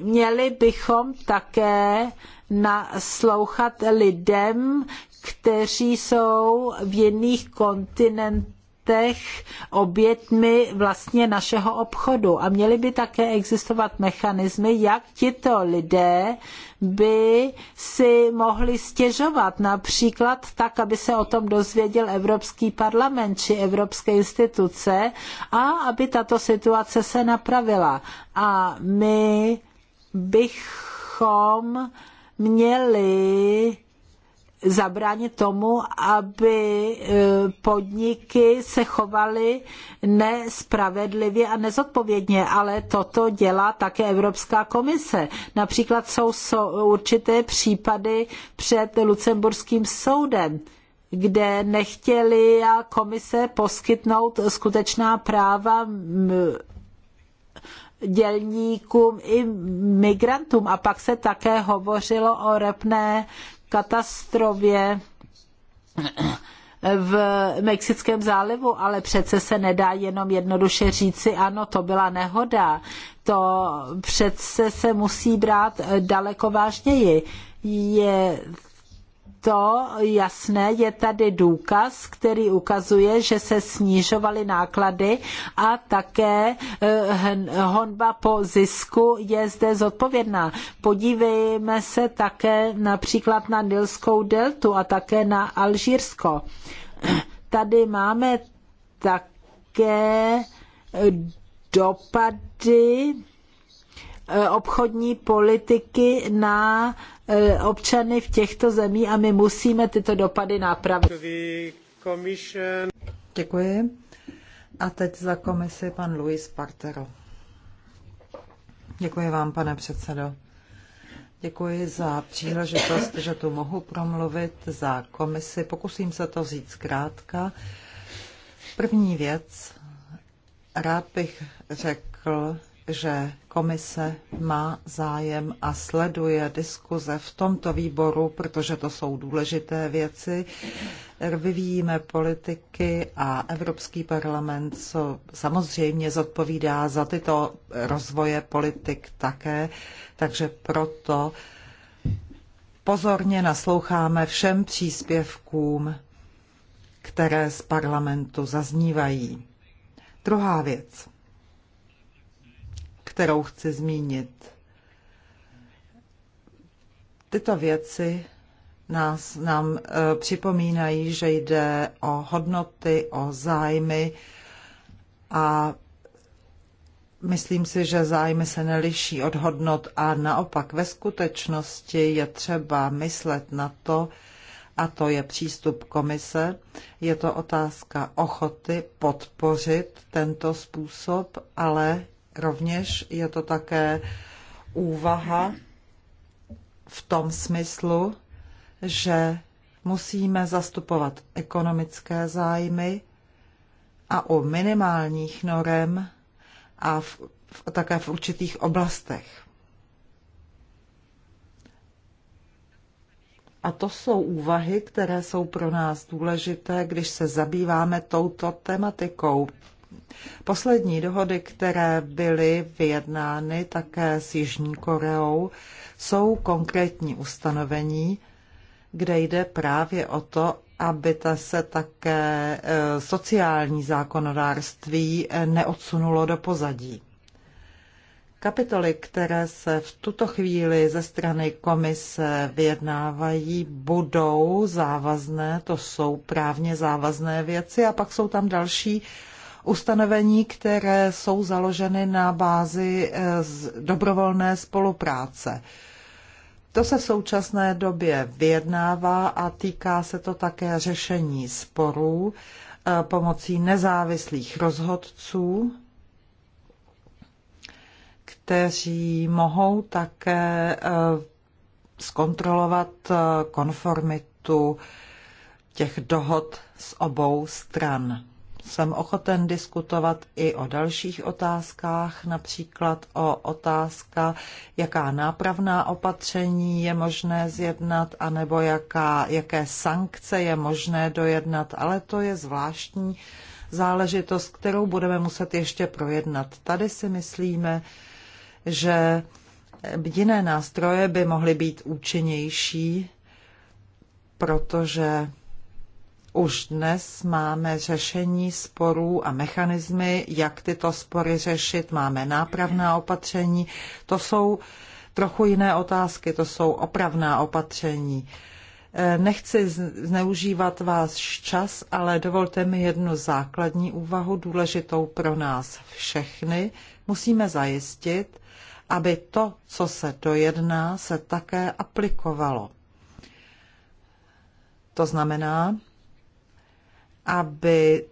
měli bychom také naslouchat lidem, kteří jsou v jiných kontinentech obětech, obětmi vlastně našeho obchodu. A měly by také existovat mechanismy, jak tito lidé by si mohli stěžovat, například tak, aby se o tom dozvěděl Evropský parlament či Evropské instituce a aby tato situace se napravila. A my bychom měli zabránit tomu, aby e, podniky se chovaly nespravedlivě a nezodpovědně, ale toto dělá také Evropská komise. Například jsou určité případy před Lucemburským soudem, kde nechtěli a komise poskytnout skutečná práva dělníkům i migrantům. A pak se také hovořilo o repné katastrofě v Mexickém zálivu, ale přece se nedá jenom jednoduše říci, ano, to byla nehoda. To přece se musí brát daleko vážněji. Je to jasné, je tady důkaz, který ukazuje, že se snižovaly náklady a také eh, honba po zisku je zde zodpovědná. Podívejme se také například na Nilskou deltu a také na Alžírsko. Tady máme také eh, dopady eh, obchodní politiky na E, občany v těchto zemích a my musíme tyto dopady napravit. Děkuji. A teď za komisi pan Luis Partero. Děkuji vám, pane předsedo. Děkuji za příležitost, že tu mohu promluvit za komisi. Pokusím se to říct zkrátka. První věc, rád bych řekl, že komise má zájem a sleduje diskuze v tomto výboru, protože to jsou důležité věci. Vyvíjíme politiky a Evropský parlament co samozřejmě zodpovídá za tyto rozvoje politik také, takže proto pozorně nasloucháme všem příspěvkům, které z parlamentu zaznívají. Druhá věc kterou chci zmínit. Tyto věci nás, nám e, připomínají, že jde o hodnoty, o zájmy a myslím si, že zájmy se neliší od hodnot a naopak ve skutečnosti je třeba myslet na to, a to je přístup komise. Je to otázka ochoty podpořit tento způsob, ale Rovněž je to také úvaha v tom smyslu, že musíme zastupovat ekonomické zájmy a u minimálních norem a v, v, také v určitých oblastech. A to jsou úvahy, které jsou pro nás důležité, když se zabýváme touto tematikou. Poslední dohody, které byly vyjednány také s Jižní Koreou, jsou konkrétní ustanovení, kde jde právě o to, aby ta se také e, sociální zákonodárství e, neodsunulo do pozadí. Kapitoly, které se v tuto chvíli ze strany komise vyjednávají, budou závazné, to jsou právně závazné věci a pak jsou tam další ustanovení, které jsou založeny na bázi eh, dobrovolné spolupráce. To se v současné době vyjednává a týká se to také řešení sporů eh, pomocí nezávislých rozhodců, kteří mohou také eh, zkontrolovat konformitu těch dohod z obou stran jsem ochoten diskutovat i o dalších otázkách, například o otázka, jaká nápravná opatření je možné zjednat, anebo jaká, jaké sankce je možné dojednat, ale to je zvláštní záležitost, kterou budeme muset ještě projednat. Tady si myslíme, že jiné nástroje by mohly být účinnější, protože už dnes máme řešení sporů a mechanismy, jak tyto spory řešit, máme nápravná opatření. To jsou trochu jiné otázky, to jsou opravná opatření. Eh, nechci zneužívat váš čas, ale dovolte mi jednu základní úvahu, důležitou pro nás všechny. Musíme zajistit, aby to, co se dojedná, se také aplikovalo. To znamená, aby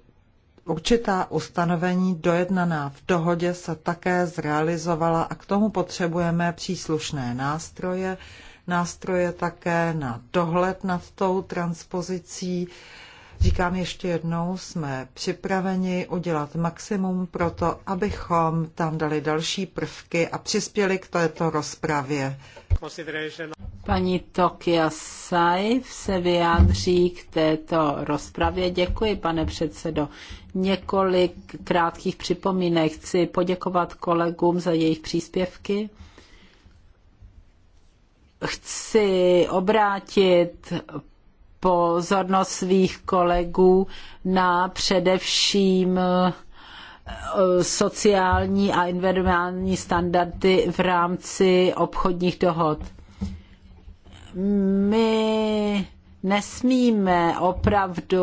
určitá ustanovení dojednaná v dohodě se také zrealizovala a k tomu potřebujeme příslušné nástroje, nástroje také na dohled nad tou transpozicí Říkám ještě jednou, jsme připraveni udělat maximum pro to, abychom tam dali další prvky a přispěli k této rozpravě. Paní Tokia Saif se vyjádří k této rozpravě. Děkuji, pane předsedo. Několik krátkých připomínek. Chci poděkovat kolegům za jejich příspěvky chci obrátit pozornost svých kolegů na především eh, sociální a environmentální standardy v rámci obchodních dohod. My nesmíme opravdu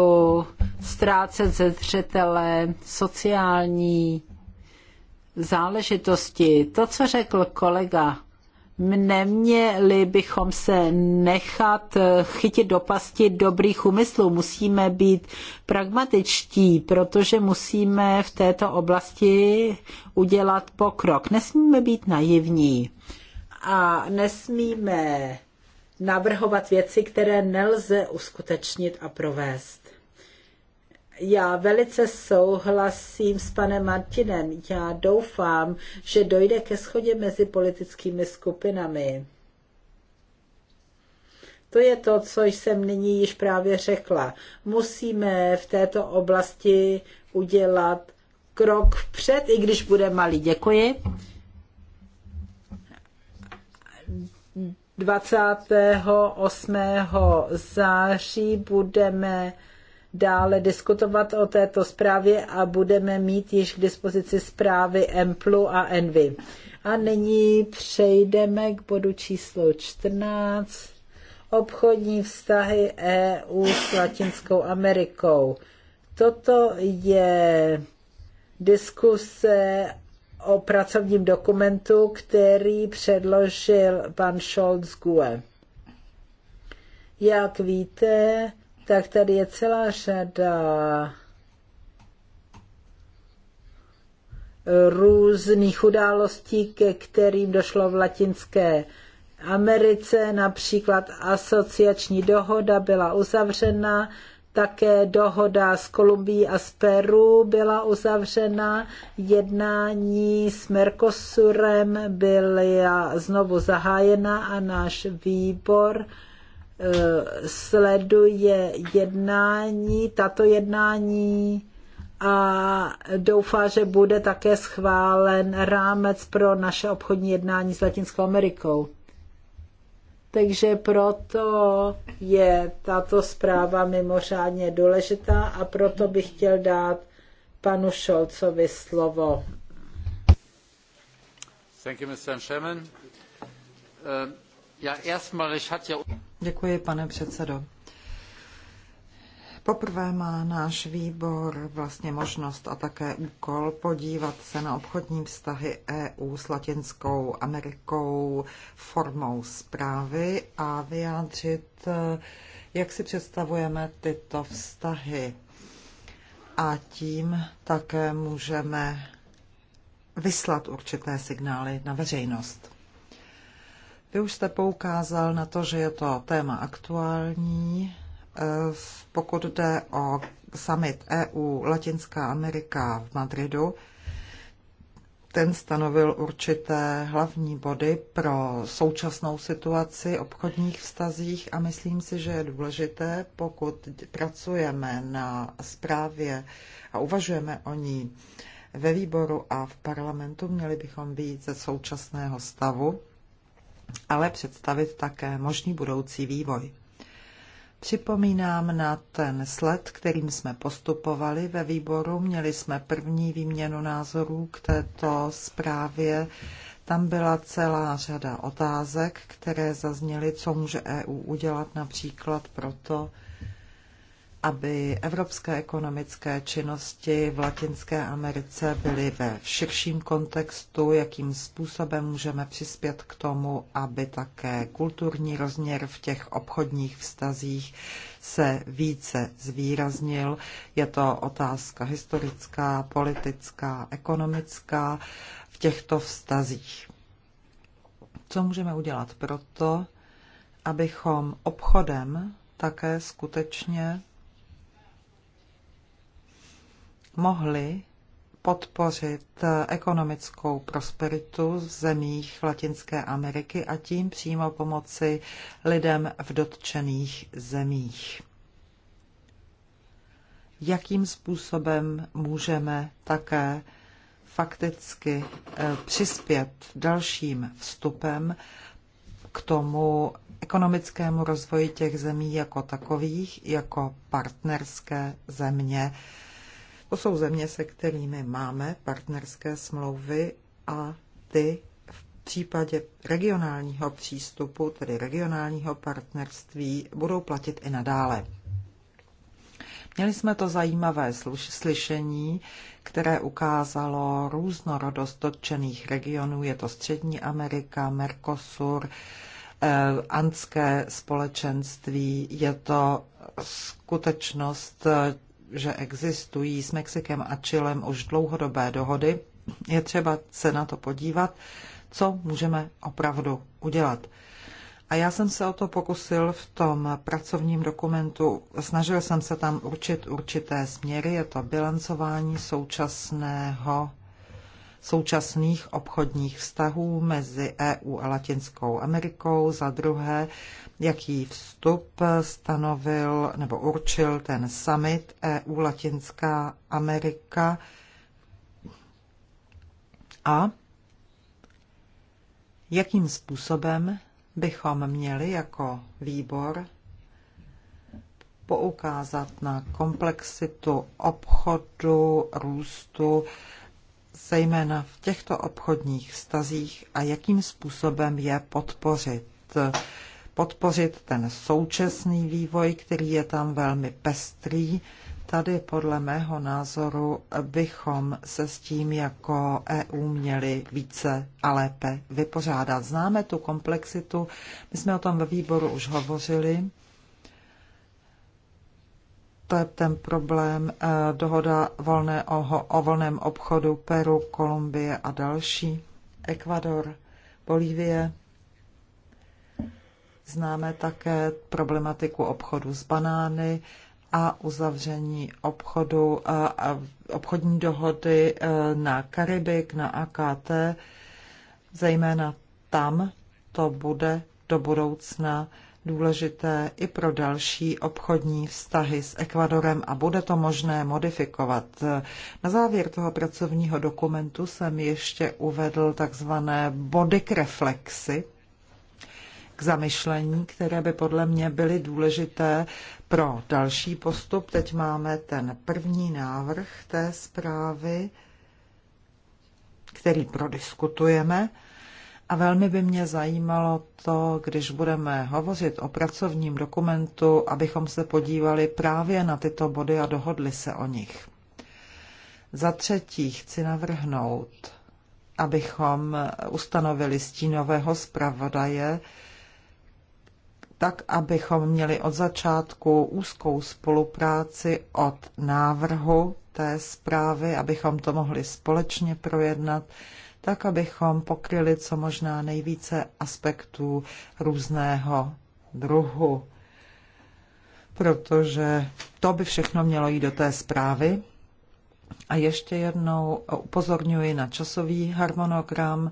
ztrácet ze zřetele sociální záležitosti. To, co řekl kolega neměli bychom se nechat chytit do pasti dobrých úmyslů. Musíme být pragmatičtí, protože musíme v této oblasti udělat pokrok. Nesmíme být naivní a nesmíme navrhovat věci, které nelze uskutečnit a provést. Já velice souhlasím s panem Martinem. Já doufám, že dojde ke schodě mezi politickými skupinami. To je to, co jsem nyní již právě řekla. Musíme v této oblasti udělat krok vpřed, i když bude malý. Děkuji. 28. září budeme dále diskutovat o této zprávě a budeme mít již k dispozici zprávy Emplu a Envy. A nyní přejdeme k bodu číslo 14. Obchodní vztahy EU s Latinskou Amerikou. Toto je diskuse o pracovním dokumentu, který předložil pan Scholz Gue. Jak víte, tak tady je celá řada různých událostí, ke kterým došlo v Latinské Americe, například asociační dohoda byla uzavřena, také dohoda s Kolumbií a s Peru byla uzavřena, jednání s Mercosurem byla znovu zahájena a náš výbor Eh, sleduje jednání, tato jednání a doufá, že bude také schválen rámec pro naše obchodní jednání s Latinskou Amerikou. Takže proto je tato zpráva mimořádně důležitá a proto bych chtěl dát panu Šolcovi slovo. Thank you, Mr. Chairman. Uh, ja, erstmalig ja... Děkuji, pane předsedo. Poprvé má náš výbor vlastně možnost a také úkol podívat se na obchodní vztahy EU s Latinskou Amerikou formou zprávy a vyjádřit, jak si představujeme tyto vztahy. A tím také můžeme vyslat určité signály na veřejnost. Vy už jste poukázal na to, že je to téma aktuální. Eh, pokud jde o summit EU Latinská Amerika v Madridu, ten stanovil určité hlavní body pro současnou situaci obchodních vztazích a myslím si, že je důležité, pokud pracujeme na zprávě a uvažujeme o ní ve výboru a v parlamentu, měli bychom být ze současného stavu ale představit také možný budoucí vývoj. Připomínám na ten sled, kterým jsme postupovali ve výboru. Měli jsme první výměnu názorů k této zprávě. Tam byla celá řada otázek, které zazněly, co může EU udělat například proto, aby evropské ekonomické činnosti v Latinské Americe byly ve širším kontextu, jakým způsobem můžeme přispět k tomu, aby také kulturní rozměr v těch obchodních vztazích se více zvýraznil. Je to otázka historická, politická, ekonomická v těchto vztazích. Co můžeme udělat proto, abychom obchodem také skutečně mohli podpořit ekonomickou prosperitu v zemích Latinské Ameriky a tím přímo pomoci lidem v dotčených zemích. Jakým způsobem můžeme také fakticky eh, přispět dalším vstupem k tomu ekonomickému rozvoji těch zemí jako takových, jako partnerské země to jsou země, se kterými máme partnerské smlouvy a ty v případě regionálního přístupu, tedy regionálního partnerství, budou platit i nadále. Měli jsme to zajímavé slyšení, které ukázalo různorodost dotčených regionů. Je to Střední Amerika, Mercosur, eh, Andské společenství. Je to skutečnost že existují s Mexikem a Čilem už dlouhodobé dohody. Je třeba se na to podívat, co můžeme opravdu udělat. A já jsem se o to pokusil v tom pracovním dokumentu. Snažil jsem se tam určit určité směry. Je to bilancování současného současných obchodních vztahů mezi EU a Latinskou Amerikou, za druhé, jaký vstup stanovil nebo určil ten summit EU Latinská Amerika a jakým způsobem bychom měli jako výbor poukázat na komplexitu obchodu, růstu zejména v těchto obchodních stazích a jakým způsobem je podpořit. Podpořit ten současný vývoj, který je tam velmi pestrý. Tady podle mého názoru bychom se s tím jako EU měli více a lépe vypořádat. Známe tu komplexitu, my jsme o tom ve výboru už hovořili ten problém eh, dohoda volné o, o volném obchodu Peru, Kolumbie a další, Ekvador, Bolívie. Známe také problematiku obchodu s banány a uzavření obchodu eh, a obchodní dohody eh, na Karibik, na AKT, zejména tam to bude do budoucna důležité i pro další obchodní vztahy s Ekvadorem a bude to možné modifikovat. Na závěr toho pracovního dokumentu jsem ještě uvedl takzvané body k reflexy, k zamyšlení, které by podle mě byly důležité pro další postup. Teď máme ten první návrh té zprávy, který prodiskutujeme. A velmi by mě zajímalo to, když budeme hovořit o pracovním dokumentu, abychom se podívali právě na tyto body a dohodli se o nich. Za třetí chci navrhnout, abychom ustanovili stínového zpravodaje, tak, abychom měli od začátku úzkou spolupráci od návrhu té zprávy, abychom to mohli společně projednat tak abychom pokryli co možná nejvíce aspektů různého druhu. Protože to by všechno mělo jít do té zprávy. A ještě jednou upozorňuji na časový harmonogram.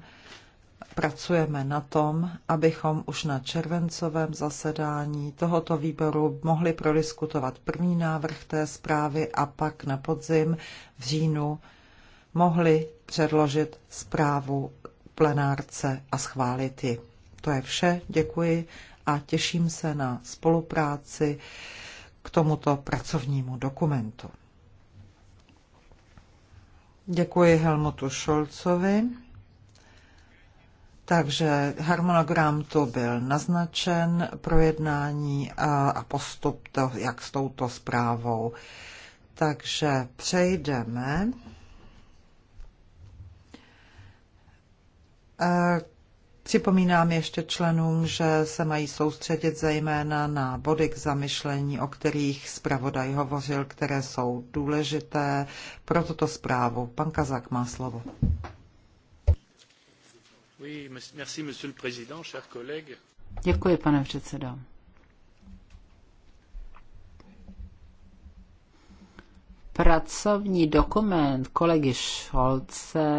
Pracujeme na tom, abychom už na červencovém zasedání tohoto výboru mohli prodiskutovat první návrh té zprávy a pak na podzim v říjnu mohli předložit zprávu plenárce a schválit ji. To je vše, děkuji a těším se na spolupráci k tomuto pracovnímu dokumentu. Děkuji Helmutu Šolcovi. Takže harmonogram tu byl naznačen, projednání a postup, to, jak s touto zprávou. Takže přejdeme Připomínám ještě členům, že se mají soustředit zejména na body k zamyšlení, o kterých zpravodaj hovořil, které jsou důležité pro tuto zprávu. Pan Kazak má slovo. Děkuji, pane předsedo. Pracovní dokument kolegy Šolce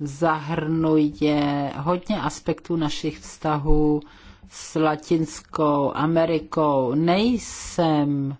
zahrnuje hodně aspektů našich vztahů s Latinskou Amerikou. Nejsem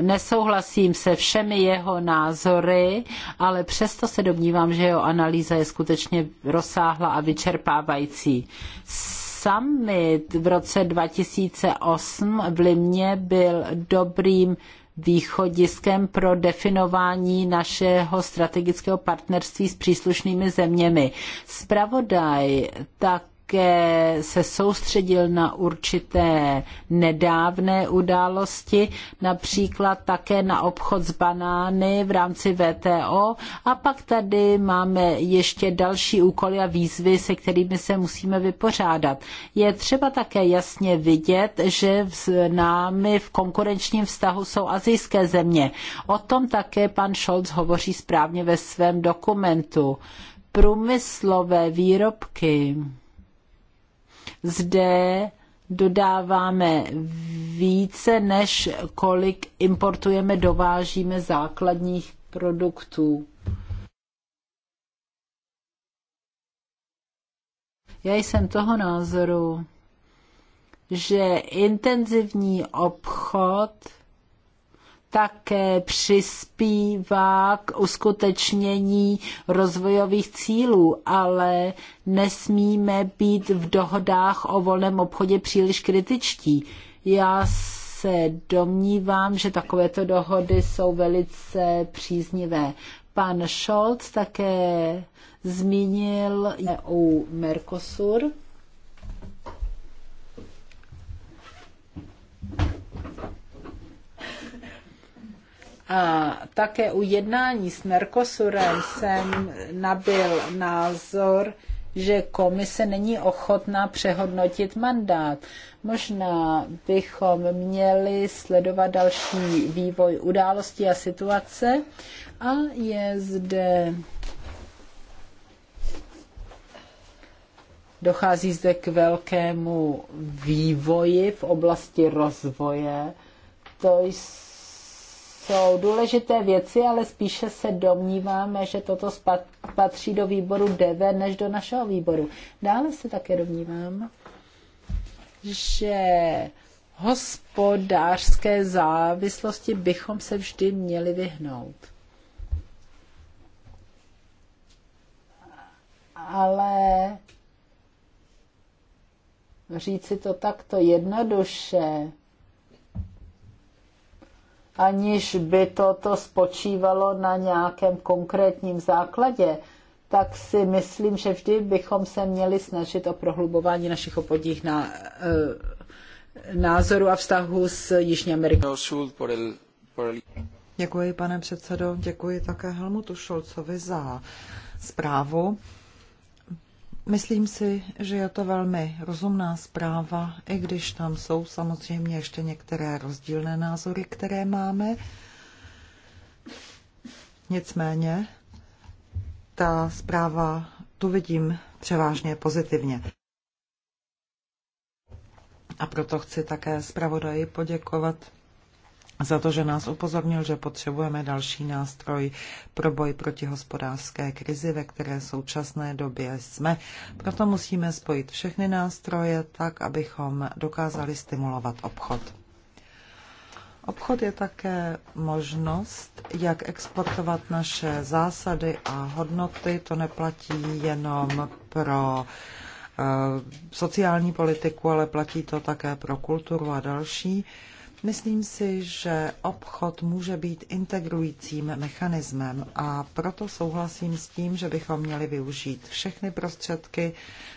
nesouhlasím se všemi jeho názory, ale přesto se domnívám, že jeho analýza je skutečně rozsáhlá a vyčerpávající. Summit v roce 2008 v Limě byl dobrým východiskem pro definování našeho strategického partnerství s příslušnými zeměmi. Spravodaj tak také se soustředil na určité nedávné události, například také na obchod s banány v rámci VTO. A pak tady máme ještě další úkoly a výzvy, se kterými se musíme vypořádat. Je třeba také jasně vidět, že s námi v konkurenčním vztahu jsou azijské země. O tom také pan Scholz hovoří správně ve svém dokumentu. Průmyslové výrobky zde dodáváme více, než kolik importujeme, dovážíme základních produktů. Já jsem toho názoru, že intenzivní obchod také přispívá k uskutečnění rozvojových cílů, ale nesmíme být v dohodách o volném obchodě příliš kritičtí. Já se domnívám, že takovéto dohody jsou velice příznivé. Pan Scholz také zmínil EU Mercosur. A také u jednání s Mercosurem jsem nabil názor, že komise není ochotná přehodnotit mandát. Možná bychom měli sledovat další vývoj událostí a situace. A je zde. Dochází zde k velkému vývoji v oblasti rozvoje. To jsou jsou důležité věci, ale spíše se domníváme, že toto patří do výboru DV než do našeho výboru. Dále se také domnívám, že hospodářské závislosti bychom se vždy měli vyhnout. Ale říci to takto jednoduše, aniž by toto spočívalo na nějakém konkrétním základě, tak si myslím, že vždy bychom se měli snažit o prohlubování našich obodních na, e, názorů a vztahu s Jižní Amerikou. Děkuji, pane předsedo. Děkuji také Helmutu Šolcovi za zprávu. Myslím si, že je to velmi rozumná zpráva, i když tam jsou samozřejmě ještě některé rozdílné názory, které máme. Nicméně ta zpráva tu vidím převážně pozitivně. A proto chci také zpravodaji poděkovat za to, že nás upozornil, že potřebujeme další nástroj pro boj proti hospodářské krizi, ve které v současné době jsme. Proto musíme spojit všechny nástroje tak, abychom dokázali stimulovat obchod. Obchod je také možnost, jak exportovat naše zásady a hodnoty. To neplatí jenom pro eh, sociální politiku, ale platí to také pro kulturu a další. Myslím si, že obchod může být integrujícím mechanismem a proto souhlasím s tím, že bychom měli využít všechny prostředky,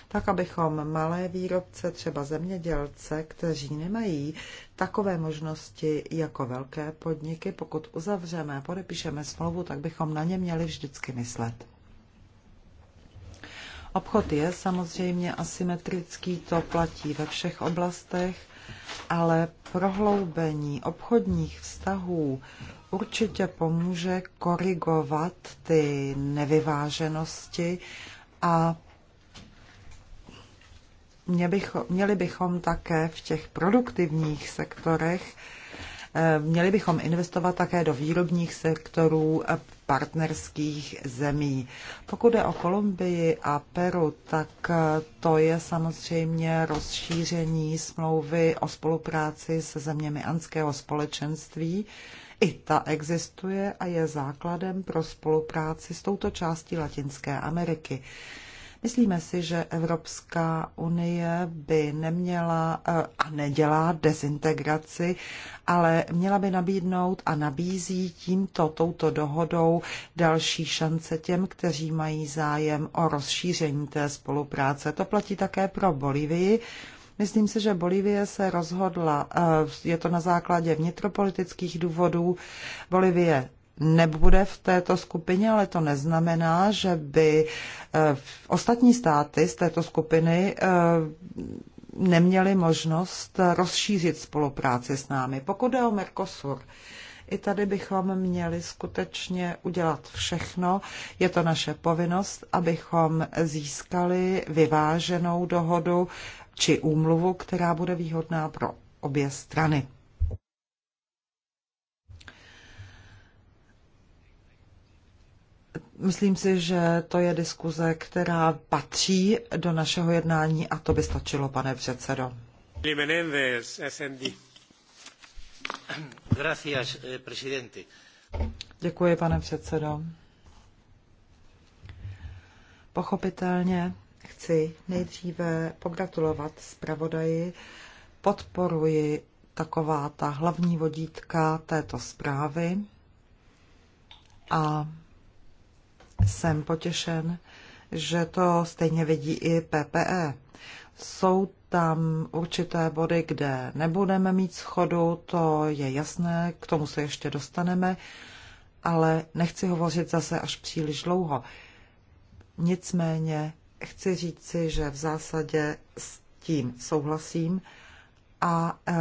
tak abychom malé výrobce, třeba zemědělce, kteří nemají takové možnosti jako velké podniky, pokud uzavřeme, podepíšeme smlouvu, tak bychom na ně měli vždycky myslet. Obchod je samozřejmě asymetrický, to platí ve všech oblastech ale prohloubení obchodních vztahů určitě pomůže korigovat ty nevyváženosti a měli bychom také v těch produktivních sektorech eh, Měli bychom investovat také do výrobních sektorů eh, partnerských zemí. Pokud je o Kolumbii a Peru, tak to je samozřejmě rozšíření smlouvy o spolupráci se zeměmi Andského společenství. I ta existuje a je základem pro spolupráci s touto částí Latinské Ameriky. Myslíme si, že Evropská unie by neměla eh, a nedělá dezintegraci, ale měla by nabídnout a nabízí tímto, touto dohodou další šance těm, kteří mají zájem o rozšíření té spolupráce. To platí také pro Bolívii. Myslím si, že Bolívie se rozhodla, eh, je to na základě vnitropolitických důvodů, Bolívie nebude v této skupině, ale to neznamená, že by eh, ostatní státy z této skupiny eh, neměly možnost rozšířit spolupráci s námi. Pokud je o Mercosur, i tady bychom měli skutečně udělat všechno. Je to naše povinnost, abychom získali vyváženou dohodu či úmluvu, která bude výhodná pro obě strany. Myslím si, že to je diskuze, která patří do našeho jednání a to by stačilo, pane předsedo. Eh, Děkuji, pane předsedo. Pochopitelně chci nejdříve pogratulovat zpravodaji. Podporuji taková ta hlavní vodítka této zprávy a jsem potěšen, že to stejně vidí i PPE. Jsou tam určité body, kde nebudeme mít schodu, to je jasné, k tomu se ještě dostaneme, ale nechci hovořit zase až příliš dlouho. Nicméně chci říct si, že v zásadě s tím souhlasím a eh,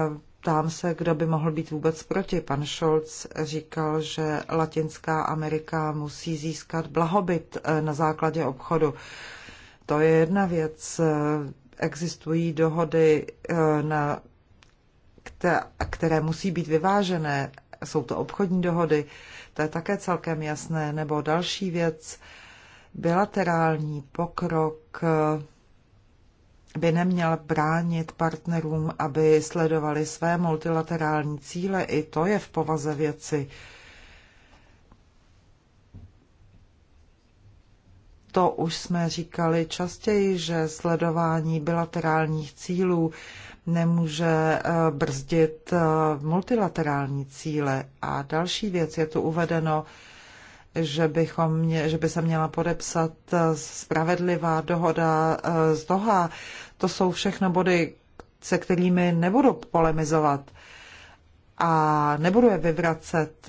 Ptám se, kdo by mohl být vůbec proti. Pan Scholz říkal, že Latinská Amerika musí získat blahobyt eh, na základě obchodu. To je jedna věc. Existují dohody, eh, na, které musí být vyvážené. Jsou to obchodní dohody, to je také celkem jasné. Nebo další věc, bilaterální pokrok eh, by neměl bránit partnerům, aby sledovali své multilaterální cíle. I to je v povaze věci. To už jsme říkali častěji, že sledování bilaterálních cílů nemůže eh, brzdit eh, multilaterální cíle. A další věc je tu uvedeno, že, bychom, že by se měla podepsat eh, spravedlivá dohoda z Doha. To jsou všechno body, se kterými nebudu polemizovat a nebudu je vyvracet.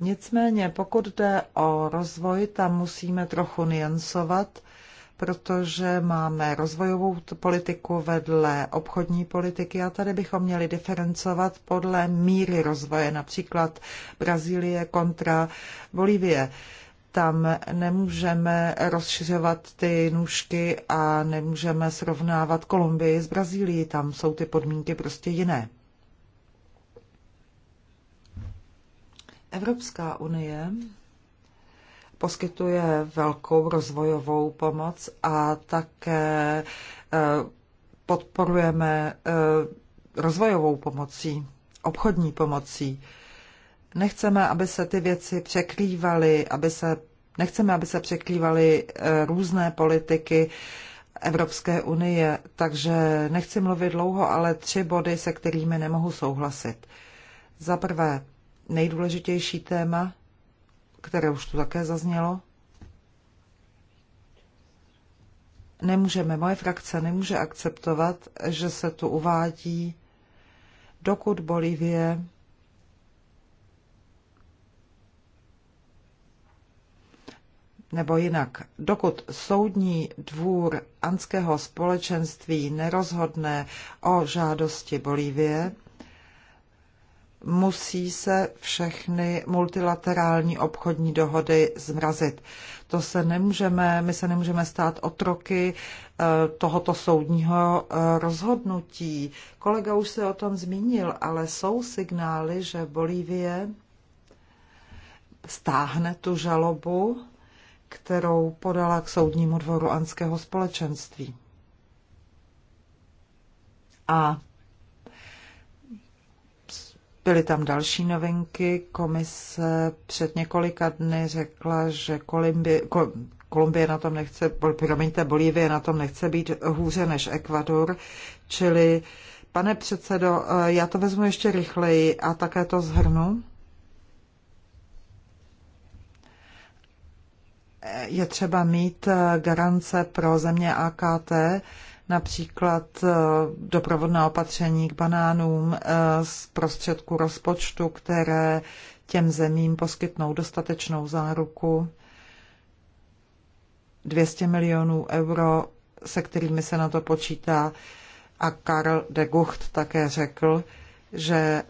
Nicméně, pokud jde o rozvoj, tam musíme trochu niancovat, protože máme rozvojovou politiku vedle obchodní politiky a tady bychom měli diferencovat podle míry rozvoje, například Brazílie kontra Bolívie tam nemůžeme rozšiřovat ty nůžky a nemůžeme srovnávat Kolumbii s Brazílií. Tam jsou ty podmínky prostě jiné. Evropská unie poskytuje velkou rozvojovou pomoc a také eh, podporujeme eh, rozvojovou pomocí, obchodní pomocí. Nechceme, aby se ty věci překrývaly, aby se, nechceme, aby se překrývaly eh, různé politiky Evropské unie, takže nechci mluvit dlouho, ale tři body, se kterými nemohu souhlasit. Za prvé, nejdůležitější téma, které už tu také zaznělo, nemůžeme, moje frakce nemůže akceptovat, že se tu uvádí, dokud Bolívie Nebo jinak, dokud soudní dvůr anského společenství nerozhodne o žádosti Bolívie, musí se všechny multilaterální obchodní dohody zmrazit. To se nemůžeme, my se nemůžeme stát otroky eh, tohoto soudního eh, rozhodnutí. Kolega už se o tom zmínil, ale jsou signály, že Bolívie stáhne tu žalobu kterou podala k soudnímu dvoru Anského společenství. A byly tam další novinky. Komise před několika dny řekla, že Kolumbie, Kolumbie na tom nechce, promiňte, Bolívie na tom nechce být hůře než Ekvador, čili Pane předsedo, já to vezmu ještě rychleji a také to zhrnu. je třeba mít eh, garance pro země AKT, například eh, doprovodná opatření k banánům eh, z prostředku rozpočtu, které těm zemím poskytnou dostatečnou záruku 200 milionů euro, se kterými se na to počítá. A Karl de Gucht také řekl, že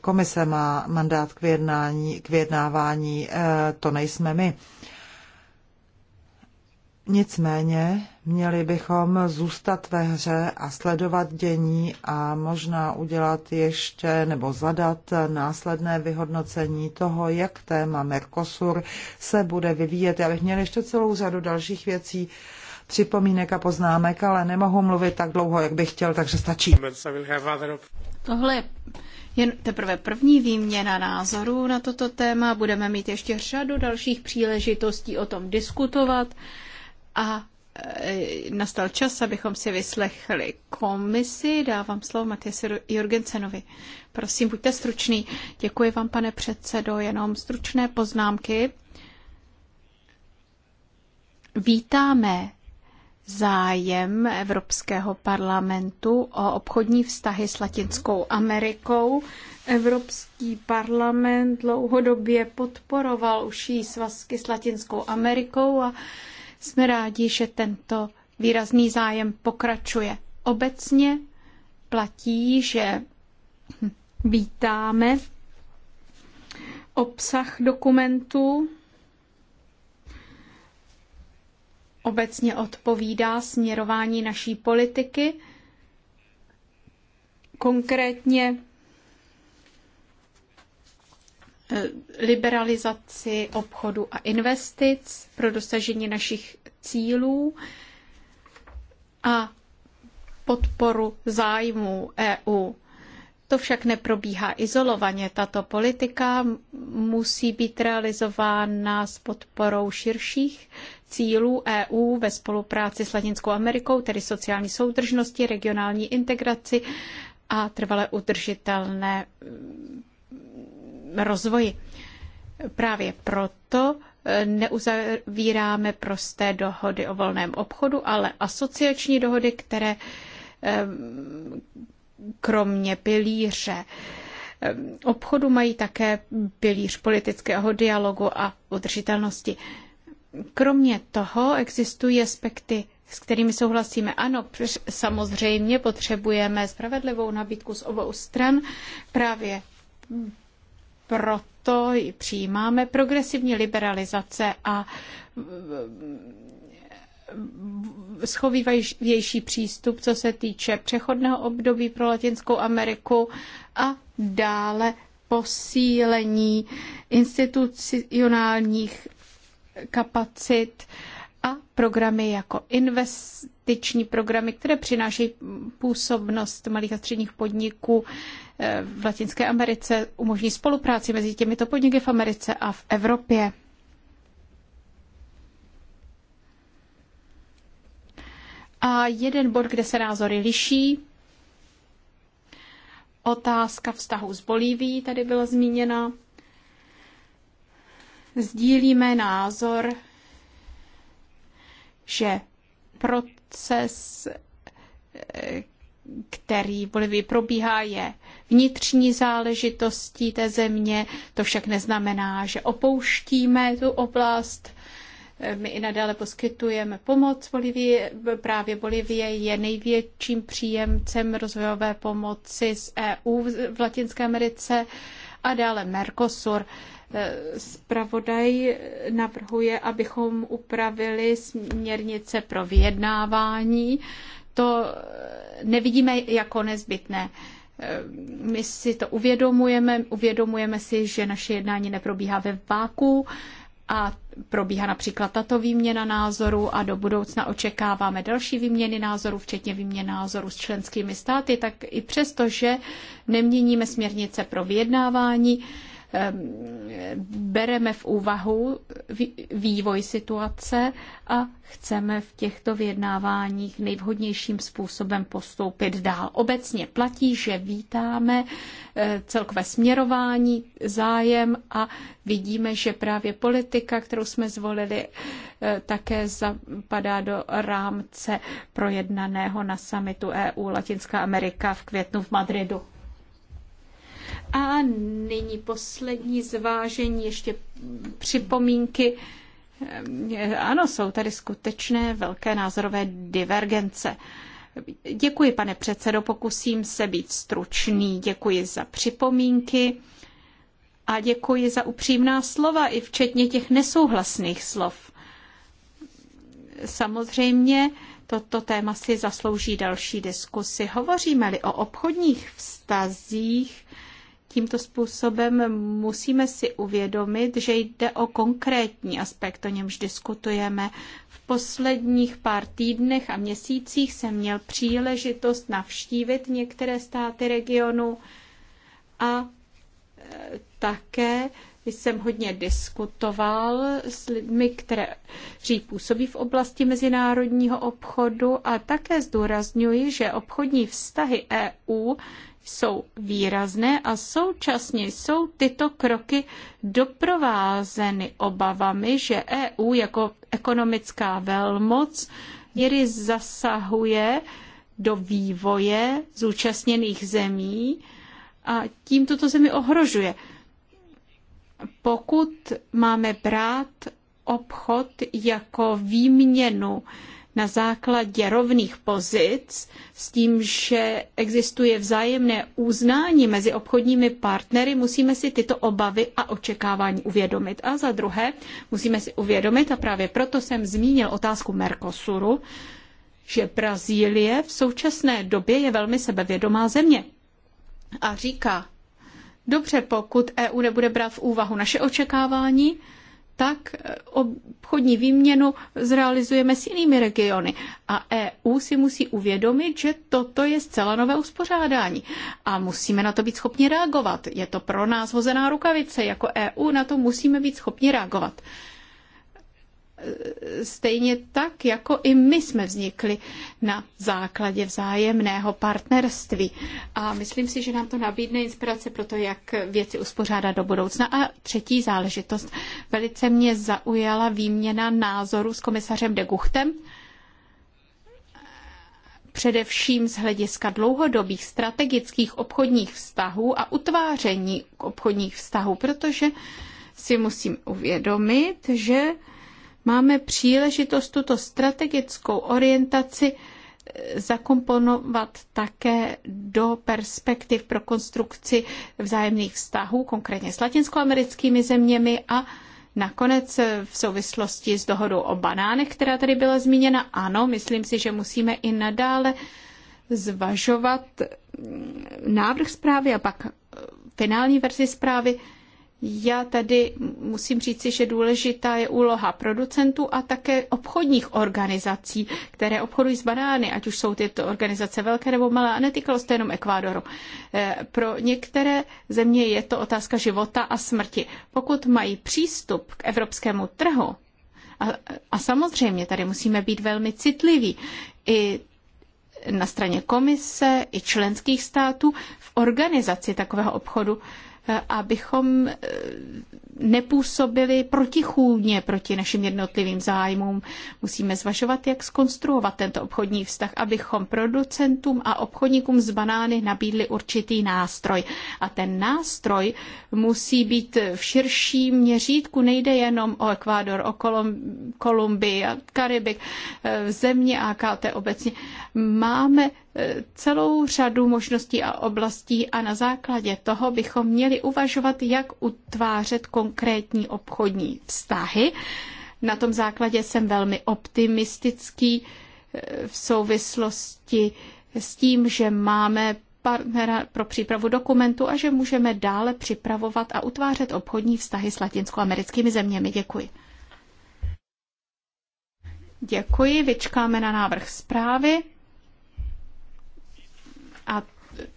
komise má mandát k, vyjednání, k vyjednávání, to nejsme my. Nicméně měli bychom zůstat ve hře a sledovat dění a možná udělat ještě nebo zadat následné vyhodnocení toho, jak téma Mercosur se bude vyvíjet. Já bych měl ještě celou řadu dalších věcí, připomínek a poznámek, ale nemohu mluvit tak dlouho, jak bych chtěl, takže stačí. Tohle je teprve první výměna názorů na toto téma. Budeme mít ještě řadu dalších příležitostí o tom diskutovat. A e, nastal čas, abychom si vyslechli komisi. Dávám slovo Matěsi Jorgensenovi. Prosím, buďte stručný. Děkuji vám, pane předsedo, jenom stručné poznámky. Vítáme zájem Evropského parlamentu o obchodní vztahy s Latinskou Amerikou. Evropský parlament dlouhodobě podporoval uší svazky s Latinskou Amerikou a jsme rádi, že tento výrazný zájem pokračuje. Obecně platí, že vítáme obsah dokumentu. Obecně odpovídá směrování naší politiky. Konkrétně Eh, liberalizaci obchodu a investic pro dosažení našich cílů a podporu zájmů EU. To však neprobíhá izolovaně. Tato politika musí být realizována s podporou širších cílů EU ve spolupráci s Latinskou Amerikou, tedy sociální soudržnosti, regionální integraci a trvale udržitelné rozvoji. Právě proto e, neuzavíráme prosté dohody o volném obchodu, ale asociační dohody, které e, kromě pilíře e, obchodu mají také pilíř politického dialogu a udržitelnosti. Kromě toho existují aspekty, s kterými souhlasíme. Ano, samozřejmě potřebujeme spravedlivou nabídku z obou stran. Právě proto přijímáme progresivní liberalizace a schovývavější přístup, co se týče přechodného období pro Latinskou Ameriku a dále posílení institucionálních kapacit a programy jako investiční programy, které přinášejí působnost malých a středních podniků v Latinské Americe, umožní spolupráci mezi těmito podniky v Americe a v Evropě. A jeden bod, kde se názory liší, otázka vztahu s Bolívií tady byla zmíněna. Sdílíme názor, že proces který v Bolivii probíhá, je vnitřní záležitostí té země. To však neznamená, že opouštíme tu oblast. My i nadále poskytujeme pomoc Bolivii. Právě Bolivie je největším příjemcem rozvojové pomoci z EU v Latinské Americe a dále Mercosur. Spravodaj eh, navrhuje, abychom upravili směrnice pro vyjednávání. To nevidíme jako nezbytné. Eh, my si to uvědomujeme, uvědomujeme si, že naše jednání neprobíhá ve váku a probíhá například tato výměna názorů a do budoucna očekáváme další výměny názorů, včetně výměn názorů s členskými státy, tak i přesto, že neměníme směrnice pro vyjednávání, Ehm, bereme v úvahu vývoj situace a chceme v těchto vyjednáváních nejvhodnějším způsobem postoupit dál. Obecně platí, že vítáme eh, celkové směrování, zájem a vidíme, že právě politika, kterou jsme zvolili, eh, také zapadá do rámce projednaného na samitu EU Latinská Amerika v květnu v Madridu. A nyní poslední zvážení, ještě připomínky. Ehm, ano, jsou tady skutečné velké názorové divergence. Děkuji, pane předsedo, pokusím se být stručný. Děkuji za připomínky a děkuji za upřímná slova, i včetně těch nesouhlasných slov. Samozřejmě toto téma si zaslouží další diskusy. Hovoříme-li o obchodních vztazích, tímto způsobem, musíme si uvědomit, že jde o konkrétní aspekt, o němž diskutujeme. V posledních pár týdnech a měsících jsem měl příležitost navštívit některé státy regionu a e, také jsem hodně diskutoval s lidmi, kteří působí v oblasti mezinárodního obchodu a také zdůrazňuji, že obchodní vztahy EU jsou výrazné a současně jsou tyto kroky doprovázeny obavami, že EU jako ekonomická velmoc míry zasahuje do vývoje zúčastněných zemí a tím tuto zemi ohrožuje. Pokud máme brát obchod jako výměnu na základě rovných pozic s tím, že existuje vzájemné uznání mezi obchodními partnery, musíme si tyto obavy a očekávání uvědomit. A za druhé, musíme si uvědomit, a právě proto jsem zmínil otázku Mercosuru, že Brazílie v současné době je velmi sebevědomá země. A říká, dobře, pokud EU nebude brát v úvahu naše očekávání, tak eh, obchodní výměnu zrealizujeme s jinými regiony. A EU si musí uvědomit, že toto je zcela nové uspořádání. A musíme na to být schopni reagovat. Je to pro nás hozená rukavice. Jako EU na to musíme být schopni reagovat stejně tak, jako i my jsme vznikli na základě vzájemného partnerství. A myslím si, že nám to nabídne inspirace pro to, jak věci uspořádat do budoucna. A třetí záležitost. Velice mě zaujala výměna názorů s komisařem de Guchtem, především z hlediska dlouhodobých strategických obchodních vztahů a utváření obchodních vztahů, protože si musím uvědomit, že Máme příležitost tuto strategickou orientaci eh, zakomponovat také do perspektiv pro konstrukci vzájemných vztahů, konkrétně s latinskoamerickými zeměmi a Nakonec eh, v souvislosti s dohodou o banánech, která tady byla zmíněna, ano, myslím si, že musíme i nadále zvažovat mm, návrh zprávy a pak eh, finální verzi zprávy já tady musím říci, že důležitá je úloha producentů a také obchodních organizací, které obchodují s banány, ať už jsou tyto organizace velké nebo malé, a netýkalo se jenom Ekvádoru. Eh, pro některé země je to otázka života a smrti. Pokud mají přístup k evropskému trhu, a, a samozřejmě tady musíme být velmi citliví, i na straně komise, i členských států v organizaci takového obchodu, abychom eh, nepůsobili protichůdně proti našim jednotlivým zájmům. Musíme zvažovat, jak skonstruovat tento obchodní vztah, abychom producentům a obchodníkům z banány nabídli určitý nástroj. A ten nástroj musí být v širším měřítku. Nejde jenom o Ekvádor, o Kolum, Kolumbii a Karibik, eh, země AKT obecně. Máme E, celou řadu možností a oblastí a na základě toho bychom měli uvažovat, jak utvářet konkrétní obchodní vztahy. Na tom základě jsem velmi optimistický e, v souvislosti s tím, že máme partnera pro přípravu dokumentu a že můžeme dále připravovat a utvářet obchodní vztahy s latinskoamerickými zeměmi. Děkuji. Děkuji, vyčkáme na návrh zprávy a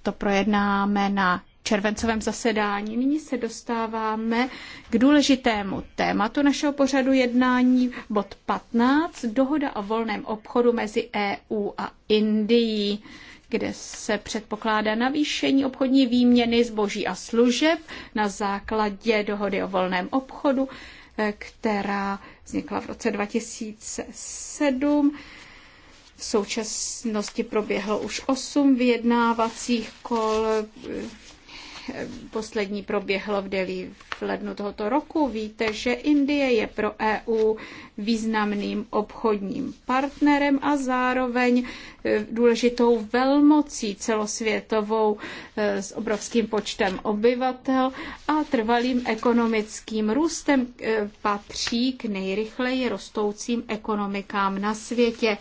to projednáme na červencovém zasedání. Nyní se dostáváme k důležitému tématu našeho pořadu jednání, bod 15, dohoda o volném obchodu mezi EU a Indií kde se předpokládá navýšení obchodní výměny zboží a služeb na základě dohody o volném obchodu, eh, která vznikla v roce 2007 v současnosti proběhlo už osm vyjednávacích kol. Poslední proběhlo v Delhi v lednu tohoto roku. Víte, že Indie je pro EU významným obchodním partnerem a zároveň eh, důležitou velmocí celosvětovou eh, s obrovským počtem obyvatel a trvalým ekonomickým růstem eh, patří k nejrychleji rostoucím ekonomikám na světě.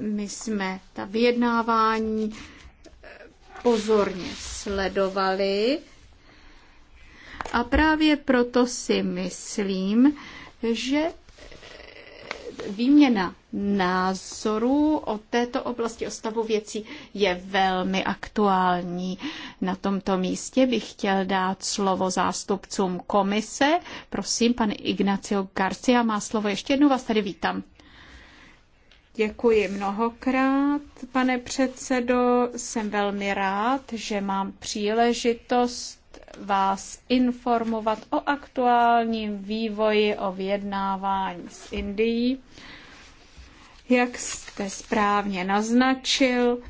My jsme ta vyjednávání pozorně sledovali a právě proto si myslím, že výměna názorů o této oblasti, o stavu věcí je velmi aktuální. Na tomto místě bych chtěl dát slovo zástupcům komise. Prosím, pan Ignacio Garcia má slovo. Ještě jednou vás tady vítám. Děkuji mnohokrát, pane předsedo. Jsem velmi rád, že mám příležitost vás informovat o aktuálním vývoji o vyjednávání s Indií. Jak jste správně naznačil,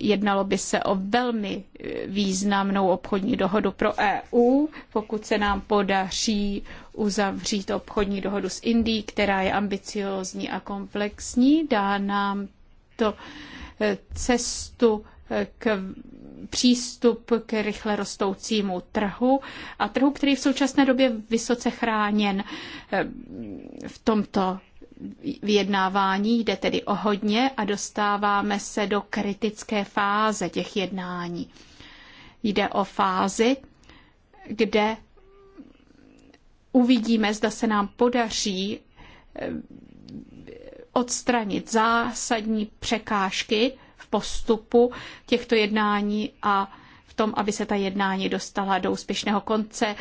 jednalo by se o velmi významnou obchodní dohodu pro EU, pokud se nám podaří uzavřít obchodní dohodu s Indií, která je ambiciózní a komplexní, dá nám to eh, cestu eh, k přístup k rychle rostoucímu trhu a trhu, který je v současné době vysoce chráněn eh, v tomto vyjednávání, jde tedy o hodně a dostáváme se do kritické fáze těch jednání. Jde o fázi, kde uvidíme, zda se nám podaří eh, odstranit zásadní překážky v postupu těchto jednání a tom, aby se ta jednání dostala do úspěšného konce.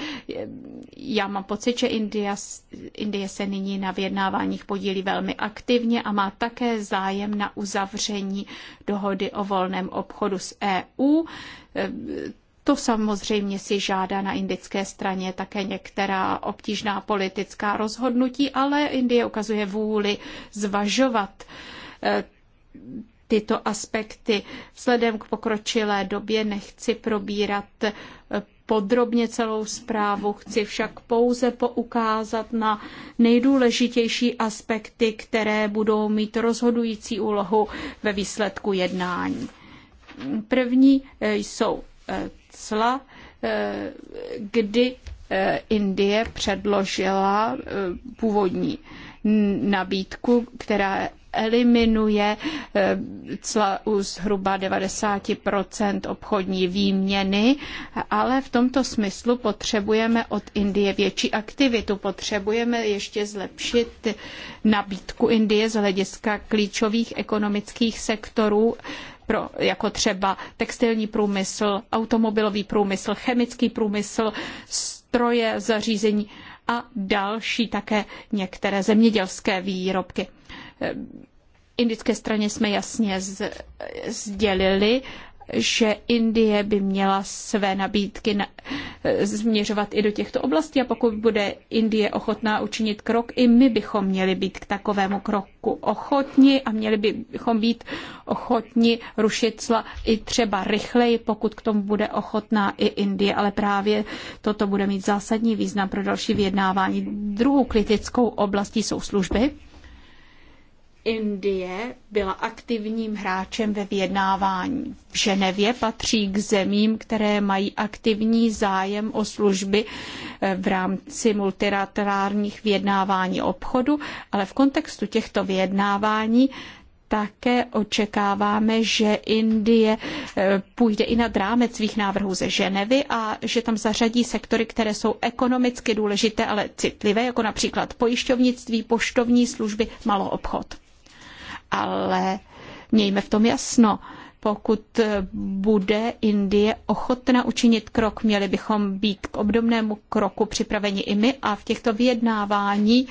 Já mám pocit, že India, Indie se nyní na vyjednáváních podílí velmi aktivně a má také zájem na uzavření dohody o volném obchodu s EU. To samozřejmě si žádá na indické straně také některá obtížná politická rozhodnutí, ale Indie ukazuje vůli zvažovat tyto aspekty. Vzhledem k pokročilé době nechci probírat eh, podrobně celou zprávu, chci však pouze poukázat na nejdůležitější aspekty, které budou mít rozhodující úlohu ve výsledku jednání. První eh, jsou eh, cla, kdy Indie předložila původní nabídku, která eliminuje eh, cla u zhruba 90 obchodní výměny, ale v tomto smyslu potřebujeme od Indie větší aktivitu. Potřebujeme ještě zlepšit nabídku Indie z hlediska klíčových ekonomických sektorů, pro, jako třeba textilní průmysl, automobilový průmysl, chemický průmysl, stroje, zařízení a další také některé zemědělské výrobky. Eh, indické straně jsme jasně sdělili, že Indie by měla své nabídky na, eh, změřovat i do těchto oblastí a pokud bude Indie ochotná učinit krok, i my bychom měli být k takovému kroku ochotni a měli bychom být ochotni rušit cla i třeba rychleji, pokud k tomu bude ochotná i Indie, ale právě toto bude mít zásadní význam pro další vyjednávání. Druhou kritickou oblastí jsou služby Indie byla aktivním hráčem ve vyjednávání. V Ženevě patří k zemím, které mají aktivní zájem o služby eh, v rámci multilaterálních vyjednávání obchodu, ale v kontextu těchto vyjednávání také očekáváme, že Indie eh, půjde i nad rámec svých návrhů ze Ženevy a že tam zařadí sektory, které jsou ekonomicky důležité, ale citlivé, jako například pojišťovnictví, poštovní služby, maloobchod ale mějme v tom jasno. Pokud bude Indie ochotna učinit krok, měli bychom být k obdobnému kroku připraveni i my a v těchto vyjednávání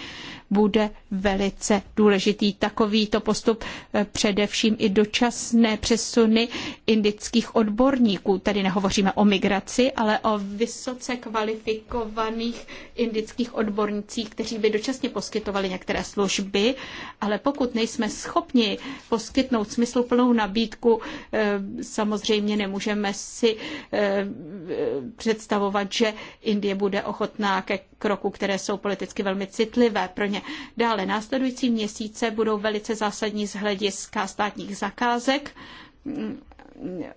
bude velice důležitý. Takovýto postup eh, především i dočasné přesuny indických odborníků. Tady nehovoříme o migraci, ale o vysoce kvalifikovaných indických odbornících, kteří by dočasně poskytovali některé služby, ale pokud nejsme schopni poskytnout smysluplnou nabídku, eh, samozřejmě nemůžeme si eh, představovat, že Indie bude ochotná ke kroku, které jsou politicky velmi citlivé pro ně. Dále následující měsíce budou velice zásadní z hlediska státních zakázek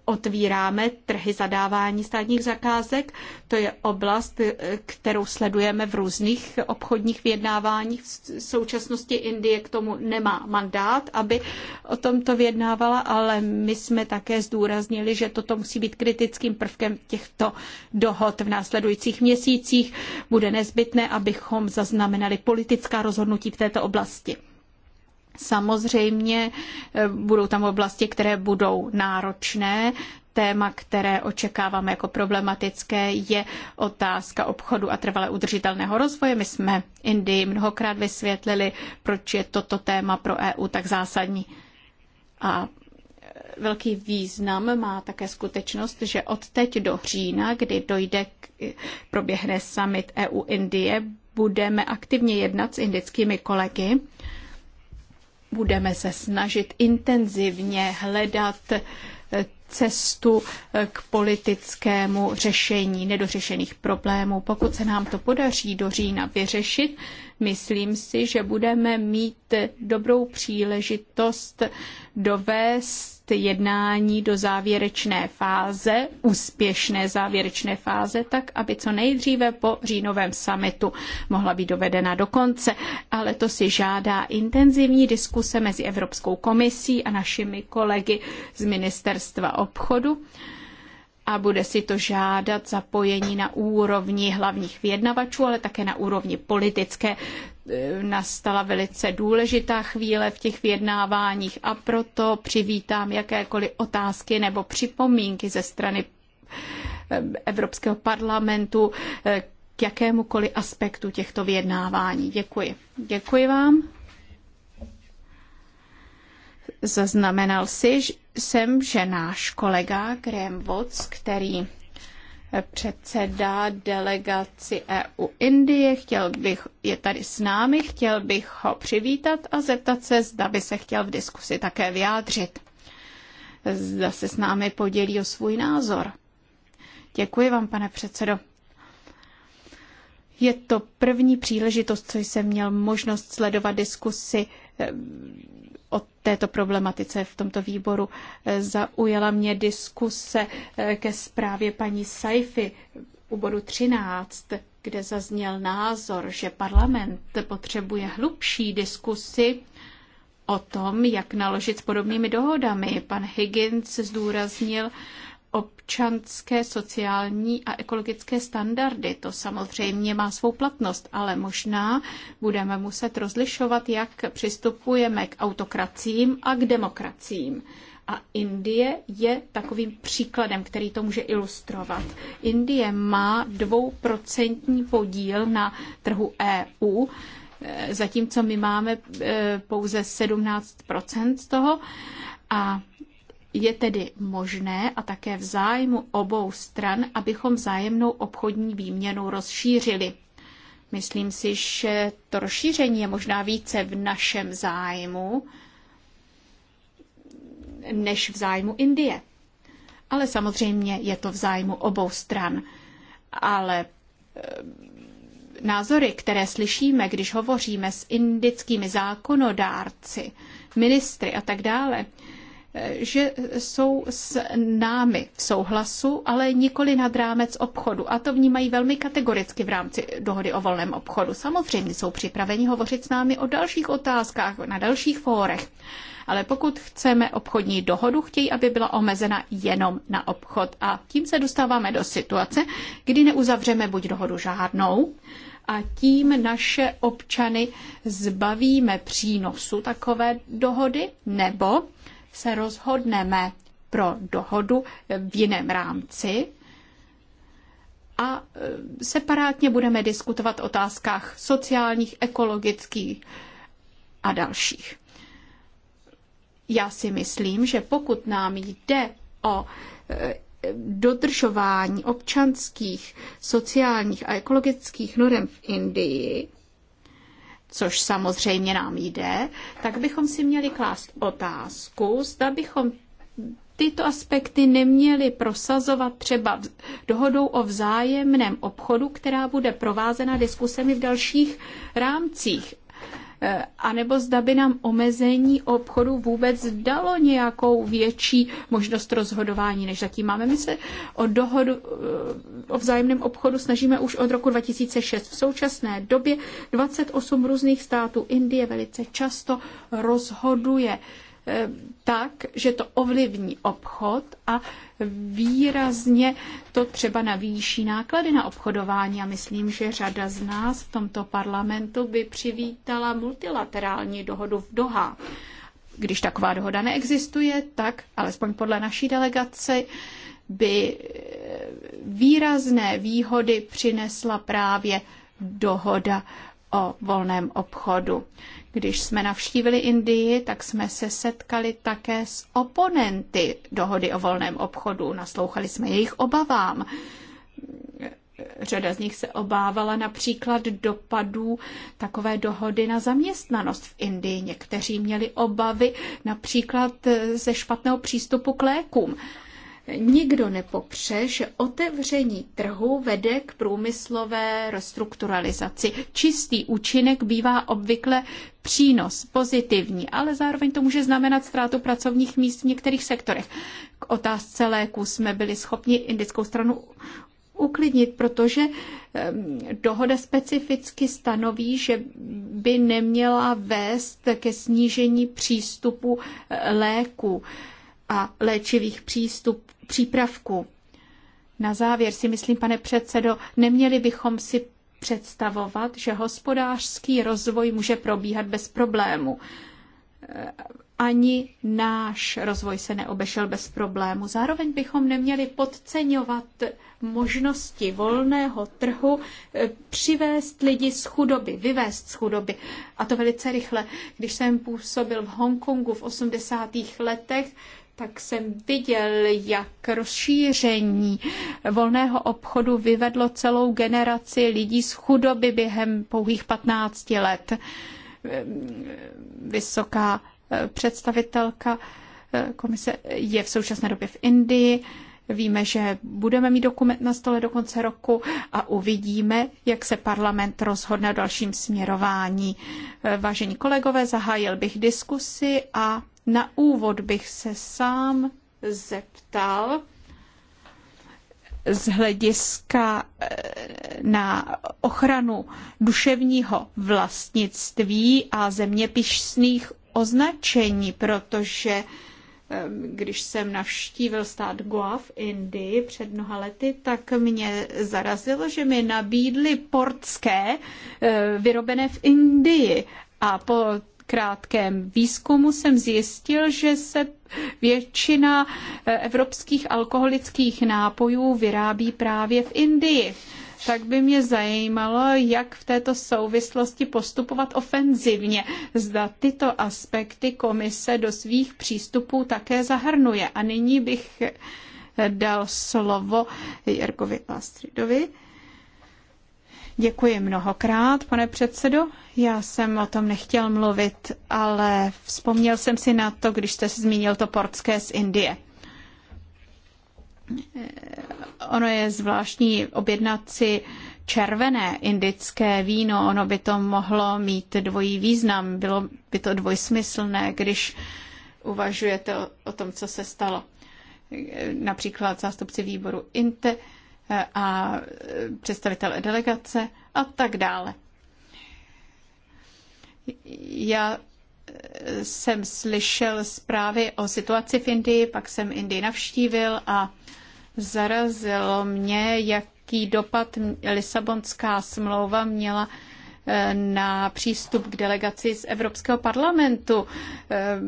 otvíráme trhy zadávání státních zakázek. To je oblast, kterou sledujeme v různých obchodních vyjednáváních. V současnosti Indie k tomu nemá mandát, aby o tomto vyjednávala, ale my jsme také zdůraznili, že toto musí být kritickým prvkem těchto dohod v následujících měsících. Bude nezbytné, abychom zaznamenali politická rozhodnutí v této oblasti. Samozřejmě eh, budou tam oblasti, které budou náročné. Téma, které očekáváme jako problematické, je otázka obchodu a trvale udržitelného rozvoje. My jsme Indii mnohokrát vysvětlili, proč je toto téma pro EU tak zásadní. A eh, velký význam má také skutečnost, že od teď do října, kdy dojde k, eh, proběhne summit EU-Indie, budeme aktivně jednat s indickými kolegy budeme se snažit intenzivně hledat eh, cestu eh, k politickému řešení nedořešených problémů. Pokud se nám to podaří do října vyřešit, myslím si, že budeme mít dobrou příležitost dovést jednání do závěrečné fáze, úspěšné závěrečné fáze, tak aby co nejdříve po říjnovém summitu mohla být dovedena do konce. Ale to si žádá intenzivní diskuse mezi Evropskou komisí a našimi kolegy z Ministerstva obchodu a bude si to žádat zapojení na úrovni hlavních vyjednavačů, ale také na úrovni politické. E, nastala velice důležitá chvíle v těch vyjednáváních a proto přivítám jakékoliv otázky nebo připomínky ze strany e, Evropského parlamentu e, k jakémukoliv aspektu těchto vyjednávání. Děkuji. Děkuji vám zaznamenal si, že jsem, že náš kolega Graham Woods, který předsedá delegaci EU Indie. Chtěl bych, je tady s námi, chtěl bych ho přivítat a zeptat se, zda by se chtěl v diskusi také vyjádřit. Zda se s námi podělí o svůj názor. Děkuji vám, pane předsedo. Je to první příležitost, co jsem měl možnost sledovat diskusi o této problematice v tomto výboru. Zaujala mě diskuse eh, ke zprávě paní Saifi u bodu 13, kde zazněl názor, že parlament potřebuje hlubší diskusy o tom, jak naložit s podobnými dohodami. Pan Higgins zdůraznil občanské, sociální a ekologické standardy. To samozřejmě má svou platnost, ale možná budeme muset rozlišovat, jak přistupujeme k autokracím a k demokracím. A Indie je takovým příkladem, který to může ilustrovat. Indie má dvouprocentní podíl na trhu EU, eh, zatímco my máme eh, pouze 17% z toho. A je tedy možné a také v zájmu obou stran, abychom vzájemnou obchodní výměnu rozšířili. Myslím si, že to rozšíření je možná více v našem zájmu než v zájmu Indie. Ale samozřejmě je to v zájmu obou stran. Ale eh, názory, které slyšíme, když hovoříme s indickými zákonodárci, ministry a tak dále, že jsou s námi v souhlasu, ale nikoli nad rámec obchodu. A to vnímají velmi kategoricky v rámci dohody o volném obchodu. Samozřejmě jsou připraveni hovořit s námi o dalších otázkách, na dalších fórech. Ale pokud chceme obchodní dohodu, chtějí, aby byla omezena jenom na obchod. A tím se dostáváme do situace, kdy neuzavřeme buď dohodu žádnou, a tím naše občany zbavíme přínosu takové dohody, nebo se rozhodneme pro dohodu v jiném rámci a e, separátně budeme diskutovat o otázkách sociálních, ekologických a dalších. Já si myslím, že pokud nám jde o e, dodržování občanských, sociálních a ekologických norem v Indii, což samozřejmě nám jde, tak bychom si měli klást otázku, zda bychom tyto aspekty neměli prosazovat třeba dohodou o vzájemném obchodu, která bude provázena diskusemi v dalších rámcích. Eh, anebo zda by nám omezení obchodu vůbec dalo nějakou větší možnost rozhodování, než zatím máme. My se o dohodu eh, o vzájemném obchodu snažíme už od roku 2006. V současné době 28 různých států Indie velice často rozhoduje eh, tak, že to ovlivní obchod a výrazně to třeba navýší náklady na obchodování. A myslím, že řada z nás v tomto parlamentu by přivítala multilaterální dohodu v Doha. Když taková dohoda neexistuje, tak alespoň podle naší delegace by výrazné výhody přinesla právě dohoda o volném obchodu. Když jsme navštívili Indii, tak jsme se setkali také s oponenty dohody o volném obchodu. Naslouchali jsme jejich obavám. Řada z nich se obávala například dopadů takové dohody na zaměstnanost v Indii. Někteří měli obavy například ze špatného přístupu k lékům. Nikdo nepopře, že otevření trhu vede k průmyslové restrukturalizaci. Čistý účinek bývá obvykle přínos, pozitivní, ale zároveň to může znamenat ztrátu pracovních míst v některých sektorech. K otázce léku jsme byli schopni indickou stranu uklidnit, protože dohoda specificky stanoví, že by neměla vést ke snížení přístupu e, léku a léčivých přístupů. Přípravku Na závěr si myslím, pane předsedo, neměli bychom si představovat, že hospodářský rozvoj může probíhat bez problému. Eh, ani náš rozvoj se neobešel bez problému. Zároveň bychom neměli podceňovat možnosti volného trhu eh, přivést lidi z chudoby, vyvést z chudoby. A to velice rychle. Když jsem působil v Hongkongu v 80. letech, tak jsem viděl, jak rozšíření volného obchodu vyvedlo celou generaci lidí z chudoby během pouhých 15 let. Vysoká eh, představitelka eh, komise je v současné době v Indii. Víme, že budeme mít dokument na stole do konce roku a uvidíme, jak se parlament rozhodne o dalším směrování. Eh, Vážení kolegové, zahájil bych diskusi a na úvod bych se sám zeptal z hlediska eh, na ochranu duševního vlastnictví a zeměpišných označení, protože eh, když jsem navštívil stát Goa v Indii před mnoha lety, tak mě zarazilo, že mi nabídli portské eh, vyrobené v Indii. A po krátkém výzkumu jsem zjistil, že se většina eh, evropských alkoholických nápojů vyrábí právě v Indii. Tak by mě zajímalo, jak v této souvislosti postupovat ofenzivně. Zda tyto aspekty komise do svých přístupů také zahrnuje. A nyní bych eh, dal slovo Jirkovi Pastridovi. Děkuji mnohokrát, pane předsedo. Já jsem o tom nechtěl mluvit, ale vzpomněl jsem si na to, když jste zmínil to portské z Indie. Eh, ono je zvláštní objednat si červené indické víno, ono by to mohlo mít dvojí význam, bylo by to dvojsmyslné, když uvažujete o, o tom, co se stalo. Eh, například zástupci výboru INTE a e, představitel delegace a tak dále. Já e, jsem slyšel zprávy o situaci v Indii, pak jsem Indii navštívil a zarazilo mě, jaký dopad Lisabonská smlouva měla na přístup k delegaci z Evropského parlamentu eh,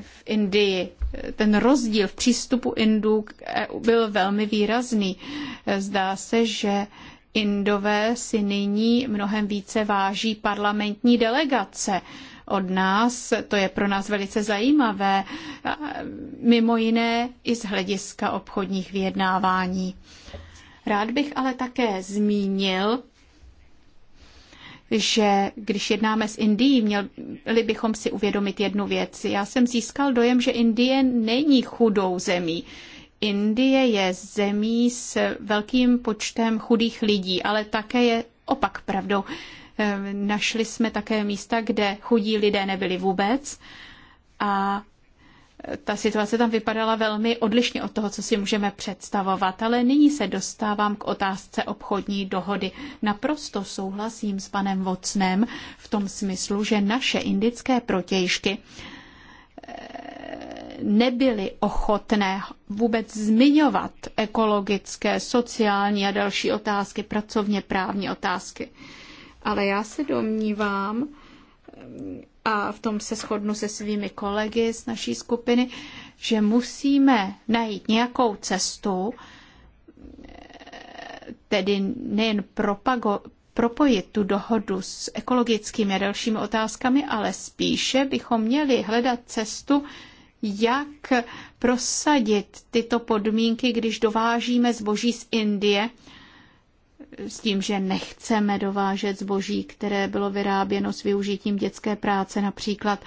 v Indii. Ten rozdíl v přístupu Indů k EU byl velmi výrazný. Zdá se, že Indové si nyní mnohem více váží parlamentní delegace od nás. To je pro nás velice zajímavé, mimo jiné i z hlediska obchodních vyjednávání. Rád bych ale také zmínil že když jednáme s Indií, měli bychom si uvědomit jednu věc. Já jsem získal dojem, že Indie není chudou zemí. Indie je zemí s velkým počtem chudých lidí, ale také je opak pravdou. Ehm, našli jsme také místa, kde chudí lidé nebyli vůbec a ta situace tam vypadala velmi odlišně od toho, co si můžeme představovat, ale nyní se dostávám k otázce obchodní dohody. Naprosto souhlasím s panem Vocnem v tom smyslu, že naše indické protějšky eh, nebyly ochotné vůbec zmiňovat ekologické, sociální a další otázky, pracovně právní otázky. Ale já se domnívám, a v tom se shodnu se svými kolegy z naší skupiny, že musíme najít nějakou cestu, tedy nejen propago, propojit tu dohodu s ekologickými a dalšími otázkami, ale spíše bychom měli hledat cestu, jak prosadit tyto podmínky, když dovážíme zboží z Indie, s tím, že nechceme dovážet zboží, které bylo vyráběno s využitím dětské práce například.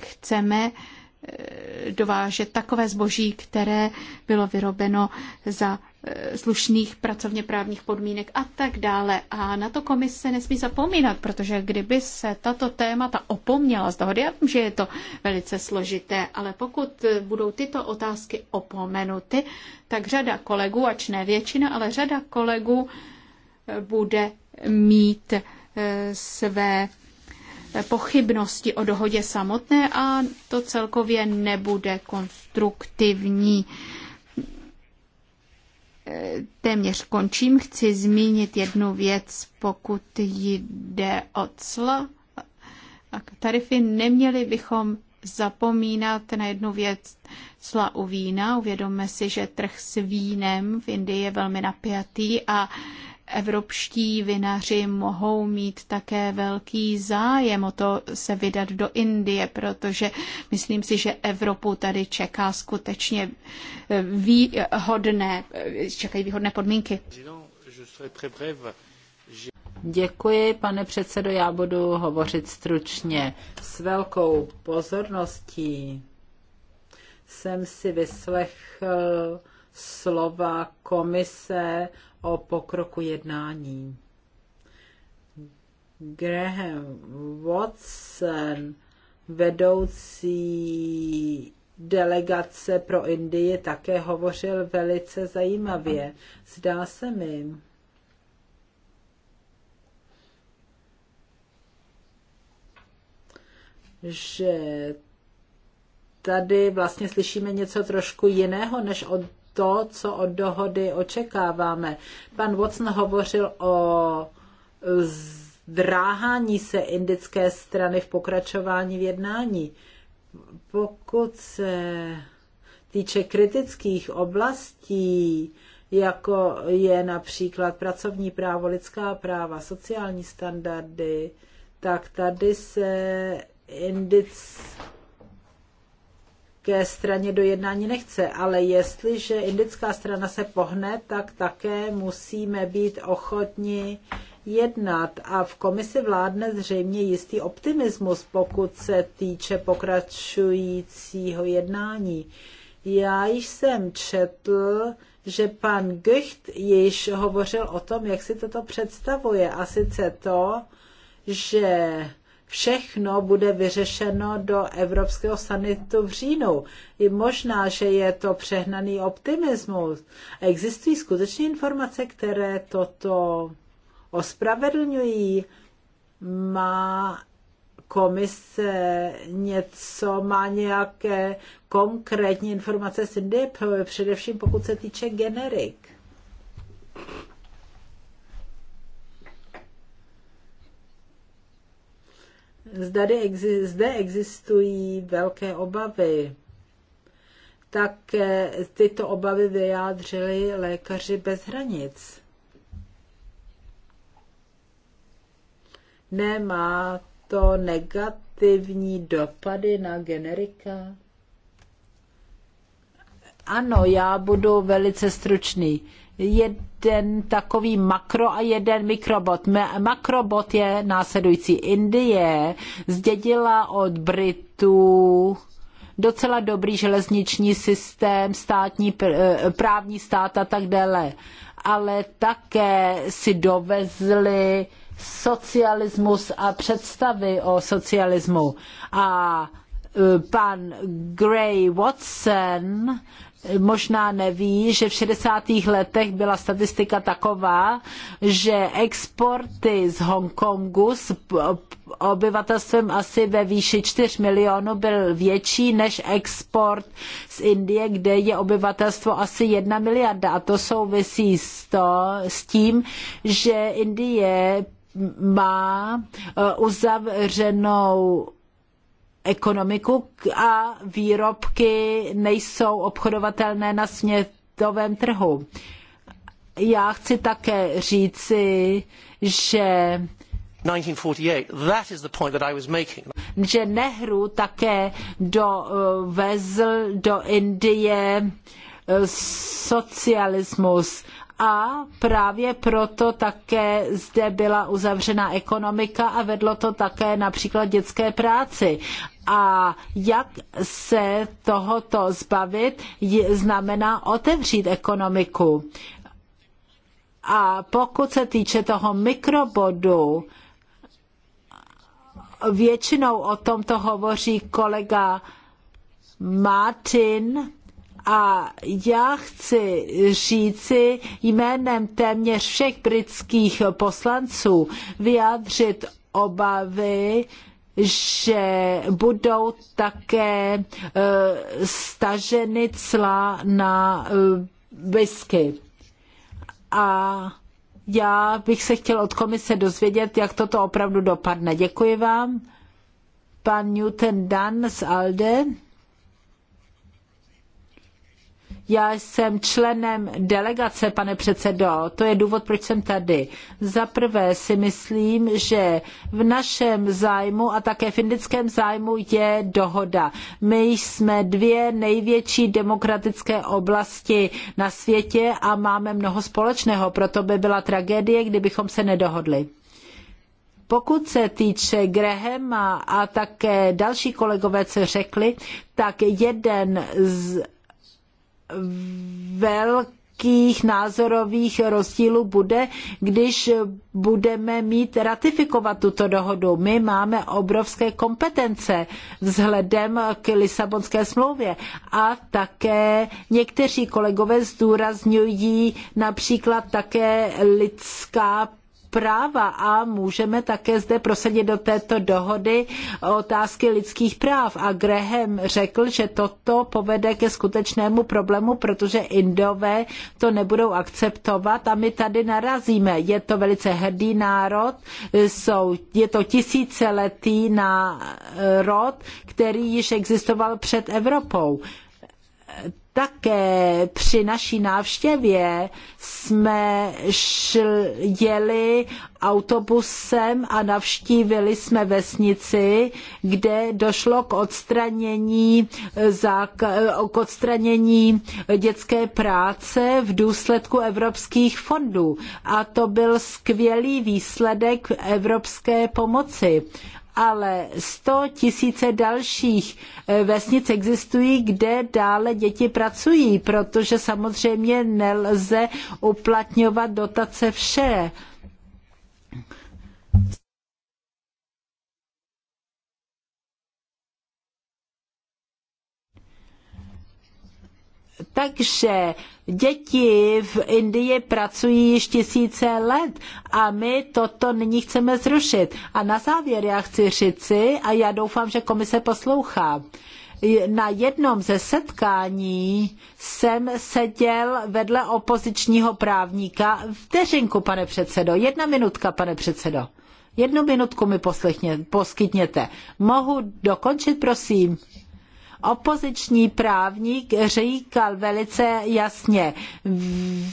Chceme eh, dovážet takové zboží, které bylo vyrobeno za Eh, slušných pracovně právních podmínek a tak dále. A na to komise nesmí zapomínat, protože kdyby se tato témata opomněla z dohody, já vím, že je to velice složité, ale pokud eh, budou tyto otázky opomenuty, tak řada kolegů, ač ne většina, ale řada kolegů eh, bude mít své pochybnosti o dohodě samotné a to celkově nebude konstruktivní téměř končím. Chci zmínit jednu věc, pokud jde o clo tarify. Neměli bychom zapomínat na jednu věc cla u vína. Uvědomme si, že trh s vínem v Indii je velmi napjatý a evropští vinaři mohou mít také velký zájem o to se vydat do Indie, protože myslím si, že Evropu tady čeká skutečně eh, výhodné, eh, čekají výhodné podmínky. Děkuji, pane předsedo, já budu hovořit stručně. S velkou pozorností jsem si vyslechl slova komise o pokroku jednání. Graham Watson, vedoucí delegace pro Indii, také hovořil velice zajímavě. Zdá se mi, že tady vlastně slyšíme něco trošku jiného, než od to, co od dohody očekáváme. Pan Watson hovořil o zdráhání se indické strany v pokračování v jednání. Pokud se týče kritických oblastí, jako je například pracovní právo, lidská práva, sociální standardy, tak tady se indické ke straně do jednání nechce, ale jestliže indická strana se pohne, tak také musíme být ochotni jednat a v komisi vládne zřejmě jistý optimismus, pokud se týče pokračujícího jednání. Já jsem četl, že pan Gücht již hovořil o tom, jak si toto představuje a sice to, že všechno bude vyřešeno do Evropského sanitu v říjnu. I možná, že je to přehnaný optimismus. Existují skutečné informace, které toto ospravedlňují. Má komise něco, má nějaké konkrétní informace z INDIP, především pokud se týče generik. Zdady, zde existují velké obavy. Tak tyto obavy vyjádřili lékaři bez hranic. Nemá to negativní dopady na generika? Ano, já budu velice stručný jeden takový makro a jeden mikrobot. Makrobot je následující. Indie zdědila od Britů docela dobrý železniční systém, státní, eh, právní stát a tak dále. Ale také si dovezli socialismus a představy o socialismu. A eh, pan Gray Watson možná neví, že v 60. letech byla statistika taková, že exporty z Hongkongu s obyvatelstvem asi ve výši 4 milionů byl větší než export z Indie, kde je obyvatelstvo asi 1 miliarda. A to souvisí s, to, s tím, že Indie má e, uzavřenou ekonomiku a výrobky nejsou obchodovatelné na světovém trhu. Já chci také říci, že 1948. That is the point that I was making. že Nehru také dovezl do Indie eh, socialismus a právě proto také zde byla uzavřena ekonomika a vedlo to také například dětské práci. A jak se tohoto zbavit, znamená otevřít ekonomiku. A pokud se týče toho mikrobodu, většinou o tomto hovoří kolega Martin, a já chci říci jménem téměř všech britských poslanců vyjádřit obavy, že budou také e, staženy cla na e, whisky. A já bych se chtěl od komise dozvědět, jak toto opravdu dopadne. Děkuji vám. Pan Newton Dunn z ALDE. Já jsem členem delegace, pane předsedo, to je důvod, proč jsem tady. Za prvé si myslím, že v našem zájmu a také v indickém zájmu je dohoda. My jsme dvě největší demokratické oblasti na světě a máme mnoho společného, proto by byla tragédie, kdybychom se nedohodli. Pokud se týče Grahama a také další kolegové, co řekli, tak jeden z velkých názorových rozdílů bude, když budeme mít ratifikovat tuto dohodu. My máme obrovské kompetence vzhledem k Lisabonské smlouvě a také někteří kolegové zdůrazňují například také lidská práva a můžeme také zde prosadit do této dohody otázky lidských práv. A Graham řekl, že toto povede ke skutečnému problému, protože Indové to nebudou akceptovat a my tady narazíme. Je to velice hrdý národ, jsou, je to tisíciletý národ, který již existoval před Evropou také při naší návštěvě jsme šl, jeli autobusem a navštívili jsme vesnici, kde došlo k odstranění, k odstranění dětské práce v důsledku evropských fondů. A to byl skvělý výsledek evropské pomoci ale 100 tisíce dalších eh, vesnic existují, kde dále děti pracují, protože samozřejmě nelze uplatňovat dotace vše. Takže děti v Indii pracují již tisíce let a my toto nyní chceme zrušit. A na závěr já chci říci, a já doufám, že komise poslouchá, na jednom ze setkání jsem seděl vedle opozičního právníka. Vteřinku, pane předsedo, jedna minutka, pane předsedo. Jednu minutku mi poslechně, poskytněte. Mohu dokončit, prosím? Opoziční právník říkal velice jasně,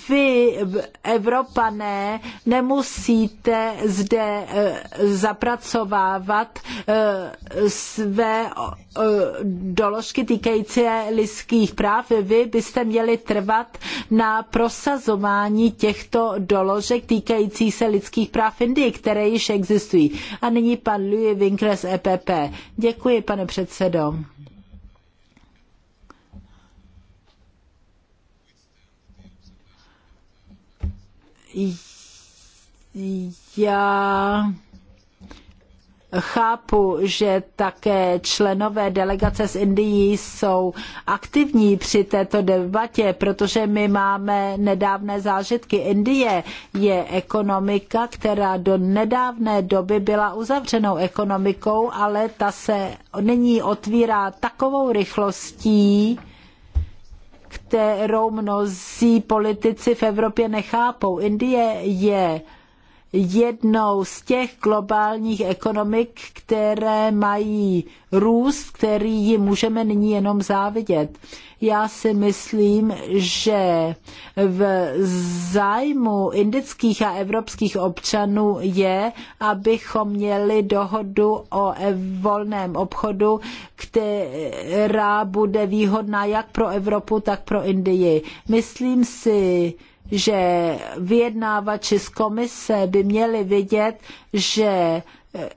vy, Evropané, nemusíte zde eh, zapracovávat eh, své eh, doložky týkající lidských práv. Vy byste měli trvat na prosazování těchto doložek týkající se lidských práv v Indii, které již existují. A nyní pan Louis Winkler z EPP. Děkuji, pane předsedo. já chápu, že také členové delegace z Indií jsou aktivní při této debatě, protože my máme nedávné zážitky. Indie je ekonomika, která do nedávné doby byla uzavřenou ekonomikou, ale ta se nyní otvírá takovou rychlostí, kterou mnozí politici v Evropě nechápou. Indie je jednou z těch globálních ekonomik, které mají růst, který ji můžeme nyní jenom závidět. Já si myslím, že v zájmu indických a evropských občanů je, abychom měli dohodu o volném obchodu, která bude výhodná jak pro Evropu, tak pro Indii. Myslím si, že vyjednávači z komise by měli vidět, že eh,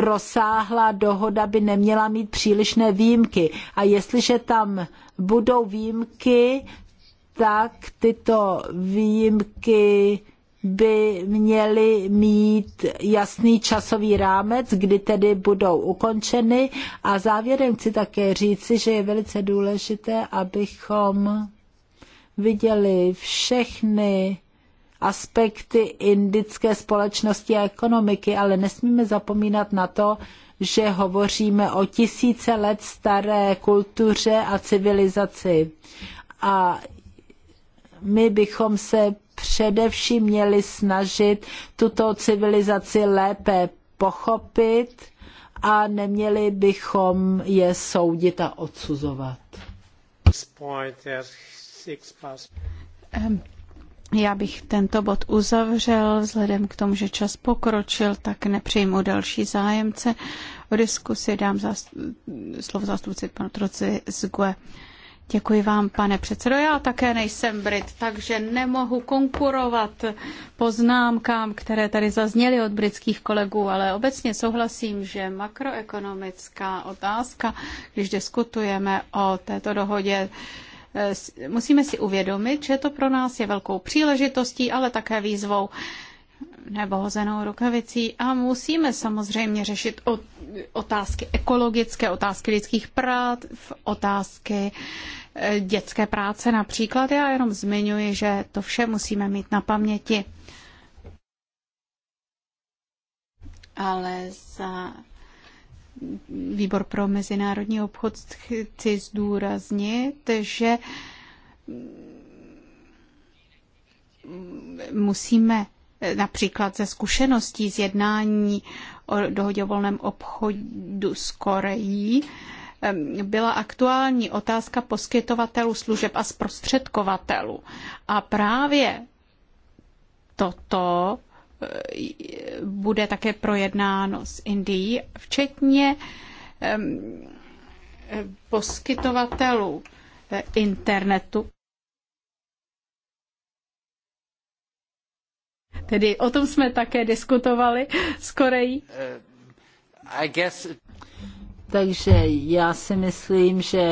rozsáhlá dohoda by neměla mít přílišné výjimky. A jestliže tam budou výjimky, tak tyto výjimky by měly mít jasný časový rámec, kdy tedy budou ukončeny. A závěrem chci také říci, že je velice důležité, abychom viděli všechny aspekty indické společnosti a ekonomiky, ale nesmíme zapomínat na to, že hovoříme o tisíce let staré kultuře a civilizaci. A my bychom se především měli snažit tuto civilizaci lépe pochopit a neměli bychom je soudit a odsuzovat. Ehm, já bych tento bod uzavřel, vzhledem k tomu, že čas pokročil, tak nepřijmu další zájemce. O diskusi dám zást- slovo zástupci panu Troci z GUE. Děkuji vám, pane předsedo. Já také nejsem Brit, takže nemohu konkurovat poznámkám, které tady zazněly od britských kolegů, ale obecně souhlasím, že makroekonomická otázka, když diskutujeme o této dohodě, Eh, musíme si uvědomit, že to pro nás je velkou příležitostí, ale také výzvou nebo hozenou rukavicí. A musíme samozřejmě řešit otázky ekologické, otázky lidských práv, otázky eh, dětské práce například. Já jenom zmiňuji, že to vše musíme mít na paměti. Ale za výbor pro mezinárodní obchod chci zdůraznit, že musíme například ze zkušeností z jednání o dohodě o volném obchodu s Koreí byla aktuální otázka poskytovatelů služeb a zprostředkovatelů. A právě toto bude také projednáno s Indií, včetně poskytovatelů eh, internetu. Tedy o tom jsme také diskutovali s Koreí. Eh, Takže já si myslím, že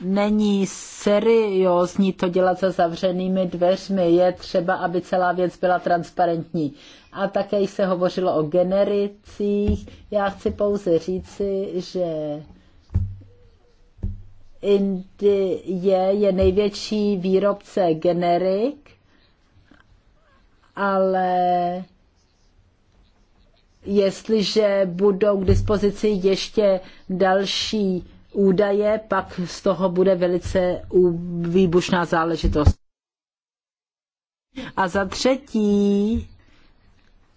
není seriózní to dělat za zavřenými dveřmi. Je třeba, aby celá věc byla transparentní. A také se hovořilo o genericích. Já chci pouze říci, že Indie je největší výrobce generik, ale jestliže budou k dispozici ještě další údaje, pak z toho bude velice výbušná záležitost. A za třetí,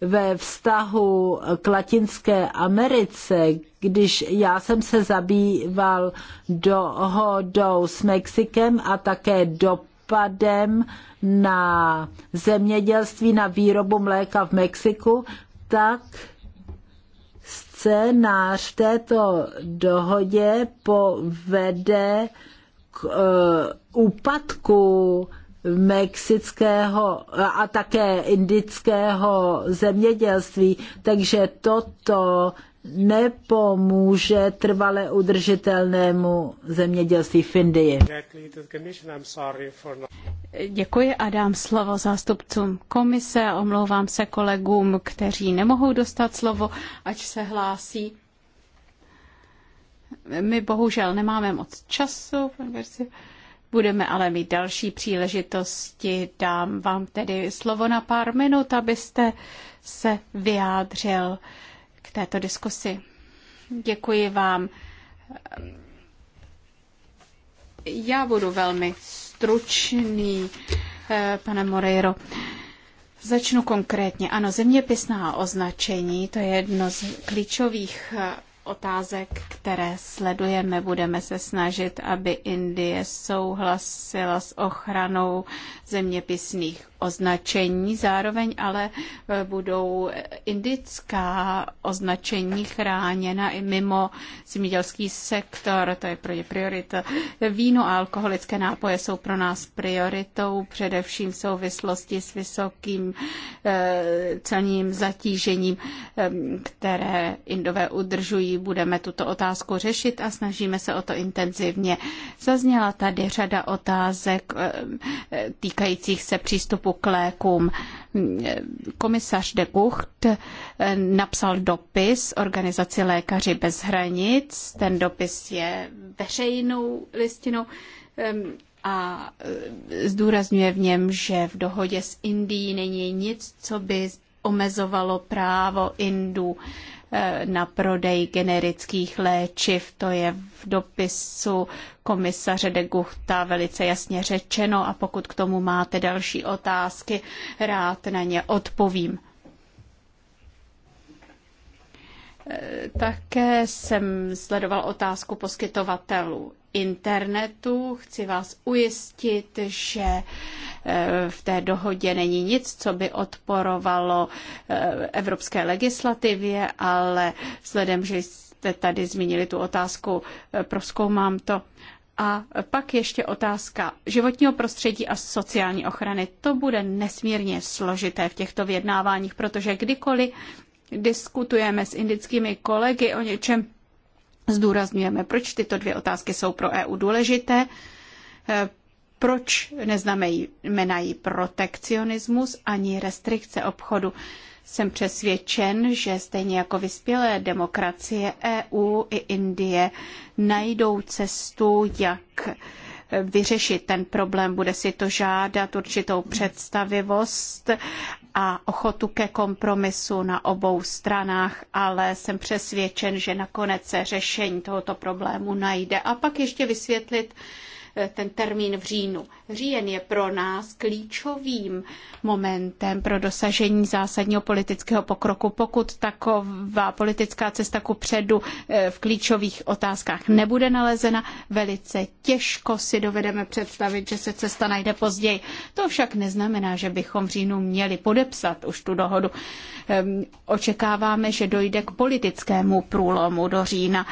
ve vztahu k Latinské Americe, když já jsem se zabýval dohodou s Mexikem a také dopadem na zemědělství, na výrobu mléka v Mexiku, tak scénář této dohodě povede k uh, úpadku mexického a také indického zemědělství. Takže toto nepomůže trvale udržitelnému zemědělství v Indii. Děkuji a dám slovo zástupcům komise. Omlouvám se kolegům, kteří nemohou dostat slovo, ač se hlásí. My bohužel nemáme moc času, budeme ale mít další příležitosti. Dám vám tedy slovo na pár minut, abyste se vyjádřil k této diskusi. Děkuji vám. Já budu velmi stručný, eh, pane Moreiro. Začnu konkrétně. Ano, zeměpisná označení, to je jedno z klíčových eh, otázek, které sledujeme. Budeme se snažit, aby Indie souhlasila s ochranou zeměpisných označení, zároveň ale eh, budou indická označení chráněna i mimo zemědělský sektor, to je pro ně priorita. Víno a alkoholické nápoje jsou pro nás prioritou, především v souvislosti s vysokým eh, celním zatížením, eh, které Indové udržují. Budeme tuto otázku řešit a snažíme se o to intenzivně. Zazněla tady řada otázek týkajících se přístupu přístupu k lékům. Komisař de Gucht napsal dopis organizaci Lékaři bez hranic. Ten dopis je veřejnou listinou a e, zdůrazňuje v něm, že v dohodě s Indií není nic, co by omezovalo právo Indů Eh, na prodej generických léčiv. To je v dopisu komisaře de Guchta velice jasně řečeno a pokud k tomu máte další otázky, rád na ně odpovím. Eh, také jsem sledoval otázku poskytovatelů internetu. Chci vás ujistit, že eh, v té dohodě není nic, co by odporovalo eh, evropské legislativě, ale vzhledem, že jste tady zmínili tu otázku, eh, proskoumám to. A pak ještě otázka životního prostředí a sociální ochrany. To bude nesmírně složité v těchto vyjednáváních, protože kdykoliv diskutujeme s indickými kolegy o něčem, zdůrazňujeme, proč tyto dvě otázky jsou pro EU důležité, eh, proč neznamenají protekcionismus ani restrikce obchodu. Jsem přesvědčen, že stejně jako vyspělé demokracie EU i Indie najdou cestu, jak vyřešit ten problém. Bude si to žádat určitou představivost a ochotu ke kompromisu na obou stranách, ale jsem přesvědčen, že nakonec se řešení tohoto problému najde. A pak ještě vysvětlit, ten termín v říjnu. Říjen je pro nás klíčovým momentem pro dosažení zásadního politického pokroku. Pokud taková politická cesta ku předu eh, v klíčových otázkách nebude nalezena, velice těžko si dovedeme představit, že se cesta najde později. To však neznamená, že bychom v říjnu měli podepsat už tu dohodu. Ehm, očekáváme, že dojde k politickému průlomu do října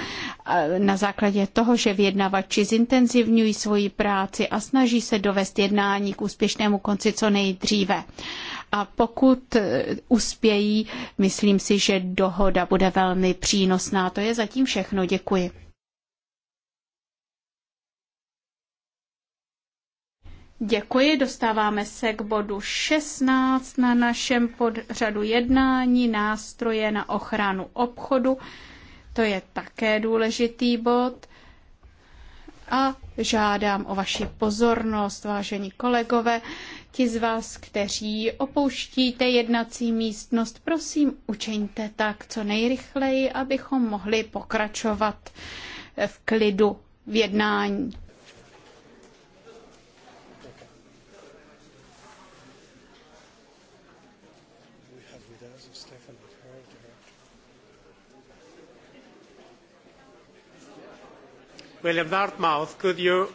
eh, na základě toho, že vyjednavači zintenzivňují svůj svoji práci a snaží se dovést jednání k úspěšnému konci co nejdříve. A pokud e, uspějí, myslím si, že dohoda bude velmi přínosná. To je zatím všechno. Děkuji. Děkuji, dostáváme se k bodu 16 na našem podřadu jednání nástroje na ochranu obchodu. To je také důležitý bod a žádám o vaši pozornost, vážení kolegové. Ti z vás, kteří opouštíte jednací místnost, prosím, učiňte tak co nejrychleji, abychom mohli pokračovat v klidu v jednání. William Dartmouth, could you?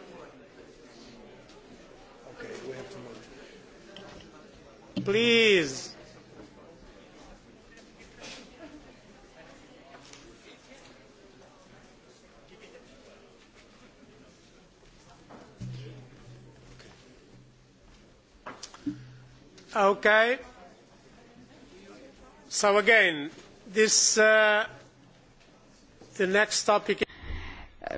Please. Okay. So again, this, uh, the next topic.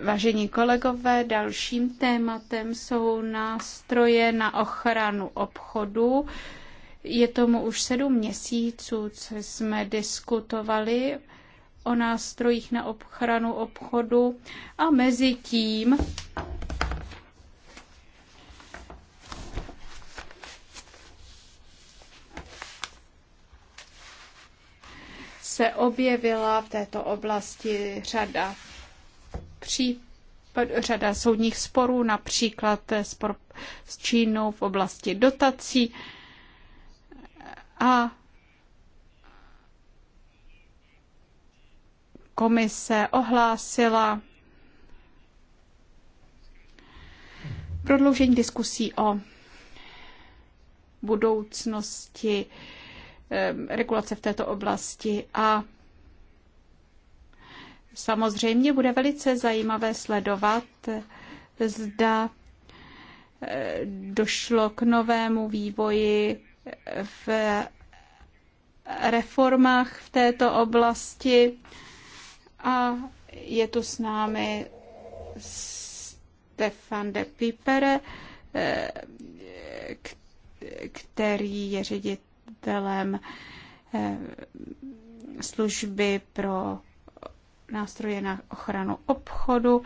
Vážení kolegové, dalším tématem jsou nástroje na ochranu obchodu. Je tomu už sedm měsíců, co jsme diskutovali o nástrojích na ochranu obchodu a mezi tím se objevila v této oblasti řada případ, řada soudních sporů, například spor s Čínou v oblasti dotací. A komise ohlásila prodloužení diskusí o budoucnosti eh, regulace v této oblasti a Samozřejmě bude velice zajímavé sledovat, zda eh, došlo k novému vývoji v reformách v této oblasti a je tu s námi Stefan de Pipere, eh, který je ředitelem eh, služby pro nástroje na ochranu obchodu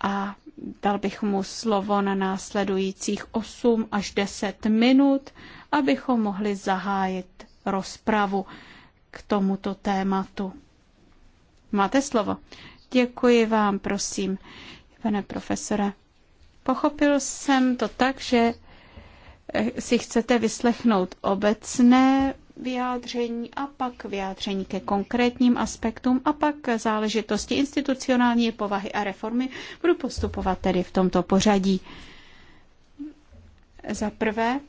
a dal bych mu slovo na následujících 8 až 10 minut, abychom mohli zahájit rozpravu k tomuto tématu. Máte slovo. Děkuji vám, prosím, pane profesore. Pochopil jsem to tak, že si chcete vyslechnout obecné vyjádření a pak vyjádření ke konkrétním aspektům a pak záležitosti institucionální povahy a reformy. Budu postupovat tedy v tomto pořadí. Za prvé,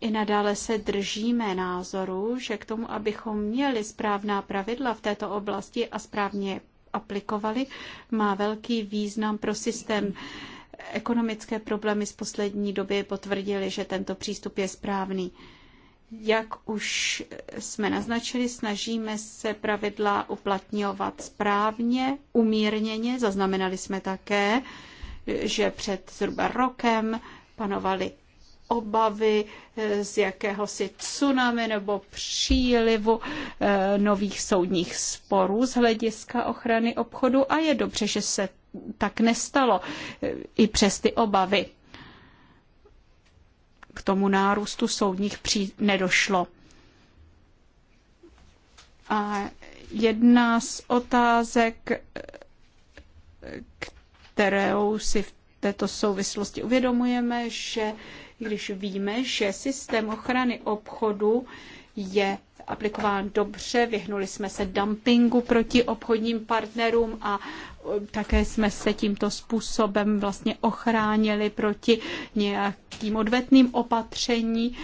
i nadále se držíme názoru, že k tomu, abychom měli správná pravidla v této oblasti a správně aplikovali, má velký význam pro systém. Hmm Ekonomické problémy z poslední doby potvrdily, že tento přístup je správný. Jak už jsme naznačili, snažíme se pravidla uplatňovat správně, umírněně. Zaznamenali jsme také, že před zhruba rokem panovaly obavy eh, z jakéhosi tsunami nebo přílivu eh, nových soudních sporů z hlediska ochrany obchodu a je dobře, že se tak nestalo, i přes ty obavy. K tomu nárůstu soudních pří nedošlo. A jedna z otázek, kterou si v této souvislosti uvědomujeme, že když víme, že systém ochrany obchodu je aplikován dobře, vyhnuli jsme se dumpingu proti obchodním partnerům a e, také jsme se tímto způsobem vlastně ochránili proti nějakým odvetným opatření.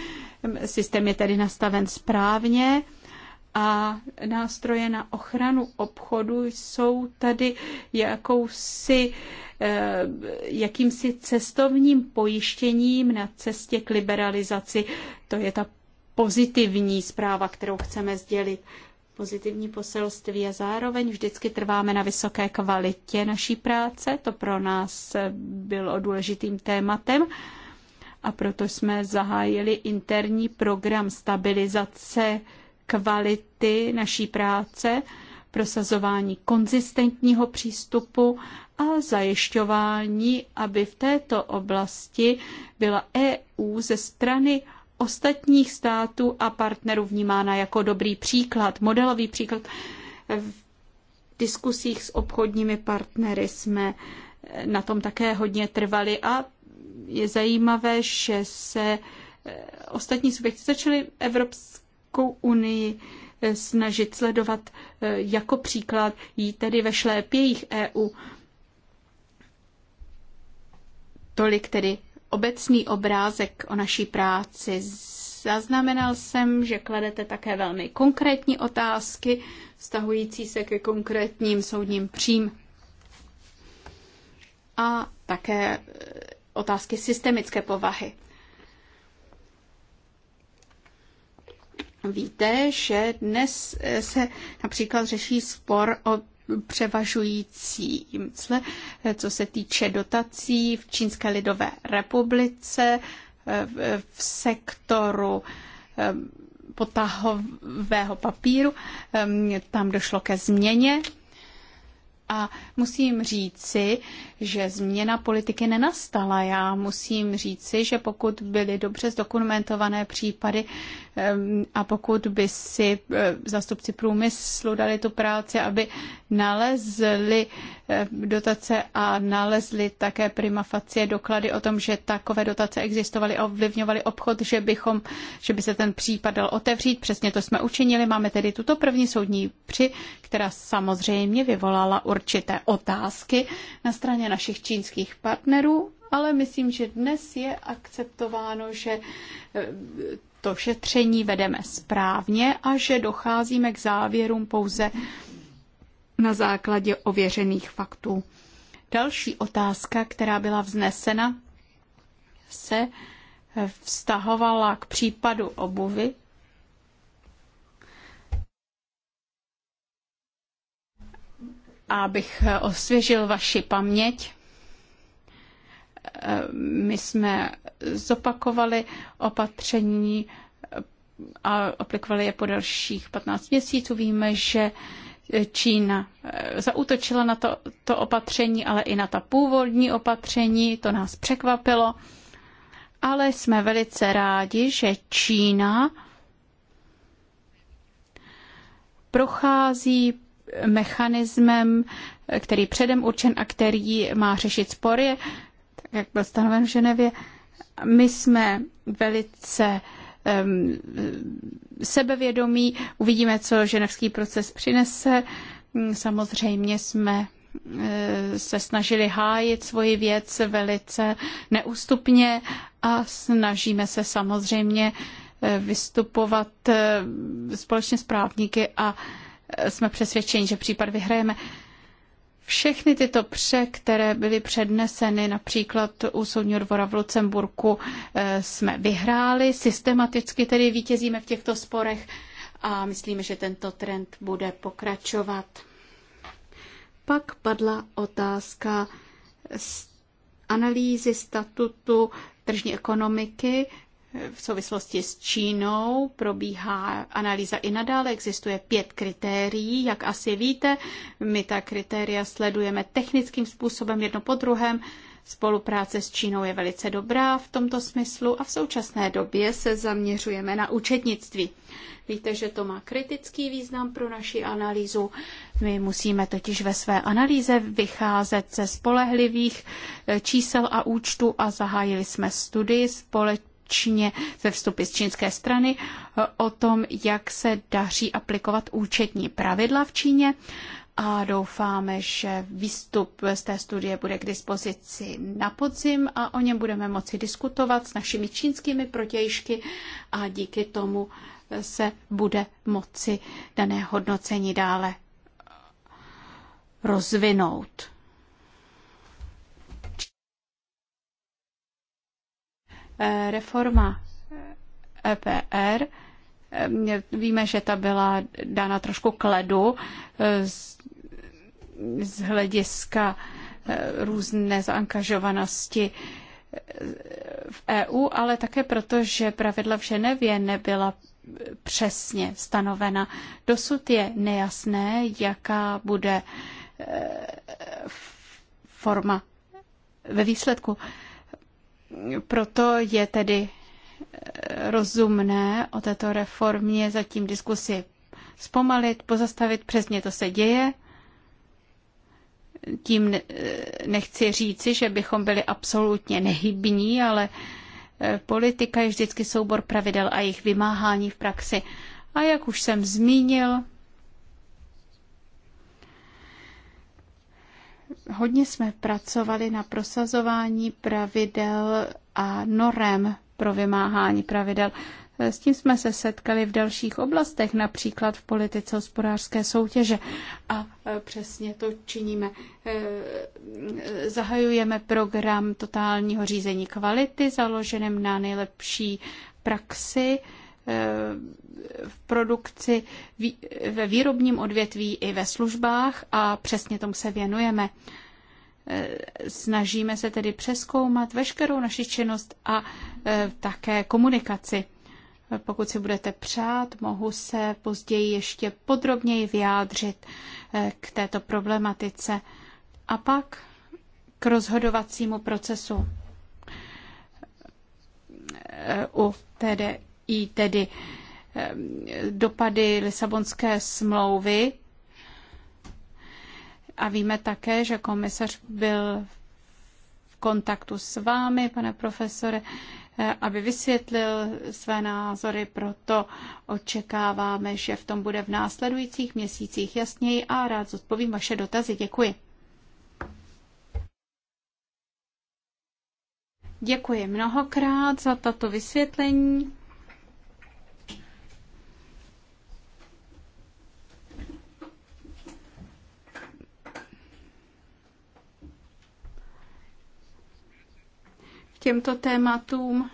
Systém je tedy nastaven správně a nástroje na ochranu obchodu jsou tady jakousi, e, jakýmsi cestovním pojištěním na cestě k liberalizaci. To je ta pozitivní zpráva, kterou chceme sdělit. Pozitivní poselství a zároveň vždycky trváme na vysoké kvalitě naší práce. To pro nás bylo důležitým tématem a proto jsme zahájili interní program stabilizace kvality naší práce, prosazování konzistentního přístupu a zajišťování, aby v této oblasti byla EU ze strany ostatních států a partnerů vnímána jako dobrý příklad, modelový příklad. V diskusích s obchodními partnery jsme na tom také hodně trvali a je zajímavé, že se eh, ostatní subjekty začaly Evropskou unii eh, snažit sledovat eh, jako příklad, jí tedy ve šlépějích EU. Tolik tedy obecný obrázek o naší práci. Zaznamenal jsem, že kladete také velmi konkrétní otázky, vztahující se ke konkrétním soudním přím. A také e, otázky systemické povahy. Víte, že dnes e, se například řeší spor o převažující zle, co se týče dotací v Čínské lidové republice, v sektoru potahového papíru. Tam došlo ke změně a musím říci, že změna politiky nenastala. Já musím říci, že pokud byly dobře zdokumentované případy a pokud by si eh, zastupci průmyslu dali tu práci, aby nalezli eh, dotace a nalezli také prima facie doklady o tom, že takové dotace existovaly a ovlivňovaly obchod, že, bychom, že by se ten případ dal otevřít. Přesně to jsme učinili. Máme tedy tuto první soudní při, která samozřejmě vyvolala určité otázky na straně našich čínských partnerů, ale myslím, že dnes je akceptováno, že eh, to šetření vedeme správně a že docházíme k závěrům pouze na základě ověřených faktů. Další otázka, která byla vznesena, se vztahovala k případu obuvy. Abych osvěžil vaši paměť, Eh, my jsme zopakovali opatření a aplikovali je po dalších 15 měsíců. Víme, že Čína eh, zautočila na to, to opatření, ale i na ta původní opatření, to nás překvapilo. Ale jsme velice rádi, že Čína prochází mechanismem, který předem určen a který má řešit spory jak byl stanoven v Ženevě. My jsme velice um, sebevědomí, uvidíme, co ženevský proces přinese. Mm, samozřejmě jsme e, se snažili hájit svoji věc velice neústupně a snažíme se samozřejmě e, vystupovat e, společně s právníky a jsme přesvědčeni, že případ vyhrajeme. Všechny tyto pře, které byly předneseny například u Soudního dvora v Lucemburku, eh, jsme vyhráli, systematicky tedy vítězíme v těchto sporech a myslíme, že tento trend bude pokračovat. Pak padla otázka analýzy statutu tržní ekonomiky v souvislosti s Čínou probíhá analýza i nadále. Existuje pět kritérií, jak asi víte. My ta kritéria sledujeme technickým způsobem jedno po druhém. Spolupráce s Čínou je velice dobrá v tomto smyslu a v současné době se zaměřujeme na účetnictví. Víte, že to má kritický význam pro naši analýzu. My musíme totiž ve své analýze vycházet ze spolehlivých eh, čísel a účtu a zahájili jsme studii spole. Číně, ze vstupy z čínské strany, eh, o tom, jak se daří aplikovat účetní pravidla v Číně a doufáme, že výstup z té studie bude k dispozici na podzim a o něm budeme moci diskutovat s našimi čínskými protějšky a díky tomu se bude moci dané hodnocení dále rozvinout. Eh, reforma EPR, eh, e eh, víme, že ta byla dána trošku k ledu z, z hlediska různé zaangažovanosti v EU, ale také proto, že pravidla v Ženevě nebyla přesně stanovena. Dosud je nejasné, jaká bude forma ve výsledku proto je tedy eh, rozumné o této reformě zatím diskusi zpomalit, pozastavit, přesně to se děje. Tím eh, nechci říci, že bychom byli absolutně nehybní, ale eh, politika je vždycky soubor pravidel a jejich vymáhání v praxi. A jak už jsem zmínil, hodně jsme pracovali na prosazování pravidel a norem pro vymáhání pravidel. S tím jsme se setkali v dalších oblastech, například v politice hospodářské soutěže. A e, přesně to činíme. E, e, zahajujeme program totálního řízení kvality, založeném na nejlepší praxi Eh, v produkci, ve výrobním odvětví i ve službách a přesně tomu se věnujeme. Eh, snažíme se tedy přeskoumat veškerou naši činnost a eh, také komunikaci. Pokud si budete přát, mohu se později ještě podrobněji vyjádřit k této problematice a pak k rozhodovacímu procesu u tedy i tedy dopady Lisabonské smlouvy. A víme také, že komisař byl v kontaktu s vámi, pane profesore, eh, aby vysvětlil své názory, proto očekáváme, že v tom bude v následujících měsících jasněji a rád zodpovím vaše dotazy. Děkuji. Děkuji mnohokrát za tato vysvětlení. těmto tématům.